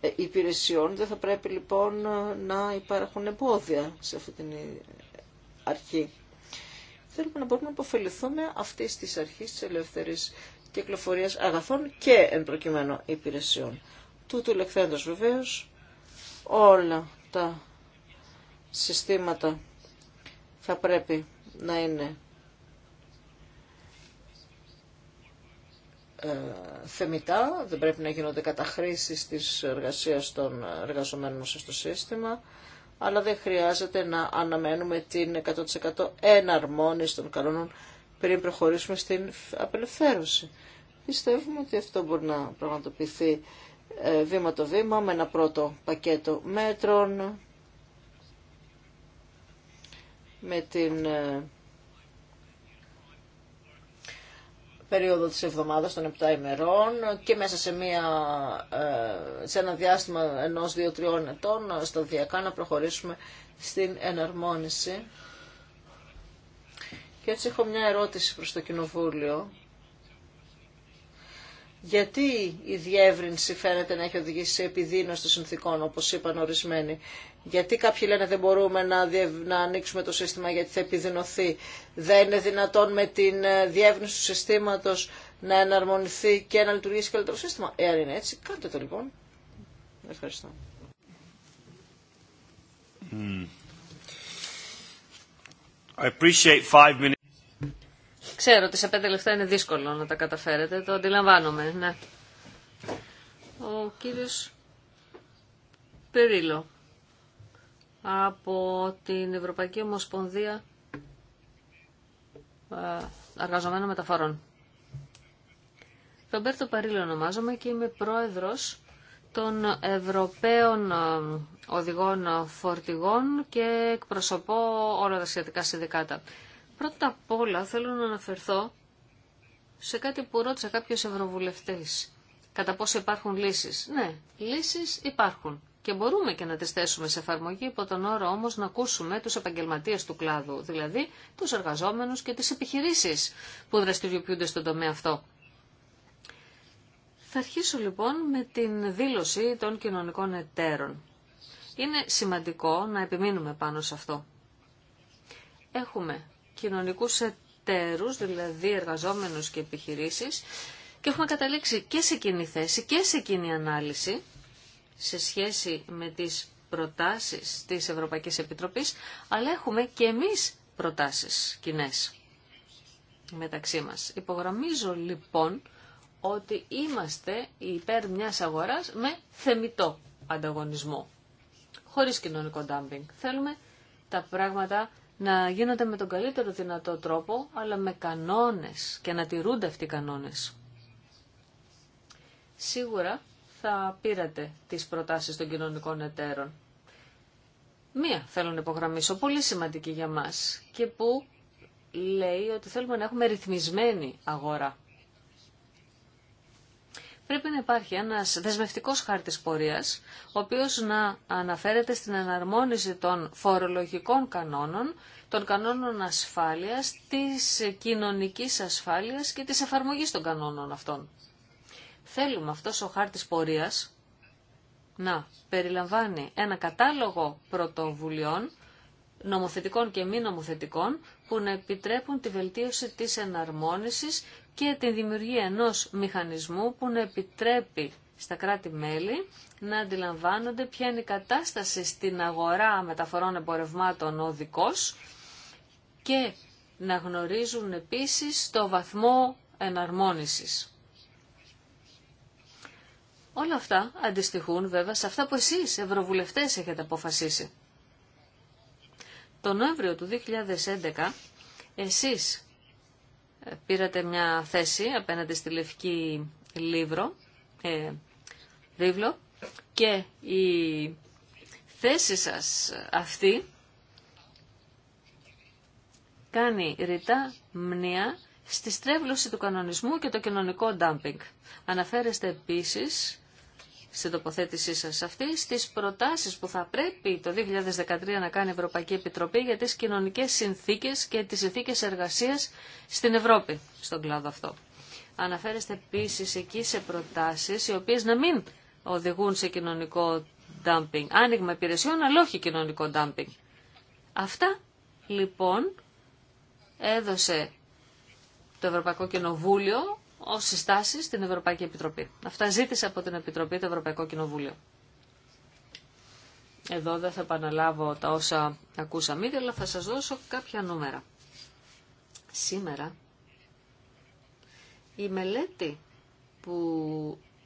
S3: ε, υπηρεσιών. Δεν θα πρέπει λοιπόν να υπάρχουν εμπόδια σε αυτή την Θέλουμε να μπορούμε να αποφεληθούμε αυτή τη αρχή τη ελεύθερη κυκλοφορία αγαθών και εν προκειμένου υπηρεσιών. Τούτου λεχθέντος βεβαίω όλα τα συστήματα θα πρέπει να είναι ε, θεμητά, δεν πρέπει να γίνονται καταχρήσεις της εργασίας των εργαζομένων στο σύστημα αλλά δεν χρειάζεται να αναμένουμε την 100% εναρμόνιση των κανόνων πριν προχωρήσουμε στην απελευθέρωση. Πιστεύουμε ότι αυτό μπορεί να πραγματοποιηθεί ε, βήμα το βήμα με ένα πρώτο πακέτο μέτρων, με την ε, περίοδο της εβδομάδας των 7 ημερών και μέσα σε, μια, ε, σε ένα διάστημα ενός, δύο, τριών ετών σταδιακά να προχωρήσουμε στην εναρμόνιση. Και έτσι έχω μια ερώτηση προς το Κοινοβούλιο. Γιατί η διεύρυνση φαίνεται να έχει οδηγήσει σε επιδείνωση των συνθήκων, όπως είπαν ορισμένοι. Γιατί κάποιοι λένε δεν μπορούμε να, να ανοίξουμε το σύστημα γιατί θα επιδεινωθεί. Δεν είναι δυνατόν με την ε, διεύνηση του συστήματος να εναρμονηθεί και να λειτουργήσει καλύτερο σύστημα. Εάν είναι έτσι, κάντε το λοιπόν. Ευχαριστώ.
S1: Mm. I
S2: Ξέρω ότι σε πέντε λεπτά είναι δύσκολο να τα καταφέρετε, το αντιλαμβάνομαι, ναι. Ο κύριος Περίλο από την Ευρωπαϊκή Ομοσπονδία Αργαζομένων ε, Μεταφορών. Ρομπέρτο Παρίλο ονομάζομαι και είμαι πρόεδρος των Ευρωπαίων ε, Οδηγών Φορτηγών και εκπροσωπώ όλα τα σχετικά συνδικάτα. Πρώτα απ' όλα θέλω να αναφερθώ σε κάτι που ρώτησα κάποιους ευρωβουλευτές. Κατά πόσο υπάρχουν λύσεις. Ναι, λύσεις υπάρχουν και μπορούμε και να τις θέσουμε σε εφαρμογή υπό τον όρο όμως να ακούσουμε τους επαγγελματίες του κλάδου, δηλαδή τους εργαζόμενους και τις επιχειρήσεις που δραστηριοποιούνται στον τομέα αυτό. Θα αρχίσω λοιπόν με την δήλωση των κοινωνικών εταίρων. Είναι σημαντικό να επιμείνουμε πάνω σε αυτό. Έχουμε κοινωνικούς εταίρους, δηλαδή εργαζόμενους και επιχειρήσεις, και έχουμε καταλήξει και σε κοινή θέση και σε κοινή ανάλυση, σε σχέση με τις προτάσεις της Ευρωπαϊκής Επιτροπής, αλλά έχουμε και εμείς προτάσεις κοινέ μεταξύ μας. Υπογραμμίζω λοιπόν ότι είμαστε υπέρ μιας αγοράς με θεμητό ανταγωνισμό, χωρίς κοινωνικό ντάμπινγκ. Θέλουμε τα πράγματα να γίνονται με τον καλύτερο δυνατό τρόπο, αλλά με κανόνες και να τηρούνται αυτοί οι κανόνες. Σίγουρα θα πήρατε τις προτάσεις των κοινωνικών εταίρων. Μία θέλω να υπογραμμίσω, πολύ σημαντική για μας και που λέει ότι θέλουμε να έχουμε ρυθμισμένη αγορά. Πρέπει να υπάρχει ένας δεσμευτικός χάρτης πορείας, ο οποίος να αναφέρεται στην εναρμόνιση των φορολογικών κανόνων, των κανόνων ασφάλειας, της κοινωνικής ασφάλειας και της εφαρμογής των κανόνων αυτών. Θέλουμε αυτός ο χάρτης πορείας να περιλαμβάνει ένα κατάλογο πρωτοβουλειών, νομοθετικών και μη νομοθετικών, που να επιτρέπουν τη βελτίωση της εναρμόνισης και τη δημιουργία ενός μηχανισμού που να επιτρέπει στα κράτη-μέλη να αντιλαμβάνονται ποια είναι η κατάσταση στην αγορά μεταφορών εμπορευμάτων οδικός και να γνωρίζουν επίσης το βαθμό εναρμόνισης. Όλα αυτά αντιστοιχούν βέβαια σε αυτά που εσείς ευρωβουλευτές έχετε αποφασίσει. Το Νοέμβριο του 2011 εσείς ε, πήρατε μια θέση απέναντι στη Λευκή Λίβρο, ε, και η θέση σας αυτή κάνει ρητά μνήα στη στρέβλωση του κανονισμού και το κοινωνικό ντάμπινγκ. Αναφέρεστε επίσης στην τοποθέτησή σας αυτή στις προτάσεις που θα πρέπει το 2013 να κάνει η Ευρωπαϊκή Επιτροπή για τις κοινωνικές συνθήκες και τις συνθήκες εργασίας στην Ευρώπη, στον κλάδο αυτό. Αναφέρεστε επίσης εκεί σε προτάσεις οι οποίες να μην οδηγούν σε κοινωνικό dumping. Άνοιγμα υπηρεσιών, αλλά όχι κοινωνικό dumping. Αυτά, λοιπόν, έδωσε το Ευρωπαϊκό Κοινοβούλιο Ω συστάσει στην Ευρωπαϊκή Επιτροπή. Αυτά ζήτησε από την Επιτροπή το Ευρωπαϊκό Κοινοβούλιο. Εδώ δεν θα επαναλάβω τα όσα ακούσαμε ήδη, αλλά θα σας δώσω κάποια νούμερα. Σήμερα η μελέτη που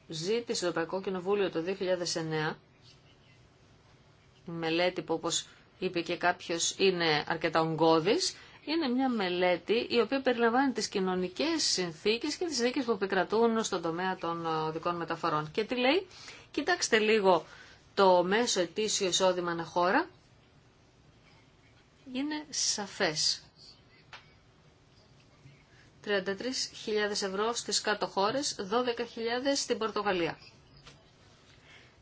S2: ζήτησε το Ευρωπαϊκό Κοινοβούλιο το 2009, η μελέτη που όπως είπε και κάποιος είναι αρκετά ογκώδης, είναι μια μελέτη η οποία περιλαμβάνει τις κοινωνικές συνθήκες και τις δίκες που επικρατούν στον τομέα των δικών μεταφορών. Και τι λέει, κοιτάξτε λίγο το μέσο ετήσιο εισόδημα ανά χώρα, είναι σαφές. 33.000 ευρώ στις κάτω χώρες, 12.000 στην Πορτογαλία.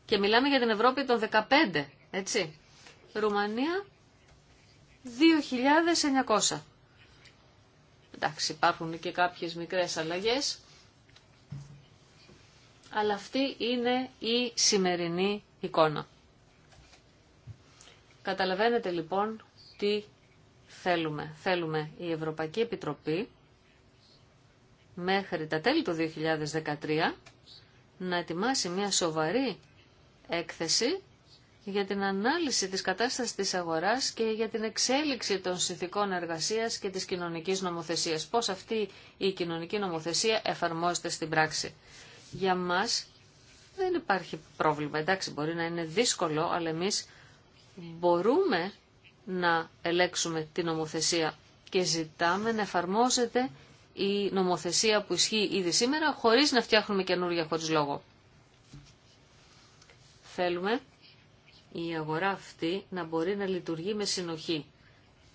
S2: Και μιλάμε για την Ευρώπη των 15, έτσι. Ρουμανία 2.900. Εντάξει, υπάρχουν και κάποιες μικρές αλλαγές, αλλά αυτή είναι η σημερινή εικόνα. Καταλαβαίνετε λοιπόν τι θέλουμε. Θέλουμε η Ευρωπαϊκή Επιτροπή μέχρι τα τέλη του 2013 να ετοιμάσει μια σοβαρή έκθεση για την ανάλυση της κατάστασης της αγοράς και για την εξέλιξη των συνθηκών εργασίας και της κοινωνικής νομοθεσίας. Πώς αυτή η κοινωνική νομοθεσία εφαρμόζεται στην πράξη. Για μας δεν υπάρχει πρόβλημα. Εντάξει, μπορεί να είναι δύσκολο, αλλά εμείς μπορούμε να ελέξουμε την νομοθεσία και ζητάμε να εφαρμόζεται η νομοθεσία που ισχύει ήδη σήμερα, χωρίς να φτιάχνουμε καινούργια χωρίς λόγο. Θέλουμε η αγορά αυτή να μπορεί να λειτουργεί με συνοχή,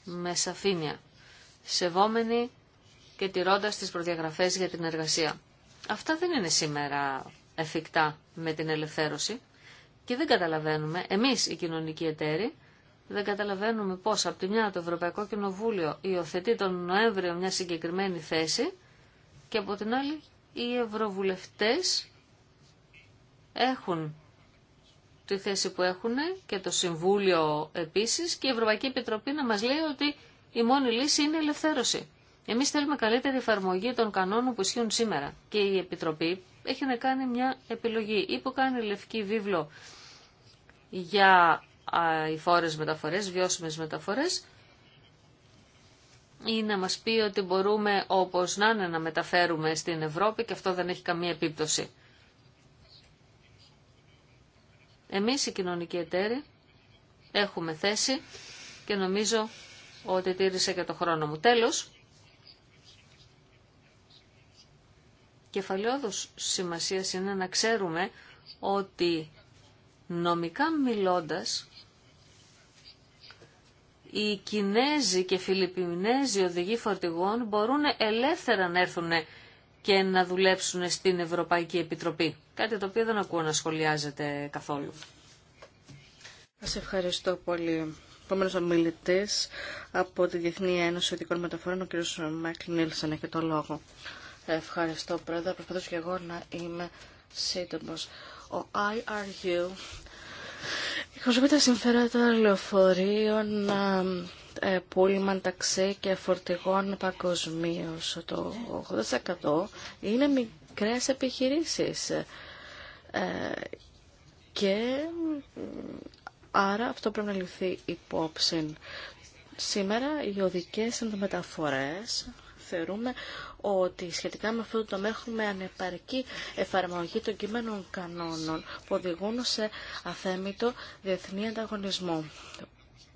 S2: με σαφήνεια, σεβόμενη και τηρώντας τις προδιαγραφές για την εργασία. Αυτά δεν είναι σήμερα εφικτά με την ελευθέρωση και δεν καταλαβαίνουμε, εμείς οι κοινωνικοί εταίροι, δεν καταλαβαίνουμε πώς από τη μια το Ευρωπαϊκό Κοινοβούλιο υιοθετεί τον Νοέμβριο μια συγκεκριμένη θέση και από την άλλη οι ευρωβουλευτές έχουν τη θέση που έχουν και το Συμβούλιο επίσης και η Ευρωπαϊκή Επιτροπή να μας λέει ότι η μόνη λύση είναι η ελευθέρωση. Εμείς θέλουμε καλύτερη εφαρμογή των κανόνων που ισχύουν σήμερα και η Επιτροπή έχει να κάνει μια επιλογή ή που κάνει λευκή βίβλο για φόρες μεταφορές, βιώσιμες μεταφορές ή να μας πει ότι μπορούμε όπως να είναι να μεταφέρουμε στην Ευρώπη και αυτό δεν έχει καμία επίπτωση. Εμείς οι κοινωνικοί εταίροι έχουμε θέση και νομίζω ότι τήρησε και το χρόνο μου. Τέλος, κεφαλαιόδος σημασία είναι να ξέρουμε ότι νομικά μιλώντας οι Κινέζοι και Φιλιππινέζοι οδηγοί φορτηγών μπορούν ελεύθερα να έρθουν και να δουλέψουν στην Ευρωπαϊκή Επιτροπή. Κάτι το οποίο δεν ακούω να σχολιάζεται καθόλου. Σας
S4: ευχαριστώ πολύ. Επόμενος ομιλητής από τη Διεθνή Ένωση Ειδικών Μεταφορών, ο κ. Μάικλ Νίλσεν, έχει το λόγο. Ευχαριστώ, Πρόεδρε. Προσπαθώ και εγώ να είμαι σύντομο. Ο IRU χωρισμή τα συμφέροντα λεωφορείων ε, πούλμαν ταξί και φορτηγών παγκοσμίω. Το 80% είναι μικρές επιχειρήσεις. Ε, και άρα αυτό πρέπει να λυθεί υπόψη. Σήμερα οι οδικές μεταφορές θεωρούμε ότι σχετικά με αυτό το τομέα έχουμε ανεπαρκή εφαρμογή των κείμενων κανόνων που οδηγούν σε αθέμητο διεθνή ανταγωνισμό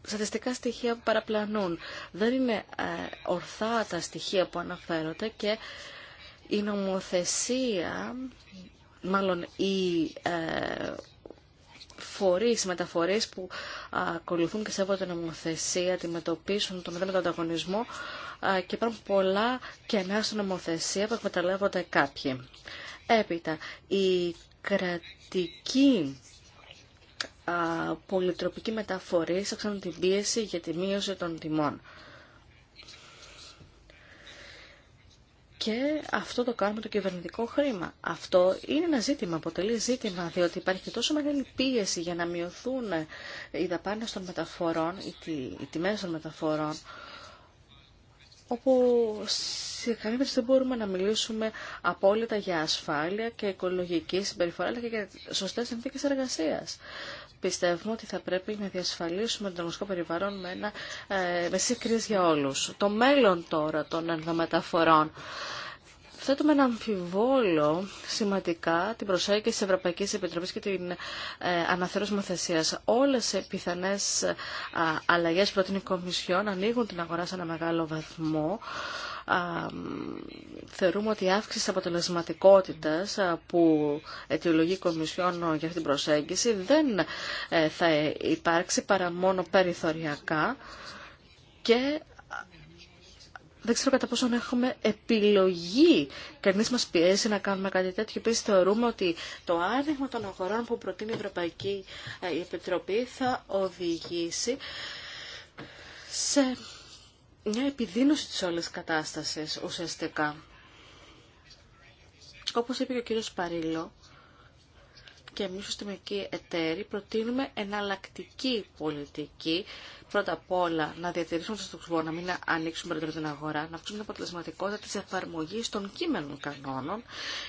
S4: στατιστικά στοιχεία που παραπλανούν. Δεν είναι ε, ορθά τα στοιχεία που αναφέρονται και η νομοθεσία, μάλλον οι ε, φορείς, μεταφορείς που ακολουθούν και σέβονται νομοθεσία, αντιμετωπίσουν τον μεγάλο ανταγωνισμό ε, και υπάρχουν πολλά κενά στην νομοθεσία που εκμεταλλεύονται κάποιοι. Έπειτα, η κρατική πολυτροπική σε αυξάνουν την πίεση για τη μείωση των τιμών. Και αυτό το κάνουμε το κυβερνητικό χρήμα. Αυτό είναι ένα ζήτημα, αποτελεί ζήτημα, διότι υπάρχει και τόσο μεγάλη πίεση για να μειωθούν ε, οι δαπάνες των μεταφορών, οι τιμές των μεταφορών, όπου σε κανένα περίπτωση δεν μπορούμε να μιλήσουμε απόλυτα για ασφάλεια και οικολογική συμπεριφορά, αλλά και για σωστές συνθήκες εργασίας πιστεύουμε ότι θα πρέπει να διασφαλίσουμε τον νομικό περιβάλλον με ένα ε, για όλους. Το μέλλον τώρα των ενδομεταφορών θέτουμε ένα αμφιβόλο σημαντικά την προσέγγιση της Ευρωπαϊκής Επιτροπής και την ε, αναθέρωση μαθησίας. Όλες οι πιθανές α, αλλαγές προτείνει η Κομισιόν ανοίγουν την αγορά σε ένα μεγάλο βαθμό. Α, θεωρούμε ότι η αύξηση της αποτελεσματικότητας που αιτιολογεί η Κομισιόν για αυτή την προσέγγιση δεν ε, θα υπάρξει παρά μόνο περιθωριακά και δεν ξέρω κατά πόσο έχουμε επιλογή. Κανείς μας πιέζει να κάνουμε κάτι τέτοιο. επίση θεωρούμε ότι το άνοιγμα των αγορών που προτείνει η Ευρωπαϊκή ε, Επιτροπή θα οδηγήσει σε μια επιδείνωση της όλης κατάστασης ουσιαστικά. Όπως είπε και ο κύριος Παρίλο, και εμείς ως τιμικοί εταίροι προτείνουμε εναλλακτική πολιτική. Πρώτα απ' όλα να διατηρήσουμε το στόχο να μην ανοίξουμε περισσότερο την αγορά, να αυξήσουμε την αποτελεσματικότητα της εφαρμογής των κείμενων κανόνων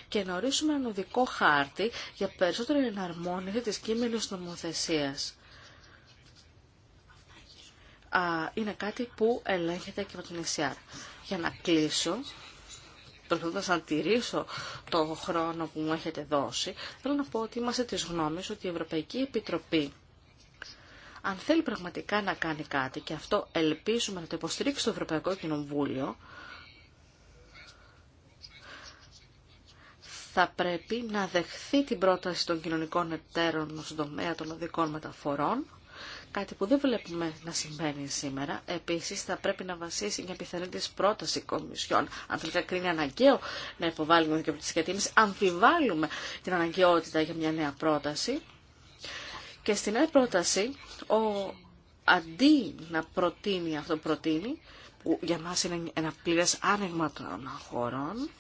S4: και να ορίσουμε έναν οδικό χάρτη για περισσότερη εναρμόνιση της κείμενης νομοθεσία. είναι κάτι που ελέγχεται και από την ΕΣΥΑΡ. Για να κλείσω, προσπαθώντας να τηρήσω το χρόνο που μου έχετε δώσει, θέλω να πω ότι είμαστε της γνώμης ότι η Ευρωπαϊκή Επιτροπή αν θέλει πραγματικά να κάνει κάτι, και αυτό ελπίζουμε να το υποστηρίξει το Ευρωπαϊκό Κοινοβούλιο, θα πρέπει να δεχθεί την πρόταση των κοινωνικών εταίρων στον τομέα των οδικών μεταφορών κάτι που δεν βλέπουμε να συμβαίνει σήμερα. Επίση θα πρέπει να βασίσει μια πιθανή τη πρόταση Κομισιόν. Αν τελικά κρίνει αναγκαίο να υποβάλουμε και από αμφιβάλλουμε την αναγκαιότητα για μια νέα πρόταση. Και στην νέα πρόταση, ο, αντί να προτείνει αυτό προτείνει, που για μας είναι ένα πλήρες άνοιγμα των χωρών,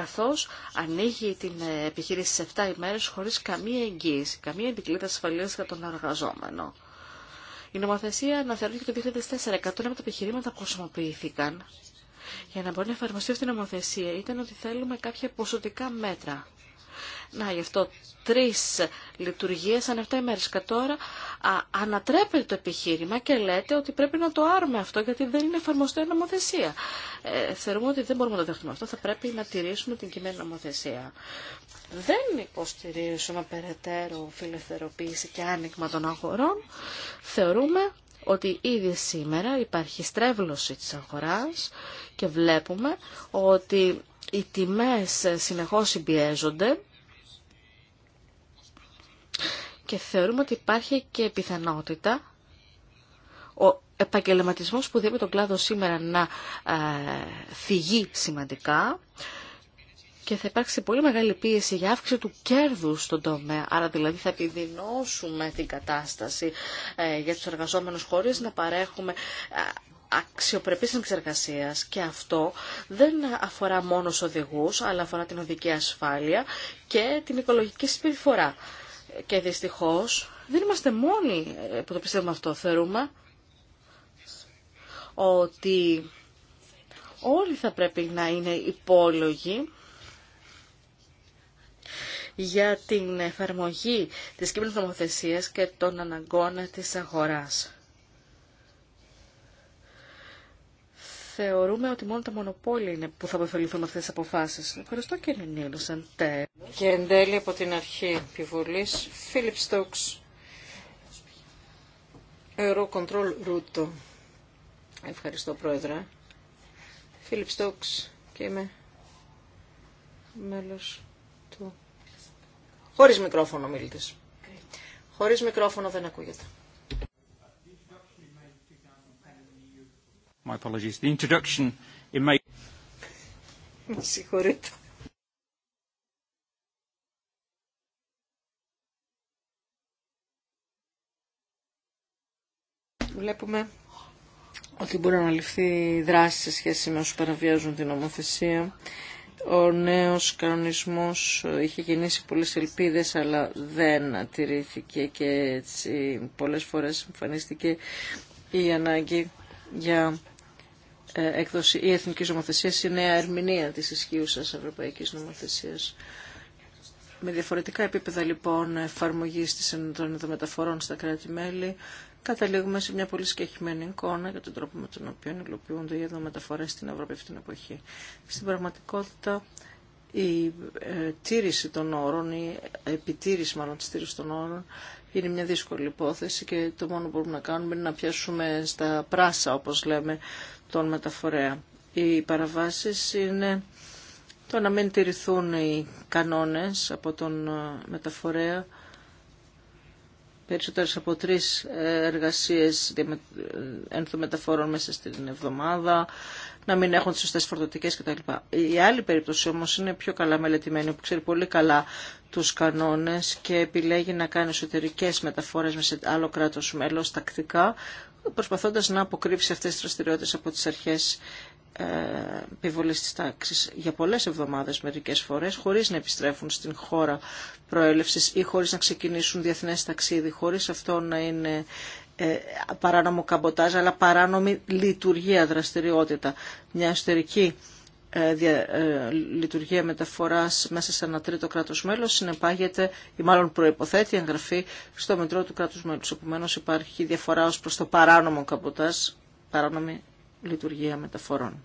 S4: καθώς ανοίγει την ε, επιχείρηση σε 7 ημέρες χωρίς καμία εγγύηση, καμία επικλήτα ασφαλείας για τον εργαζόμενο. Η νομοθεσία αναθεωρήθηκε το 2004. 100 από τα επιχειρήματα που χρησιμοποιήθηκαν για να μπορεί να εφαρμοστεί αυτή η νομοθεσία ήταν ότι θέλουμε κάποια ποσοτικά μέτρα. Να, γι' αυτό τρεις λειτουργίες αν 7 ημέρες. Και τώρα α, το επιχείρημα και λέτε ότι πρέπει να το άρουμε αυτό γιατί δεν είναι εφαρμοστή νομοθεσία. Ε, θεωρούμε ότι δεν μπορούμε να το δεχτούμε αυτό. Θα πρέπει να τηρήσουμε την κειμένη νομοθεσία. Δεν υποστηρίζουμε περαιτέρω φιλελευθερωποίηση και άνοιγμα των αγορών. Θεωρούμε ότι ήδη σήμερα υπάρχει στρέβλωση της αγοράς και βλέπουμε ότι οι τιμές συνεχώς συμπιέζονται και θεωρούμε ότι υπάρχει και πιθανότητα ο επαγγελματισμός που διέπει τον κλάδο σήμερα να ε, θυγεί σημαντικά και θα υπάρξει πολύ μεγάλη πίεση για αύξηση του κέρδους στον τομέα. Άρα δηλαδή θα επιδεινώσουμε την κατάσταση ε, για τους εργαζόμενους χωρίς να παρέχουμε ε, αξιοπρεπής και αυτό δεν αφορά μόνο στους αλλά αφορά την οδική ασφάλεια και την οικολογική συμπεριφορά. Και δυστυχώς δεν είμαστε μόνοι ε, που το πιστεύουμε αυτό. Θεωρούμε ότι όλοι θα πρέπει να είναι υπόλογοι για την εφαρμογή της κύπνης νομοθεσίας και των αναγκών της αγοράς. θεωρούμε ότι μόνο τα μονοπόλια είναι που θα αποφεληθούν αυτές τις αποφάσεις. Ευχαριστώ κύριε Νίλουσεν.
S3: Και εν τέλει από την αρχή επιβολής, Φίλιπ Στόξ, Eurocontrol Ρούτο. Ευχαριστώ πρόεδρε. Φίλιπ Στόξ και είμαι μέλος του... Χωρίς μικρόφωνο μίλητη. Χωρίς μικρόφωνο δεν ακούγεται.
S1: Βλέπουμε
S4: ότι
S3: μπορεί να ληφθεί δράση σε σχέση με όσους παραβιάζουν την νομοθεσία. Ο νέος κανονισμός είχε γεννήσει πολλές ελπίδες αλλά δεν τηρήθηκε και έτσι πολλές φορές εμφανίστηκε η ανάγκη για ε, έκδοση ή εθνικής είναι ή νέα ερμηνεία της ισχύουσα ευρωπαϊκής νομοθεσίας. Με διαφορετικά επίπεδα λοιπόν εφαρμογή των μεταφορών στα κράτη-μέλη, καταλήγουμε σε μια πολύ σκεχημένη εικόνα για τον τρόπο με τον οποίο υλοποιούνται οι μεταφορέ στην Ευρώπη αυτήν την εποχή. Στην πραγματικότητα, η ε, τήρηση των όρων, η επιτήρηση μάλλον τη τήρησης των όρων, είναι μια δύσκολη υπόθεση και το μόνο που μπορούμε να κάνουμε είναι να πιάσουμε στα πράσα, όπω λέμε, τον μεταφορέα. Οι παραβάσεις είναι το να μην τηρηθούν οι κανόνες από τον ε, μεταφορέα περισσότερες από τρεις ε, εργασίες ε, ενθομεταφορών μέσα στην εβδομάδα, να μην έχουν τις σωστές φορτωτικές κτλ. Η άλλη περίπτωση όμως είναι πιο καλά μελετημένη, που ξέρει πολύ καλά τους κανόνες και επιλέγει να κάνει εσωτερικές μεταφορές με σε άλλο κράτος μέλος τακτικά, προσπαθώντας να αποκρύψει αυτές τις δραστηριότητες από τις αρχές ε, επιβολή τη τάξη για πολλές εβδομάδες μερικές φορές χωρίς να επιστρέφουν στην χώρα προέλευση ή χωρίς να ξεκινήσουν διεθνέ ταξίδι, χωρίς αυτό να είναι ε, παράνομο καμποτάζ, αλλά παράνομη λειτουργία, δραστηριότητα. Μια εσωτερική ε, ε, λειτουργία μεταφοράς μέσα σε ένα τρίτο κράτος μέλος συνεπάγεται ή μάλλον προϋποθέτει εγγραφή στο Μετρό του κράτους μέλους. Επομένως υπάρχει διαφορά ως προς το παράνομο καποτάς παράνομη λειτουργία μεταφορών.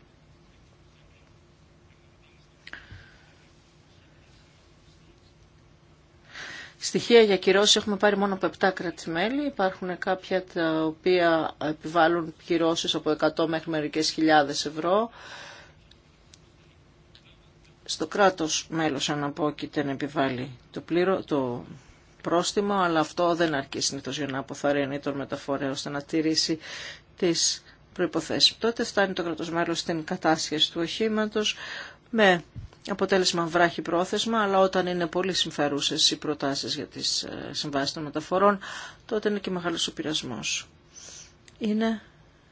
S3: Στοιχεία για κυρώσει έχουμε πάρει μόνο από 7 κράτη-μέλη. Υπάρχουν κάποια τα οποία επιβάλλουν κυρώσει από 100 μέχρι μερικέ χιλιάδε ευρώ στο κράτος μέλος αναπόκειται να επιβάλλει το, πλήρω το πρόστιμο, αλλά αυτό δεν αρκεί συνήθω για να αποθαρρύνει τον μεταφορέα ώστε να τηρήσει τις προϋποθέσεις. Τότε φτάνει το κράτος μέλος στην κατάσχεση του οχήματο με αποτέλεσμα βράχη πρόθεσμα, αλλά όταν είναι πολύ συμφερούσες οι προτάσεις για τις ε, συμβάσεις των μεταφορών, τότε είναι και μεγάλος ο πειρασμός. Είναι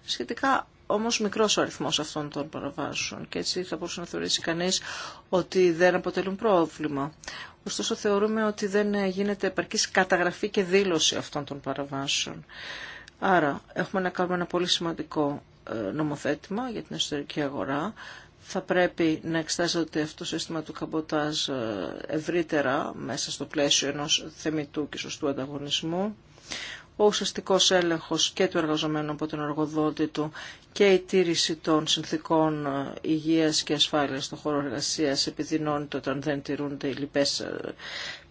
S3: σχετικά όμως μικρό ο αριθμός αυτών των παραβάσεων και έτσι θα μπορούσε να θεωρήσει κανείς ότι δεν αποτελούν πρόβλημα. Ωστόσο θεωρούμε ότι δεν γίνεται επαρκή καταγραφή και δήλωση αυτών των παραβάσεων. Άρα έχουμε να κάνουμε ένα πολύ σημαντικό ε, νομοθέτημα για την εσωτερική αγορά. Θα πρέπει να εξετάζεται αυτό το σύστημα του καμποτάζ ε, ευρύτερα μέσα στο πλαίσιο ενός θεμητού και σωστού ανταγωνισμού ο ουσιαστικός έλεγχος και του εργαζομένου από τον εργοδότη του και η τήρηση των συνθήκων ε, υγείας και ασφάλειας στον χώρο εργασίας επιδεινώνεται όταν δεν τηρούνται οι λοιπές ε,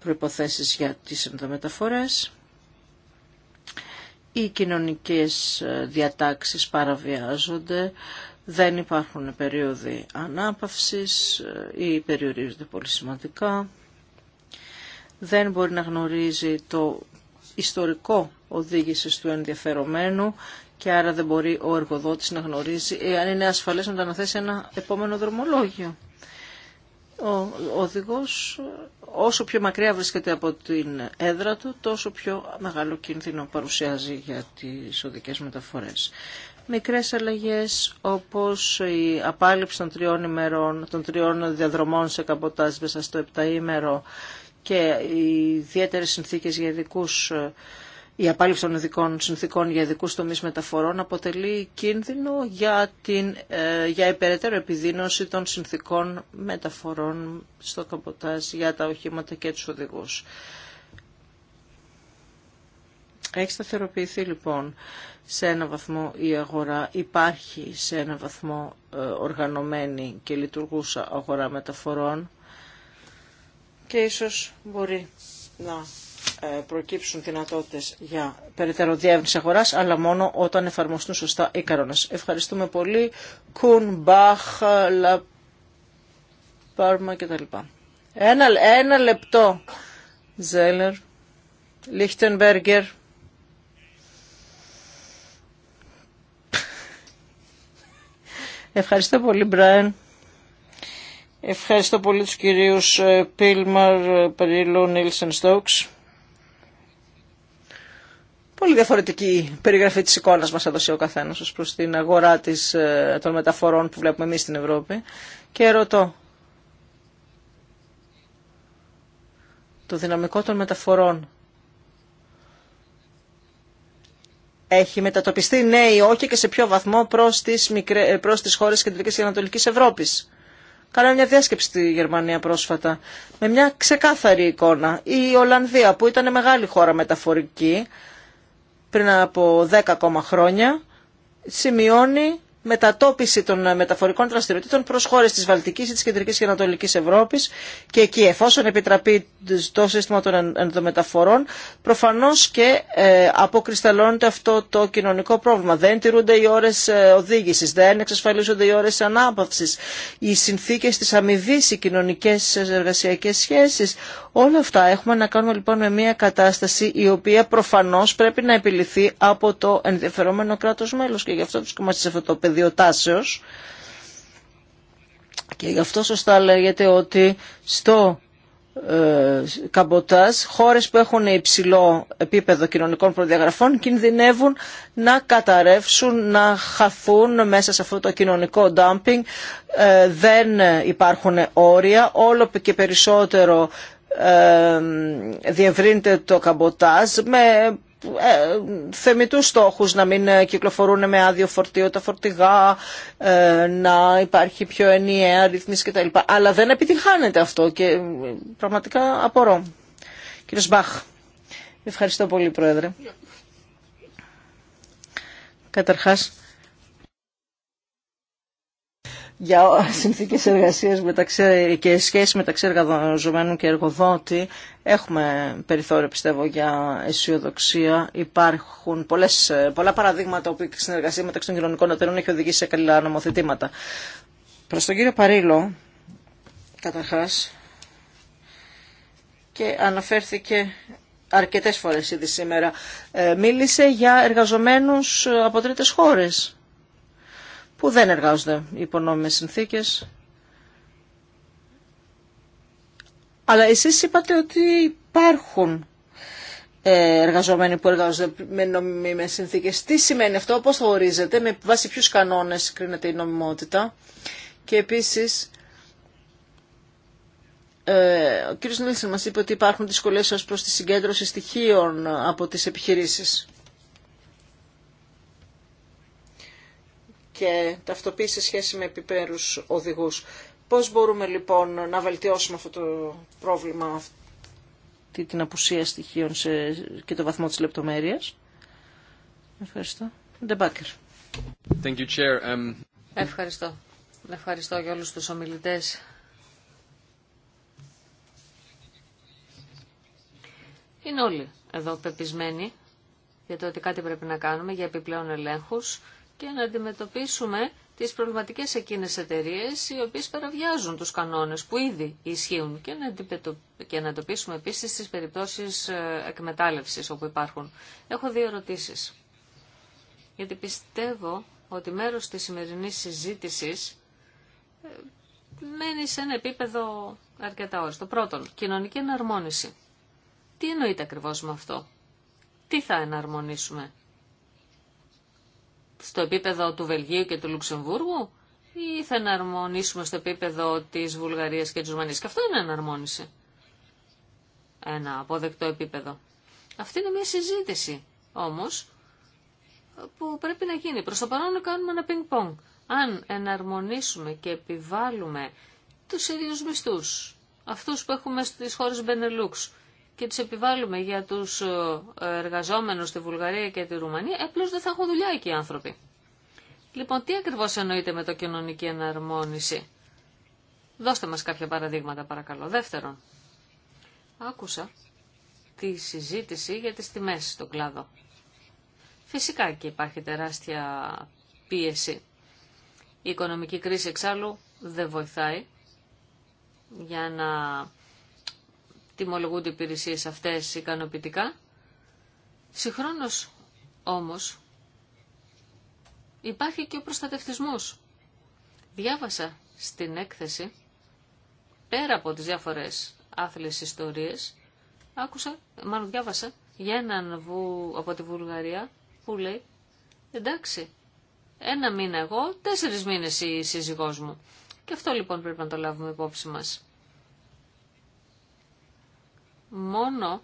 S3: προϋποθέσεις για τις ενδομεταφορές. Οι κοινωνικές ε, διατάξεις παραβιάζονται, δεν υπάρχουν περίοδοι ανάπαυσης ή περιορίζονται πολύ σημαντικά. Δεν μπορεί να γνωρίζει το ιστορικό οδήγησης του ενδιαφερομένου και άρα δεν μπορεί ο εργοδότης να γνωρίζει ε, αν είναι ασφαλές να τα αναθέσει ένα επόμενο δρομολόγιο. Ο οδηγός όσο πιο μακριά βρίσκεται από την έδρα του, τόσο πιο μεγάλο κίνδυνο παρουσιάζει για τις οδικές μεταφορές. Μικρές αλλαγές όπως η απάλληψη των τριών, ημερών, των τριών διαδρομών σε καμποτάζ μέσα στο ημέρο και οι ιδιαίτερε συνθήκε για ειδικού, η απάλληψη των ειδικών συνθήκων για ειδικού τομεί μεταφορών αποτελεί κίνδυνο για, την, ε, για υπεραιτέρω επιδείνωση των συνθήκων μεταφορών στο καμποτάζ για τα οχήματα και του οδηγού. Έχει σταθεροποιηθεί λοιπόν σε ένα βαθμό η αγορά, υπάρχει σε ένα βαθμό ε, οργανωμένη και λειτουργούσα αγορά μεταφορών και ίσως μπορεί να ε, προκύψουν δυνατότητες για περαιτέρω διεύνηση αγοράς, αλλά μόνο όταν εφαρμοστούν σωστά οι καρόνες. Ευχαριστούμε πολύ. Κουν, Μπαχ, Λαπάρμα κτλ. Ένα, ένα λεπτό. Ζέλερ, Λίχτενμπέργκερ. Ευχαριστώ πολύ, Μπράιν. Ευχαριστώ πολύ τους κυρίους ε, Πίλμαρ, Περίλου, Νίλσεν Στόξ. Πολύ διαφορετική περιγραφή της εικόνας μας έδωσε ο καθένας ως προς την αγορά της, ε, των μεταφορών που βλέπουμε εμείς στην Ευρώπη. Και ρωτώ, το δυναμικό των μεταφορών έχει μετατοπιστεί, ναι όχι, και σε ποιο βαθμό προς τις, μικρέ, προς τις χώρες και Ανατολικής Ευρώπης. Κάναμε μια διάσκεψη στη Γερμανία πρόσφατα με μια ξεκάθαρη εικόνα. Η Ολλανδία που ήταν μεγάλη χώρα μεταφορική πριν από 10 ακόμα χρόνια σημειώνει μετατόπιση των ε, μεταφορικών δραστηριοτήτων προ χώρε τη Βαλτική ή τη Κεντρική και Ανατολική Ευρώπη και εκεί εφόσον επιτραπεί το σύστημα των ενδομεταφορών προφανώ και ε, αποκρισταλώνεται αυτό το κοινωνικό πρόβλημα. Δεν τηρούνται οι ώρε οδήγηση, δεν εξασφαλίζονται οι ώρε ανάπαυσης, οι συνθήκε τη αμοιβή, οι κοινωνικέ ε, εργασιακέ σχέσει. Όλα αυτά έχουμε να κάνουμε λοιπόν με μια κατάσταση η οποία προφανώ πρέπει να επιληθεί από το ενδιαφερόμενο κράτο μέλο. και γι' αυτό βρισκόμαστε σε αυτό το διοτάσεως. Και γι' αυτό σωστά λέγεται ότι στο ε, καμποτάζ, χώρες που έχουν υψηλό επίπεδο κοινωνικών προδιαγραφών κινδυνεύουν να καταρρεύσουν, να χαθούν μέσα σε αυτό το κοινωνικό ντάμπινγκ. Ε, δεν υπάρχουν όρια, όλο και περισσότερο ε, διευρύνεται το καμποτάζ με ε, θεμητούς στόχους να μην ε, κυκλοφορούν με άδειο φορτίο τα φορτηγά, ε, να υπάρχει πιο ενιαία ρυθμίση κτλ. Αλλά δεν επιτυγχάνεται αυτό και πραγματικά απορώ. Κύριος Μπαχ, ευχαριστώ πολύ Πρόεδρε. Καταρχάς, για συνθήκε εργασία και σχέση μεταξύ εργαζομένων και εργοδότη. Έχουμε περιθώριο πιστεύω για αισιοδοξία. Υπάρχουν πολλές, πολλά παραδείγματα όπου η συνεργασία μεταξύ των κοινωνικών εταιρών έχει οδηγήσει σε καλά νομοθετήματα. Προς τον κύριο Παρίλο, καταρχά. και αναφέρθηκε αρκετές φορές ήδη σήμερα, ε, μίλησε για εργαζομένους από τρίτες χώρες που δεν εργάζονται υπό νόμιμες συνθήκες. Αλλά εσείς είπατε ότι υπάρχουν ε, εργαζομένοι που εργάζονται με νόμιμες συνθήκες. Τι σημαίνει αυτό, πώς το ορίζετε, με βάση ποιους κανόνες κρίνεται η νομιμότητα. Και επίσης, ε, ο κύριος Νίλσεν μας είπε ότι υπάρχουν δυσκολίες ως προς τη συγκέντρωση στοιχείων από τις επιχειρήσεις. και ταυτοποίηση σε σχέση με επιπέρους οδηγούς. Πώς μπορούμε λοιπόν να βελτιώσουμε αυτό το πρόβλημα, αυτή την απουσία στοιχείων σε... και το βαθμό της λεπτομέρειας. Ευχαριστώ. Ντεμπάκερ.
S2: Um, Ευχαριστώ. Ευχαριστώ για όλους τους ομιλητές. Είναι όλοι εδώ πεπισμένοι για το ότι κάτι πρέπει να κάνουμε για επιπλέον ελέγχους και να αντιμετωπίσουμε τις προβληματικές εκείνες εταιρείε οι οποίες παραβιάζουν τους κανόνες που ήδη ισχύουν και να, αντιμετωπίσουμε να εντοπίσουμε επίσης τις περιπτώσεις ε, εκμετάλλευσης όπου υπάρχουν. Έχω δύο ερωτήσεις. Γιατί πιστεύω ότι μέρος της σημερινής συζήτησης ε, μένει σε ένα επίπεδο αρκετά όριστο. Πρώτον, κοινωνική εναρμόνιση. Τι εννοείται ακριβώς με αυτό. Τι θα εναρμονίσουμε στο επίπεδο του Βελγίου και του Λουξεμβούργου ή θα εναρμονίσουμε στο επίπεδο της Βουλγαρίας και της Ρουμανίας. Και αυτό είναι εναρμόνιση. Ένα αποδεκτό επίπεδο. Αυτή είναι μια συζήτηση όμως που πρέπει να γίνει. Προς το παρόν να κάνουμε ένα πινκ-πονγκ. Αν εναρμονίσουμε και επιβάλλουμε τους ίδιους μισθούς, αυτούς που έχουμε στις χώρες Μπενελούξ, και τις επιβάλλουμε για τους ε, εργαζόμενους στη Βουλγαρία και τη Ρουμανία, απλώς δεν θα έχουν δουλειά εκεί οι άνθρωποι. Λοιπόν, τι ακριβώς εννοείται με το κοινωνική εναρμόνιση. Δώστε μας κάποια παραδείγματα παρακαλώ. Δεύτερον, άκουσα τη συζήτηση για τις τιμές στον κλάδο. Φυσικά και υπάρχει τεράστια πίεση. Η οικονομική κρίση εξάλλου δεν βοηθάει για να τιμολογούνται οι υπηρεσίες αυτές ικανοποιητικά. Συγχρόνως όμως υπάρχει και ο προστατευτισμός. Διάβασα στην έκθεση, πέρα από τις διάφορες άθλιες ιστορίες, άκουσα, μάλλον διάβασα, για έναν βου, από τη Βουλγαρία που λέει «Εντάξει, ένα μήνα εγώ, τέσσερις μήνες η σύζυγός μου». Και αυτό λοιπόν πρέπει να το λάβουμε υπόψη μας μόνο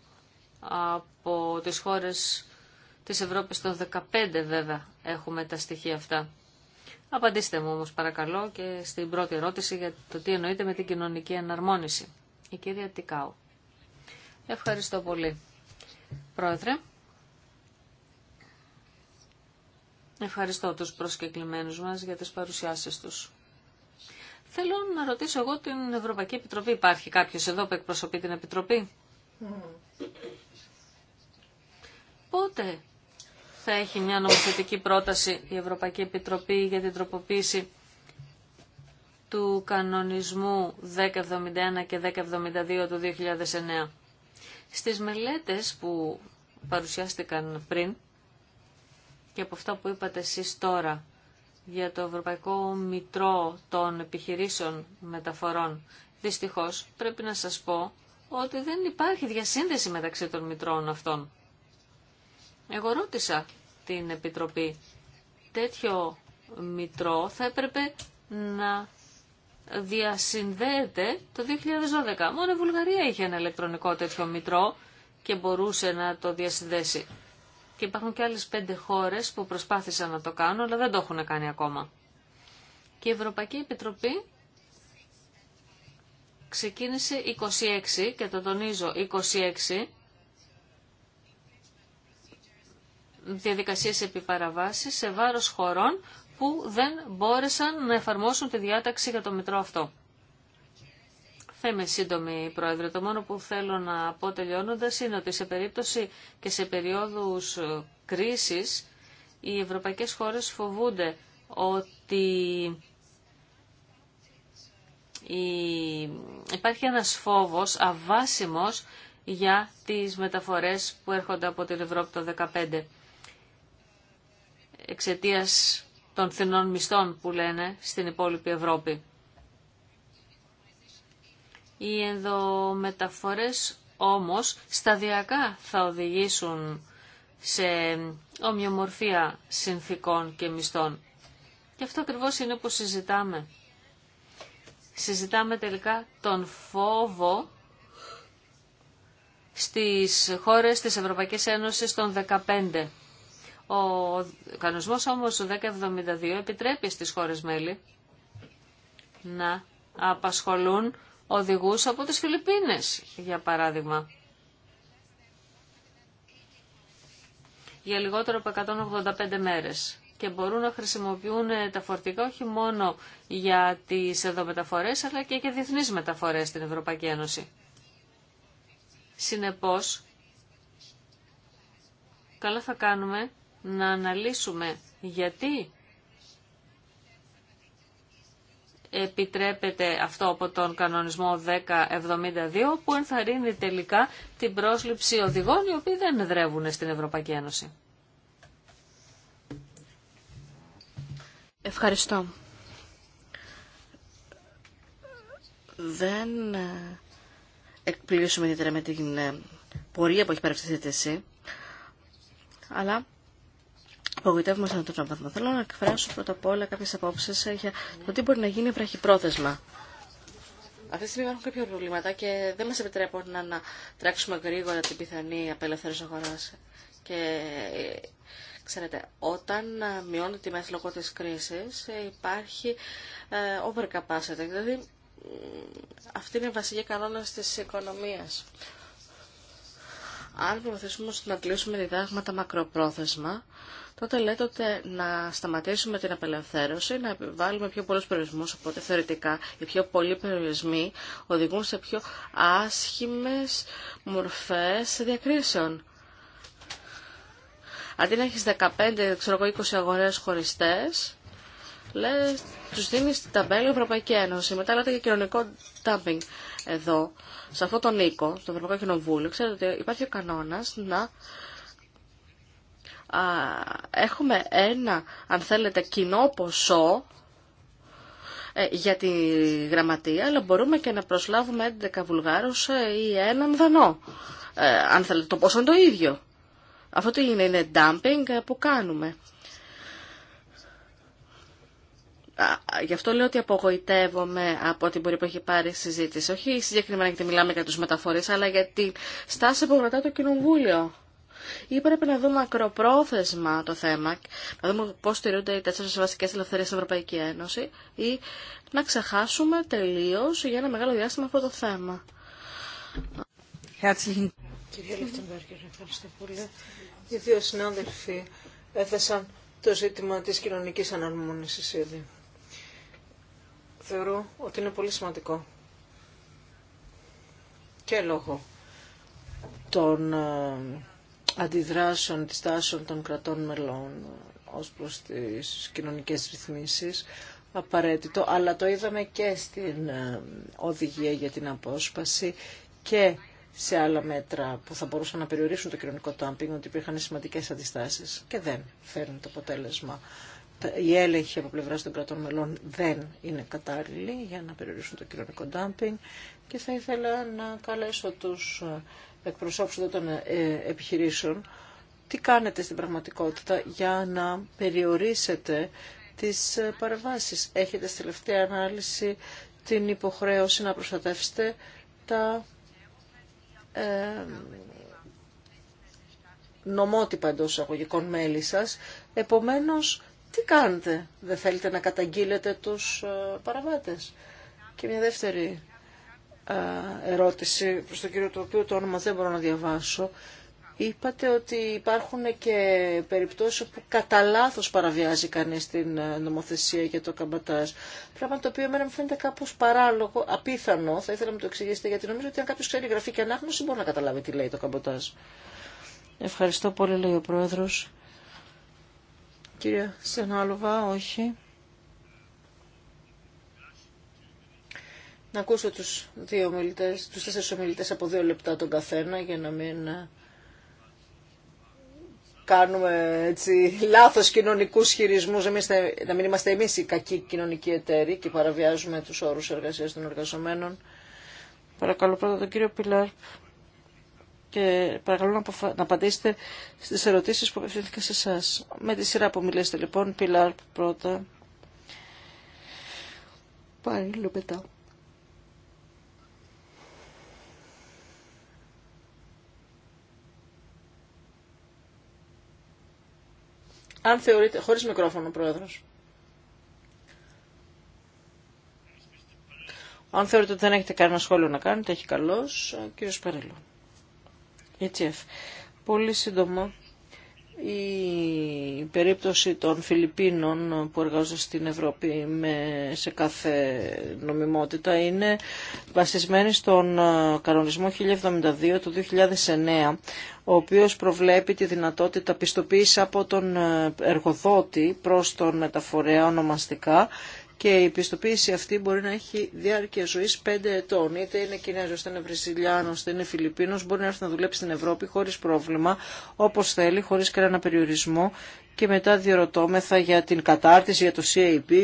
S2: από τις χώρες της Ευρώπης των 15 βέβαια έχουμε τα στοιχεία αυτά. Απαντήστε μου όμως παρακαλώ και στην πρώτη ερώτηση για το τι εννοείται με την κοινωνική εναρμόνιση. Η κυρία Τικάου. Ευχαριστώ πολύ. Πρόεδρε. Ευχαριστώ τους προσκεκλημένους μας για τις παρουσιάσεις τους. Θέλω να ρωτήσω εγώ την Ευρωπαϊκή Επιτροπή. Υπάρχει κάποιος εδώ που εκπροσωπεί την Επιτροπή. Πότε θα έχει μια νομοθετική πρόταση η Ευρωπαϊκή Επιτροπή για την τροποποίηση του κανονισμού 1071 και 1072 του 2009. Στις μελέτες που παρουσιάστηκαν πριν και από αυτά που είπατε εσείς τώρα για το Ευρωπαϊκό Μητρό των Επιχειρήσεων Μεταφορών, δυστυχώς πρέπει να σας πω ότι δεν υπάρχει διασύνδεση μεταξύ των μητρών αυτών. Εγώ ρώτησα την Επιτροπή, τέτοιο μητρό θα έπρεπε να διασυνδέεται το 2012. Μόνο η Βουλγαρία είχε ένα ηλεκτρονικό τέτοιο μητρό και μπορούσε να το διασυνδέσει. Και υπάρχουν και άλλες πέντε χώρες που προσπάθησαν να το κάνουν, αλλά δεν το έχουν κάνει ακόμα. Και η Ευρωπαϊκή Επιτροπή ξεκίνησε 26 και το τονίζω 26 διαδικασίες επιπαραβάσεις σε βάρος χωρών που δεν μπόρεσαν να εφαρμόσουν τη διάταξη για το μητρό αυτό. Θα είμαι σύντομη, Πρόεδρε. Το μόνο που θέλω να πω τελειώνοντας είναι ότι σε περίπτωση και σε περίοδους ε, κρίσης οι ευρωπαϊκές χώρες φοβούνται ότι υπάρχει ένας φόβος αβάσιμος για τις μεταφορές που έρχονται από την Ευρώπη το 2015 εξαιτίας των φθηνών μισθών που λένε στην υπόλοιπη Ευρώπη. Οι ενδομεταφορές όμως σταδιακά θα οδηγήσουν σε ομοιομορφία συνθήκων και μισθών. Και αυτό ακριβώς είναι που συζητάμε συζητάμε τελικά τον φόβο στις χώρες της Ευρωπαϊκής Ένωσης των 15. Ο κανονισμός όμως του 1072 επιτρέπει στις χώρες μέλη να απασχολούν οδηγούς από τις Φιλιππίνες, για παράδειγμα. Για λιγότερο από 185 μέρες και μπορούν να χρησιμοποιούν ε, τα φορτικά όχι μόνο για τις εδώ αλλά και για διεθνείς μεταφορές στην Ευρωπαϊκή Ένωση. Συνεπώς, καλά θα κάνουμε να αναλύσουμε γιατί επιτρέπεται αυτό από τον κανονισμό 1072 που ενθαρρύνει τελικά την πρόσληψη οδηγών οι οποίοι δεν εδρεύουν στην Ευρωπαϊκή Ένωση.
S4: Ευχαριστώ. Δεν ε, εκπληρώσουμε ιδιαίτερα με την ε, πορεία που έχει πάρει αυτή αλλά απογοητεύουμε σε το τέτοιο βαθμό. Θέλω να εκφράσω πρώτα απ' όλα κάποιε απόψει ε, για το τι μπορεί να γίνει βραχυπρόθεσμα. Αυτή τη στιγμή υπάρχουν κάποια προβλήματα και δεν μα επιτρέπουν να, να τρέξουμε γρήγορα την πιθανή απελευθέρωση αγορά και Ξέρετε, όταν ε, μειώνεται τη μέση λόγω της κρίσης ε, υπάρχει ε, overcapacity, δηλαδή αυτή είναι η βασική κανόνα της οικονομίας. Αν προσπαθήσουμε να κλείσουμε διδάγματα μακροπρόθεσμα, τότε λέτε να σταματήσουμε την απελευθέρωση, να επιβάλλουμε πιο πολλούς περιορισμούς, οπότε θεωρητικά οι πιο πολλοί περιορισμοί οδηγούν σε πιο άσχημες μορφές διακρίσεων. Αντί να έχεις 15, ξέρω εγώ, 20 αγορές χωριστές, λες, τους δίνεις την ταμπέλα Ευρωπαϊκή Ένωση. Μετά λέτε για κοινωνικό dumping εδώ, σε αυτό τον οίκο, στο Ευρωπαϊκό Κοινοβούλιο. Ξέρετε ότι υπάρχει ο κανόνας να α, έχουμε ένα, αν θέλετε, κοινό ποσό ε, για τη γραμματεία, αλλά μπορούμε και να προσλάβουμε 11 Βουλγάρους ε, ή έναν Δανό. Ε, αν θέλετε, το ποσό είναι το ίδιο. Αυτό τι είναι, είναι dumping που κάνουμε. Γι' αυτό λέω ότι απογοητεύομαι από την πορεία που έχει πάρει η συζήτηση. Όχι συγκεκριμένα γιατί μιλάμε για τους μεταφορείς, αλλά για τη στάση που κρατά το Κοινοβούλιο. Ή πρέπει να δούμε ακροπρόθεσμα το θέμα, να δούμε πώς στηρούνται οι τέσσερις βασικές ελευθερίες στην Ευρωπαϊκή Ένωση ή να ξεχάσουμε τελείως για ένα μεγάλο διάστημα αυτό το θέμα.
S3: Κύριε Λεφτεμπέργκερ, ευχαριστώ πολύ. Οι δύο συνάδελφοι έθεσαν το ζήτημα της κοινωνικής αναρμονηση ήδη. Θεωρώ ότι είναι πολύ σημαντικό και λόγω των ε, αντιδράσεων της τάσεων των κρατών μελών ε, ως προς τις κοινωνικές ρυθμίσεις απαραίτητο, αλλά το είδαμε και στην ε, οδηγία για την απόσπαση και σε άλλα μέτρα που θα μπορούσαν να περιορίσουν το κοινωνικό τάμπινγκ ότι υπήρχαν σημαντικές αντιστάσεις και δεν φέρνουν το αποτέλεσμα. Η έλεγχη από πλευρά των κρατών μελών δεν είναι κατάλληλη για να περιορίσουν το κοινωνικό ντάμπινγκ και θα ήθελα να καλέσω τους ε, εκπροσώπους των ε, επιχειρήσεων τι κάνετε στην πραγματικότητα για να περιορίσετε τις ε, παρεμβάσεις. Έχετε στη τελευταία ανάλυση την υποχρέωση να προστατεύσετε τα ε, νομότυπα εντό εισαγωγικών μέλη σας. Επομένως, τι κάνετε, δεν θέλετε να καταγγείλετε τους ε, παραβάτες. Και μια δεύτερη ε, ερώτηση προς τον κύριο το οποίο το όνομα δεν μπορώ να διαβάσω. Είπατε ότι υπάρχουν και περιπτώσεις όπου κατά λάθο παραβιάζει κανείς την ε, νομοθεσία για το καμπατάζ. Πράγμα το οποίο εμένα μου φαίνεται κάπως παράλογο, απίθανο, θα ήθελα να μου το εξηγήσετε, γιατί νομίζω ότι αν κάποιος ξέρει γραφή και ανάγνωση μπορεί να καταλάβει τι λέει το καμπατάζ. Ευχαριστώ πολύ, λέει ο Πρόεδρος. Κυρία Σενάλοβα, όχι. Να ακούσω τους, δύο ομιλητές, τους τέσσερις ομιλητές από δύο λεπτά τον καθένα για να μην ε, κάνουμε έτσι, λάθος κοινωνικούς χειρισμούς, εμείς, να μην είμαστε εμείς οι κακοί κοινωνικοί εταίροι και παραβιάζουμε τους όρους εργασίας των εργαζομένων. Παρακαλώ πρώτα τον κύριο Πιλάρ και παρακαλώ να, απαντήσετε στις ερωτήσεις που απευθύνθηκα σε εσά. Με τη σειρά που μιλήσετε λοιπόν, Πιλάρ πρώτα. λίγο μετά. αν θεωρείτε, χωρίς μικρόφωνο πρόεδρος, αν θεωρείτε ότι δεν έχετε κανένα σχόλιο να κάνετε, έχει καλός, κύριος Ετσι ETF. Πολύ σύντομα η περίπτωση των Φιλιππίνων που εργάζονται στην Ευρώπη με, σε κάθε νομιμότητα είναι βασισμένη στον ε, κανονισμό 1072 του 2009 ο οποίος προβλέπει τη δυνατότητα πιστοποίηση από τον ε, εργοδότη προς τον μεταφορέα ονομαστικά και η πιστοποίηση αυτή μπορεί να έχει διάρκεια ζωή 5 ετών. Είτε είναι Κινέζο, είτε είναι Βρεζιλιάνο, είτε είναι Φιλιππίνος, μπορεί να έρθει να δουλέψει στην Ευρώπη χωρί πρόβλημα, όπω θέλει, χωρί κανένα περιορισμό και μετά διερωτώμεθα για την κατάρτιση, για το CAP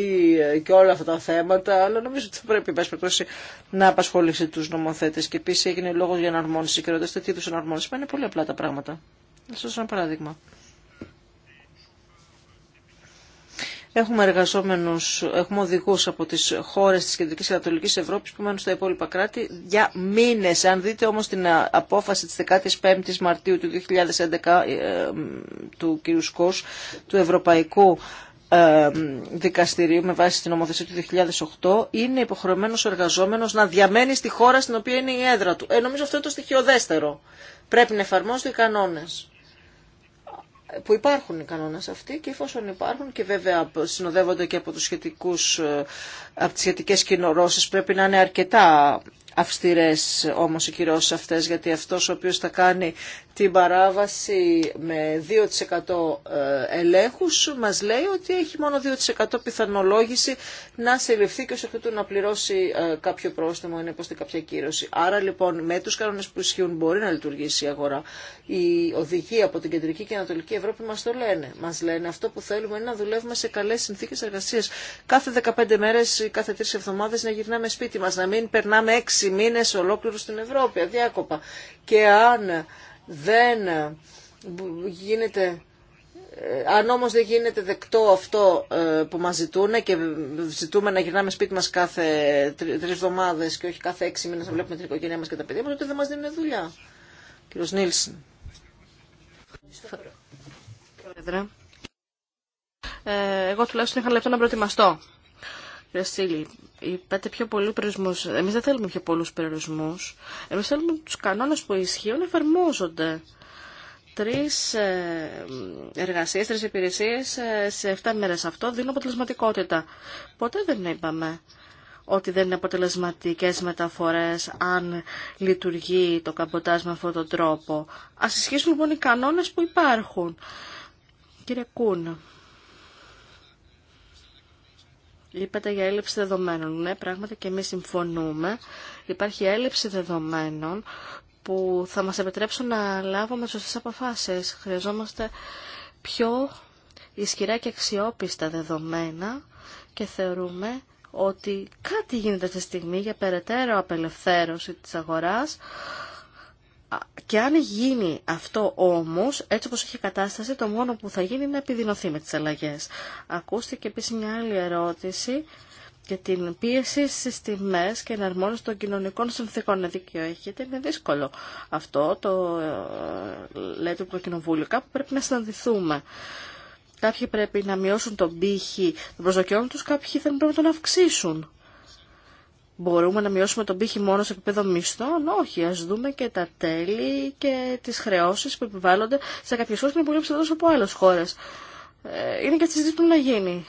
S3: ε, και όλα αυτά τα θέματα, αλλά νομίζω ότι θα πρέπει πάση να απασχολήσει του νομοθέτε και επίση έγινε λόγο για αναρμόνιση και ρωτάτε τι είδους αναρμόνιση, μα είναι πολύ απλά τα πράγματα. Να ένα παράδειγμα. Έχουμε εργαζόμενου, έχουμε οδηγού από τι χώρε τη Κεντρικής και Ανατολικής Ευρώπης που μένουν στα υπόλοιπα κράτη για μήνε. Αν δείτε όμω την απόφαση της 15 5η Μαρτίου του 2011 ε, του κ. Σκός, του Ευρωπαϊκού ε, δικαστηρίου με βάση την νομοθεσία του 2008 είναι υποχρεωμένο ο εργαζόμενος να διαμένει στη χώρα στην οποία είναι η έδρα του. Ε, νομίζω αυτό είναι το στοιχειοδέστερο. Πρέπει να εφαρμόζονται οι κανόνε που υπάρχουν οι κανόνες αυτοί και εφόσον υπάρχουν και βέβαια συνοδεύονται και από, τους σχετικούς, ε, από τις σχετικές κοινορώσεις πρέπει να είναι αρκετά αυστηρές όμως οι κυρώσεις αυτές γιατί αυτός ο οποίος θα κάνει την παράβαση με 2% ε, ελέγχους, μας λέει ότι έχει μόνο 2% πιθανολόγηση να συλληφθεί και ως του να πληρώσει ε, κάποιο πρόστιμο ή να υποστεί κάποια κύρωση. Άρα λοιπόν με τους κανόνες που ισχύουν μπορεί να λειτουργήσει η αγορά. Οι οδηγοί από την Κεντρική και Ανατολική Ευρώπη μας το λένε. Μας λένε αυτό που θέλουμε είναι να δουλεύουμε σε καλές συνθήκες εργασίας. Κάθε 15 μέρες ή κάθε 3 εβδομάδες να γυρνάμε σπίτι μας, να μην περνάμε 6 μήνες ολόκληρου στην Ευρώπη, αδιάκοπα. Και αν δεν ε, γίνεται ε, αν όμως δεν γίνεται δεκτό αυτό ε, που μας ζητούν και ζητούμε να γυρνάμε σπίτι μας κάθε τρεις εβδομάδες και όχι κάθε έξι μήνες να βλέπουμε την οικογένειά μας και
S4: τα παιδιά μας, τότε δεν μας δίνουν δουλειά. Κύριος Νίλσον. εγώ τουλάχιστον είχα λεπτό να προετοιμαστώ. Κύριε είπατε πιο πολύ Εμεί δεν θέλουμε πιο πολλού περιορισμού. Εμεί θέλουμε του κανόνε που ισχύουν να εφαρμόζονται. τρει ε, εργασίε, τρει υπηρεσίε ε, σε 7 μέρες αυτό δίνει αποτελεσματικότητα. Ποτέ δεν είπαμε ότι δεν είναι αποτελεσματικέ μεταφορές αν λειτουργεί το καμποτάζ με αυτόν τον τρόπο. Α ισχύσουν λοιπόν οι κανόνε που υπάρχουν. Κύριε Κούν, Είπατε για έλλειψη δεδομένων. Ναι, πράγματι και εμείς συμφωνούμε. Υπάρχει έλλειψη δεδομένων που θα μας επιτρέψουν να λάβουμε σωστές αποφάσεις. Χρειαζόμαστε πιο ισχυρά και αξιόπιστα δεδομένα και θεωρούμε ότι κάτι γίνεται αυτή τη στιγμή για περαιτέρω απελευθέρωση της αγοράς και αν γίνει αυτό όμως, έτσι όπως έχει κατάσταση, το μόνο που θα γίνει είναι να επιδεινωθεί με τις αλλαγές. Ακούστηκε επίση μια άλλη ερώτηση για την πίεση στις τιμές και εναρμόνιση των κοινωνικών συνθήκων. Δίκιο έχετε, είναι δύσκολο αυτό, το ε, λέτε από το κοινοβούλιο. Κάπου πρέπει να συναντηθούμε. Κάποιοι πρέπει να μειώσουν τον πύχη των προσδοκιών τους, κάποιοι θέλουν πρέπει να τον αυξήσουν. Μπορούμε να μειώσουμε τον πύχη μόνο σε επίπεδο μισθών. Όχι, ας δούμε και τα τέλη και τις χρεώσεις που επιβάλλονται σε κάποιες χώρες που είναι πολύ ψηλότερες από άλλες χώρες. Ε, είναι και αυτή συζήτηση που να γίνει.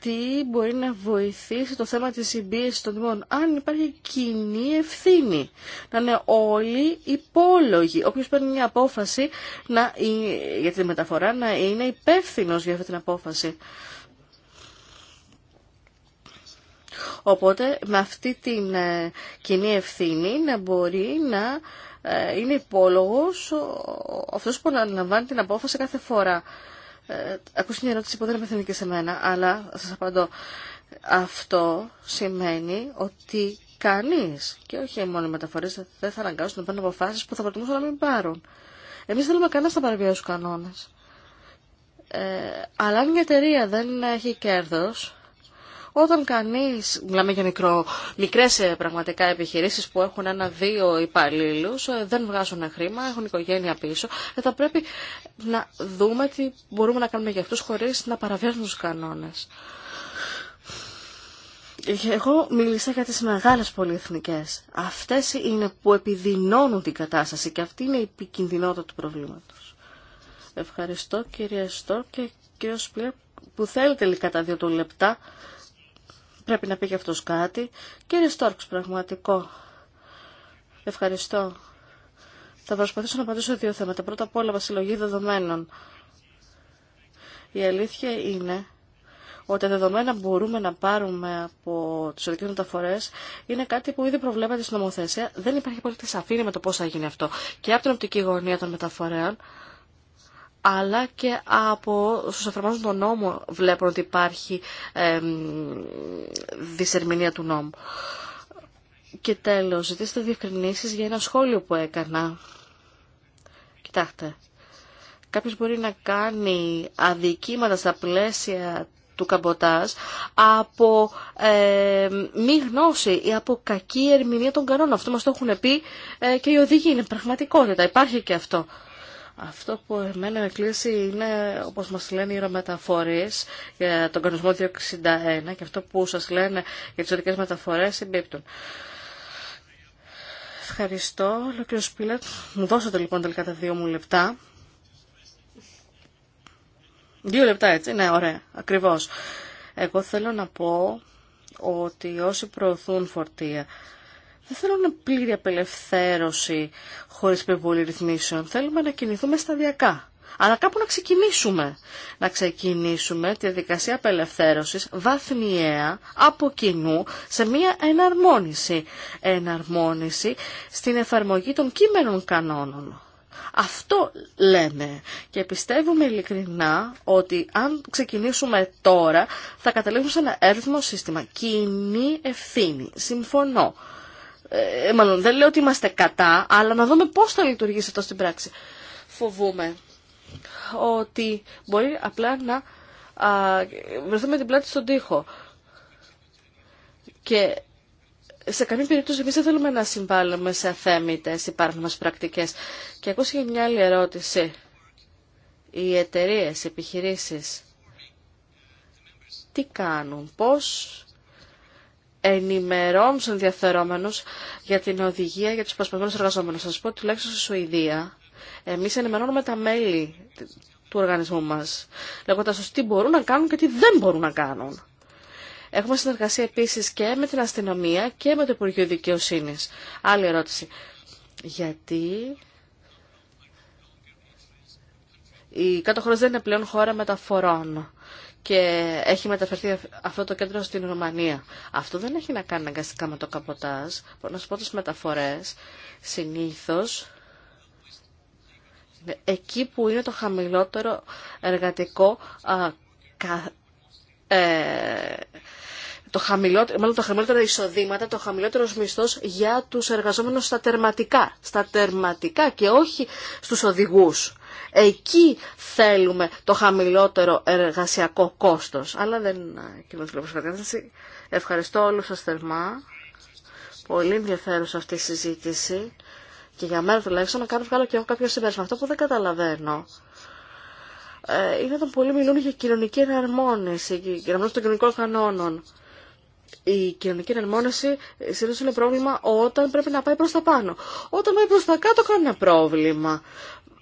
S4: Τι μπορεί να βοηθήσει το θέμα της συμπίεσης των τιμών, αν υπάρχει κοινή ευθύνη, να είναι όλοι υπόλογοι. Όποιος παίρνει μια απόφαση να, ε, για τη μεταφορά να είναι υπεύθυνο για αυτή την απόφαση. Οπότε με αυτή την ε, κοινή ευθύνη να μπορεί να ε, είναι υπόλογος αυτός που αναλαμβάνει την απόφαση κάθε φορά. Ε, ακούστε μια ερώτηση που δεν απευθύνει και σε μένα, αλλά σας απαντώ. Αυτό σημαίνει ότι κανείς, και όχι μόνο οι μεταφορές, δεν θα αναγκάσουν να παίρνουν αποφάσεις που θα προτιμούσαν να μην πάρουν. Εμείς θέλουμε κανένα να παραβιάσει τους κανόνες. Ε, αλλά αν μια εταιρεία δεν έχει κέρδος, όταν κανείς, μιλάμε για μικρό, μικρές ε, πραγματικά επιχειρήσεις που έχουν ένα-δύο υπαλλήλου, ε, δεν βγάζουν χρήμα, έχουν οικογένεια πίσω, ε, θα πρέπει να δούμε τι μπορούμε να κάνουμε για αυτούς χωρίς να παραβιάζουν τους κανόνες. Εγώ μίλησα για τις μεγάλες πολυεθνικές. Αυτές είναι που επιδεινώνουν την κατάσταση και αυτή είναι η επικινδυνότητα του προβλήματος. Ευχαριστώ κύριε Στόρ και κύριο Σπλερ που θέλετε τελικά τα δύο λεπτά Πρέπει να πει και αυτός κάτι. Κύριε Στόρξ, πραγματικό. Ευχαριστώ. Θα προσπαθήσω να απαντήσω δύο θέματα. Πρώτα απ' όλα, βασιλογή δεδομένων. Η αλήθεια είναι ότι τα δεδομένα που μπορούμε να πάρουμε από τι οδικέ μεταφορέ είναι κάτι που ήδη προβλέπεται στην νομοθεσία. Δεν υπάρχει πολύ σαφήνεια με το πώ θα γίνει αυτό. Και από την οπτική γωνία των μεταφορέων, αλλά και από στους εφαρμόζουν τον νόμο βλέπουν ότι υπάρχει ε, δυσερμηνία του νόμου. Και τέλος, ζητήστε διευκρινήσεις για ένα σχόλιο που έκανα. Κοιτάξτε, κάποιος μπορεί να κάνει αδικήματα στα πλαίσια του καμποτάζ από μη γνώση ή από κακή ερμηνεία των κανόνων. Αυτό μας το έχουν πει ε, και οι οδηγοί. Είναι πραγματικότητα. Υπάρχει και αυτό. Αυτό που εμένα με κλείσει είναι, όπως μας λένε οι ρομεταφορεί για τον κανονισμό 261 και αυτό που σας λένε για τις ορικέ μεταφορές συμπίπτουν. Ευχαριστώ. Λέω Σπίλετ, μου δώσατε λοιπόν τελικά τα δύο μου λεπτά. Δύο λεπτά έτσι, ναι ωραία, ακριβώς. Εγώ θέλω να πω ότι όσοι προωθούν φορτία δεν θέλουν πλήρη απελευθέρωση χωρίς περιβολή ρυθμίσεων. Θέλουμε να κινηθούμε σταδιακά. Αλλά κάπου να ξεκινήσουμε. Να ξεκινήσουμε τη διαδικασία απελευθέρωσης βαθμιαία από κοινού σε μια εναρμόνιση. Εναρμόνιση στην εφαρμογή των κείμενων κανόνων. Αυτό λέμε και πιστεύουμε ειλικρινά ότι αν ξεκινήσουμε τώρα θα καταλήξουμε σε ένα έρθμο σύστημα. Κοινή ευθύνη. Συμφωνώ. Ε, ε, μάλλον δεν λέω ότι είμαστε κατά, αλλά να δούμε πώς θα λειτουργήσει αυτό στην πράξη. Φοβούμε ότι μπορεί απλά να α, βρεθούμε την πλάτη στον τοίχο. Και σε καμία περίπτωση εμεί δεν θέλουμε να συμβάλλουμε σε αθέμητες μας πρακτικές. Και ακούστηκε μια άλλη ερώτηση. Οι εταιρείε, οι επιχειρήσεις, τι κάνουν, πώς ενημερώνουν τους για την οδηγία για του προσπασμένου εργαζόμενου. Σα πω τουλάχιστον στη Σουηδία, εμείς ενημερώνουμε τα μέλη του οργανισμού μας, Λέγοντα τι μπορούν να κάνουν και τι δεν μπορούν να κάνουν. Έχουμε συνεργασία επίσης και με την αστυνομία και με το Υπουργείο Δικαιοσύνη. Άλλη ερώτηση. Γιατί οι κάτω χώρε δεν είναι πλέον χώρα μεταφορών και έχει μεταφερθεί αυτό το κέντρο στην Ρωμανία. Αυτό δεν έχει να κάνει αγκαστικά με το καποτάζ. Να σου πω τις μεταφορές συνήθως εκεί που είναι το χαμηλότερο εργατικό α, ε, το χαμηλότερο, μάλλον εισοδήματα, το χαμηλότερο μισθό για του εργαζόμενους στα τερματικά. Στα τερματικά και όχι στου οδηγού. Εκεί θέλουμε το χαμηλότερο εργασιακό κόστος. Αλλά δεν κοινωνική κατάσταση. Ευχαριστώ όλους σας θερμά. Πολύ ενδιαφέρουσα αυτή η συζήτηση. Και για μένα τουλάχιστον να κάνω και εγώ κάποιο συμπέρασμα. Αυτό που δεν καταλαβαίνω ε, είναι όταν πολλοί μιλούν για κοινωνική εναρμόνιση, για εναρμόνιση των κοινωνικών κανόνων. Η κοινωνική εναρμόνιση συνήθω είναι πρόβλημα όταν πρέπει να πάει προ τα πάνω. Όταν πάει προ τα κάτω, κάνει ένα πρόβλημα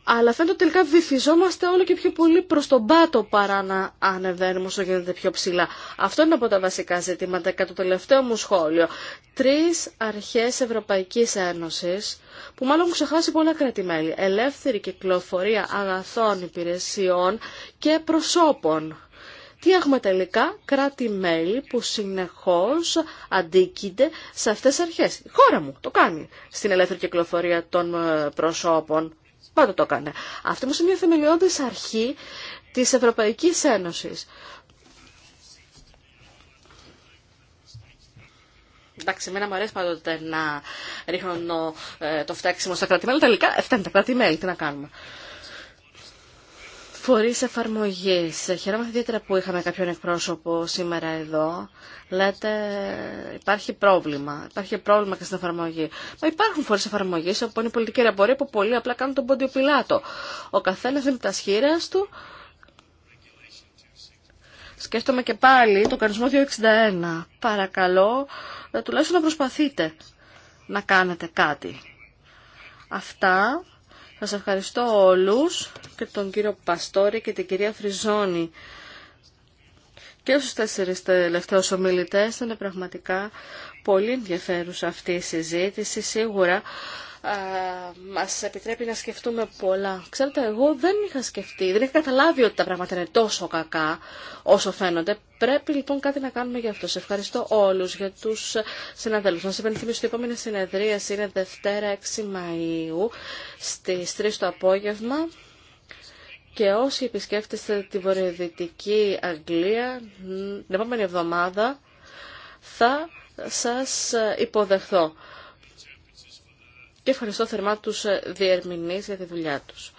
S4: αλλά φαίνεται ότι τελικά βυθιζόμαστε όλο και πιο πολύ προ τον πάτο παρά να ανεβαίνουμε όσο γίνεται πιο ψηλά. Αυτό είναι από τα βασικά ζητήματα. Κατά το τελευταίο μου σχόλιο, Τρει αρχέ Ευρωπαϊκή Ένωση που μάλλον έχουν ξεχάσει πολλά πολλά κράτη-μέλη. ελεύθερη κυκλοφορία αγαθών, υπηρεσιών και προσώπων. Τι έχουμε τελικά, κράτη-μέλη που συνεχώς αντίκειται σε αυτές τις αρχές. Η χώρα μου το κάνει στην ελεύθερη κυκλοφορία των ε, προσώπων Πάντα το έκανε. Αυτό όμως είναι μια θεμελιώδης αρχή της Ευρωπαϊκής Ένωσης. Εντάξει, εμένα μου αρέσει πάντοτε να ρίχνω ε, το φταίξιμο στα κρατη Τελικά ε, φτάνει τα κρατη Τι να κάνουμε. Φορείς εφαρμογής. Χαίρομαι ιδιαίτερα που είχαμε κάποιον εκπρόσωπο σήμερα εδώ. Λέτε υπάρχει πρόβλημα. Υπάρχει πρόβλημα και στην εφαρμογή. Μα υπάρχουν φορείς εφαρμογής όπου είναι η πολιτική ρεμπορία που πολλοί απλά κάνουν τον πόντιο πιλάτο. Ο καθένας είναι τα σχήρα του. Σκέφτομαι και πάλι το κανονισμό 261. Παρακαλώ, ε, τουλάχιστον να προσπαθείτε να κάνετε κάτι. Αυτά σας ευχαριστώ όλους και τον κύριο Παστόρη και την κυρία Φριζόνη και στους τέσσερις τελευταίους ομιλητές ήταν πραγματικά πολύ ενδιαφέρουσα αυτή η συζήτηση. Σίγουρα μας επιτρέπει να σκεφτούμε πολλά. Ξέρετε, εγώ δεν είχα σκεφτεί, δεν είχα καταλάβει ότι τα πράγματα είναι τόσο κακά όσο φαίνονται. Πρέπει λοιπόν κάτι να κάνουμε γι' αυτό. Σε ευχαριστώ όλους για τους συναδέλφους. Να σας υπενθυμίσω ότι η επόμενη συνεδρία είναι Δευτέρα 6 Μαΐου στις 3 το απόγευμα. Και όσοι επισκέφτεστε τη βορειοδυτική Αγγλία, την επόμενη εβδομάδα θα σας υποδεχθώ και ευχαριστώ θερμά τους ε, διερμηνείς για τη δουλειά τους.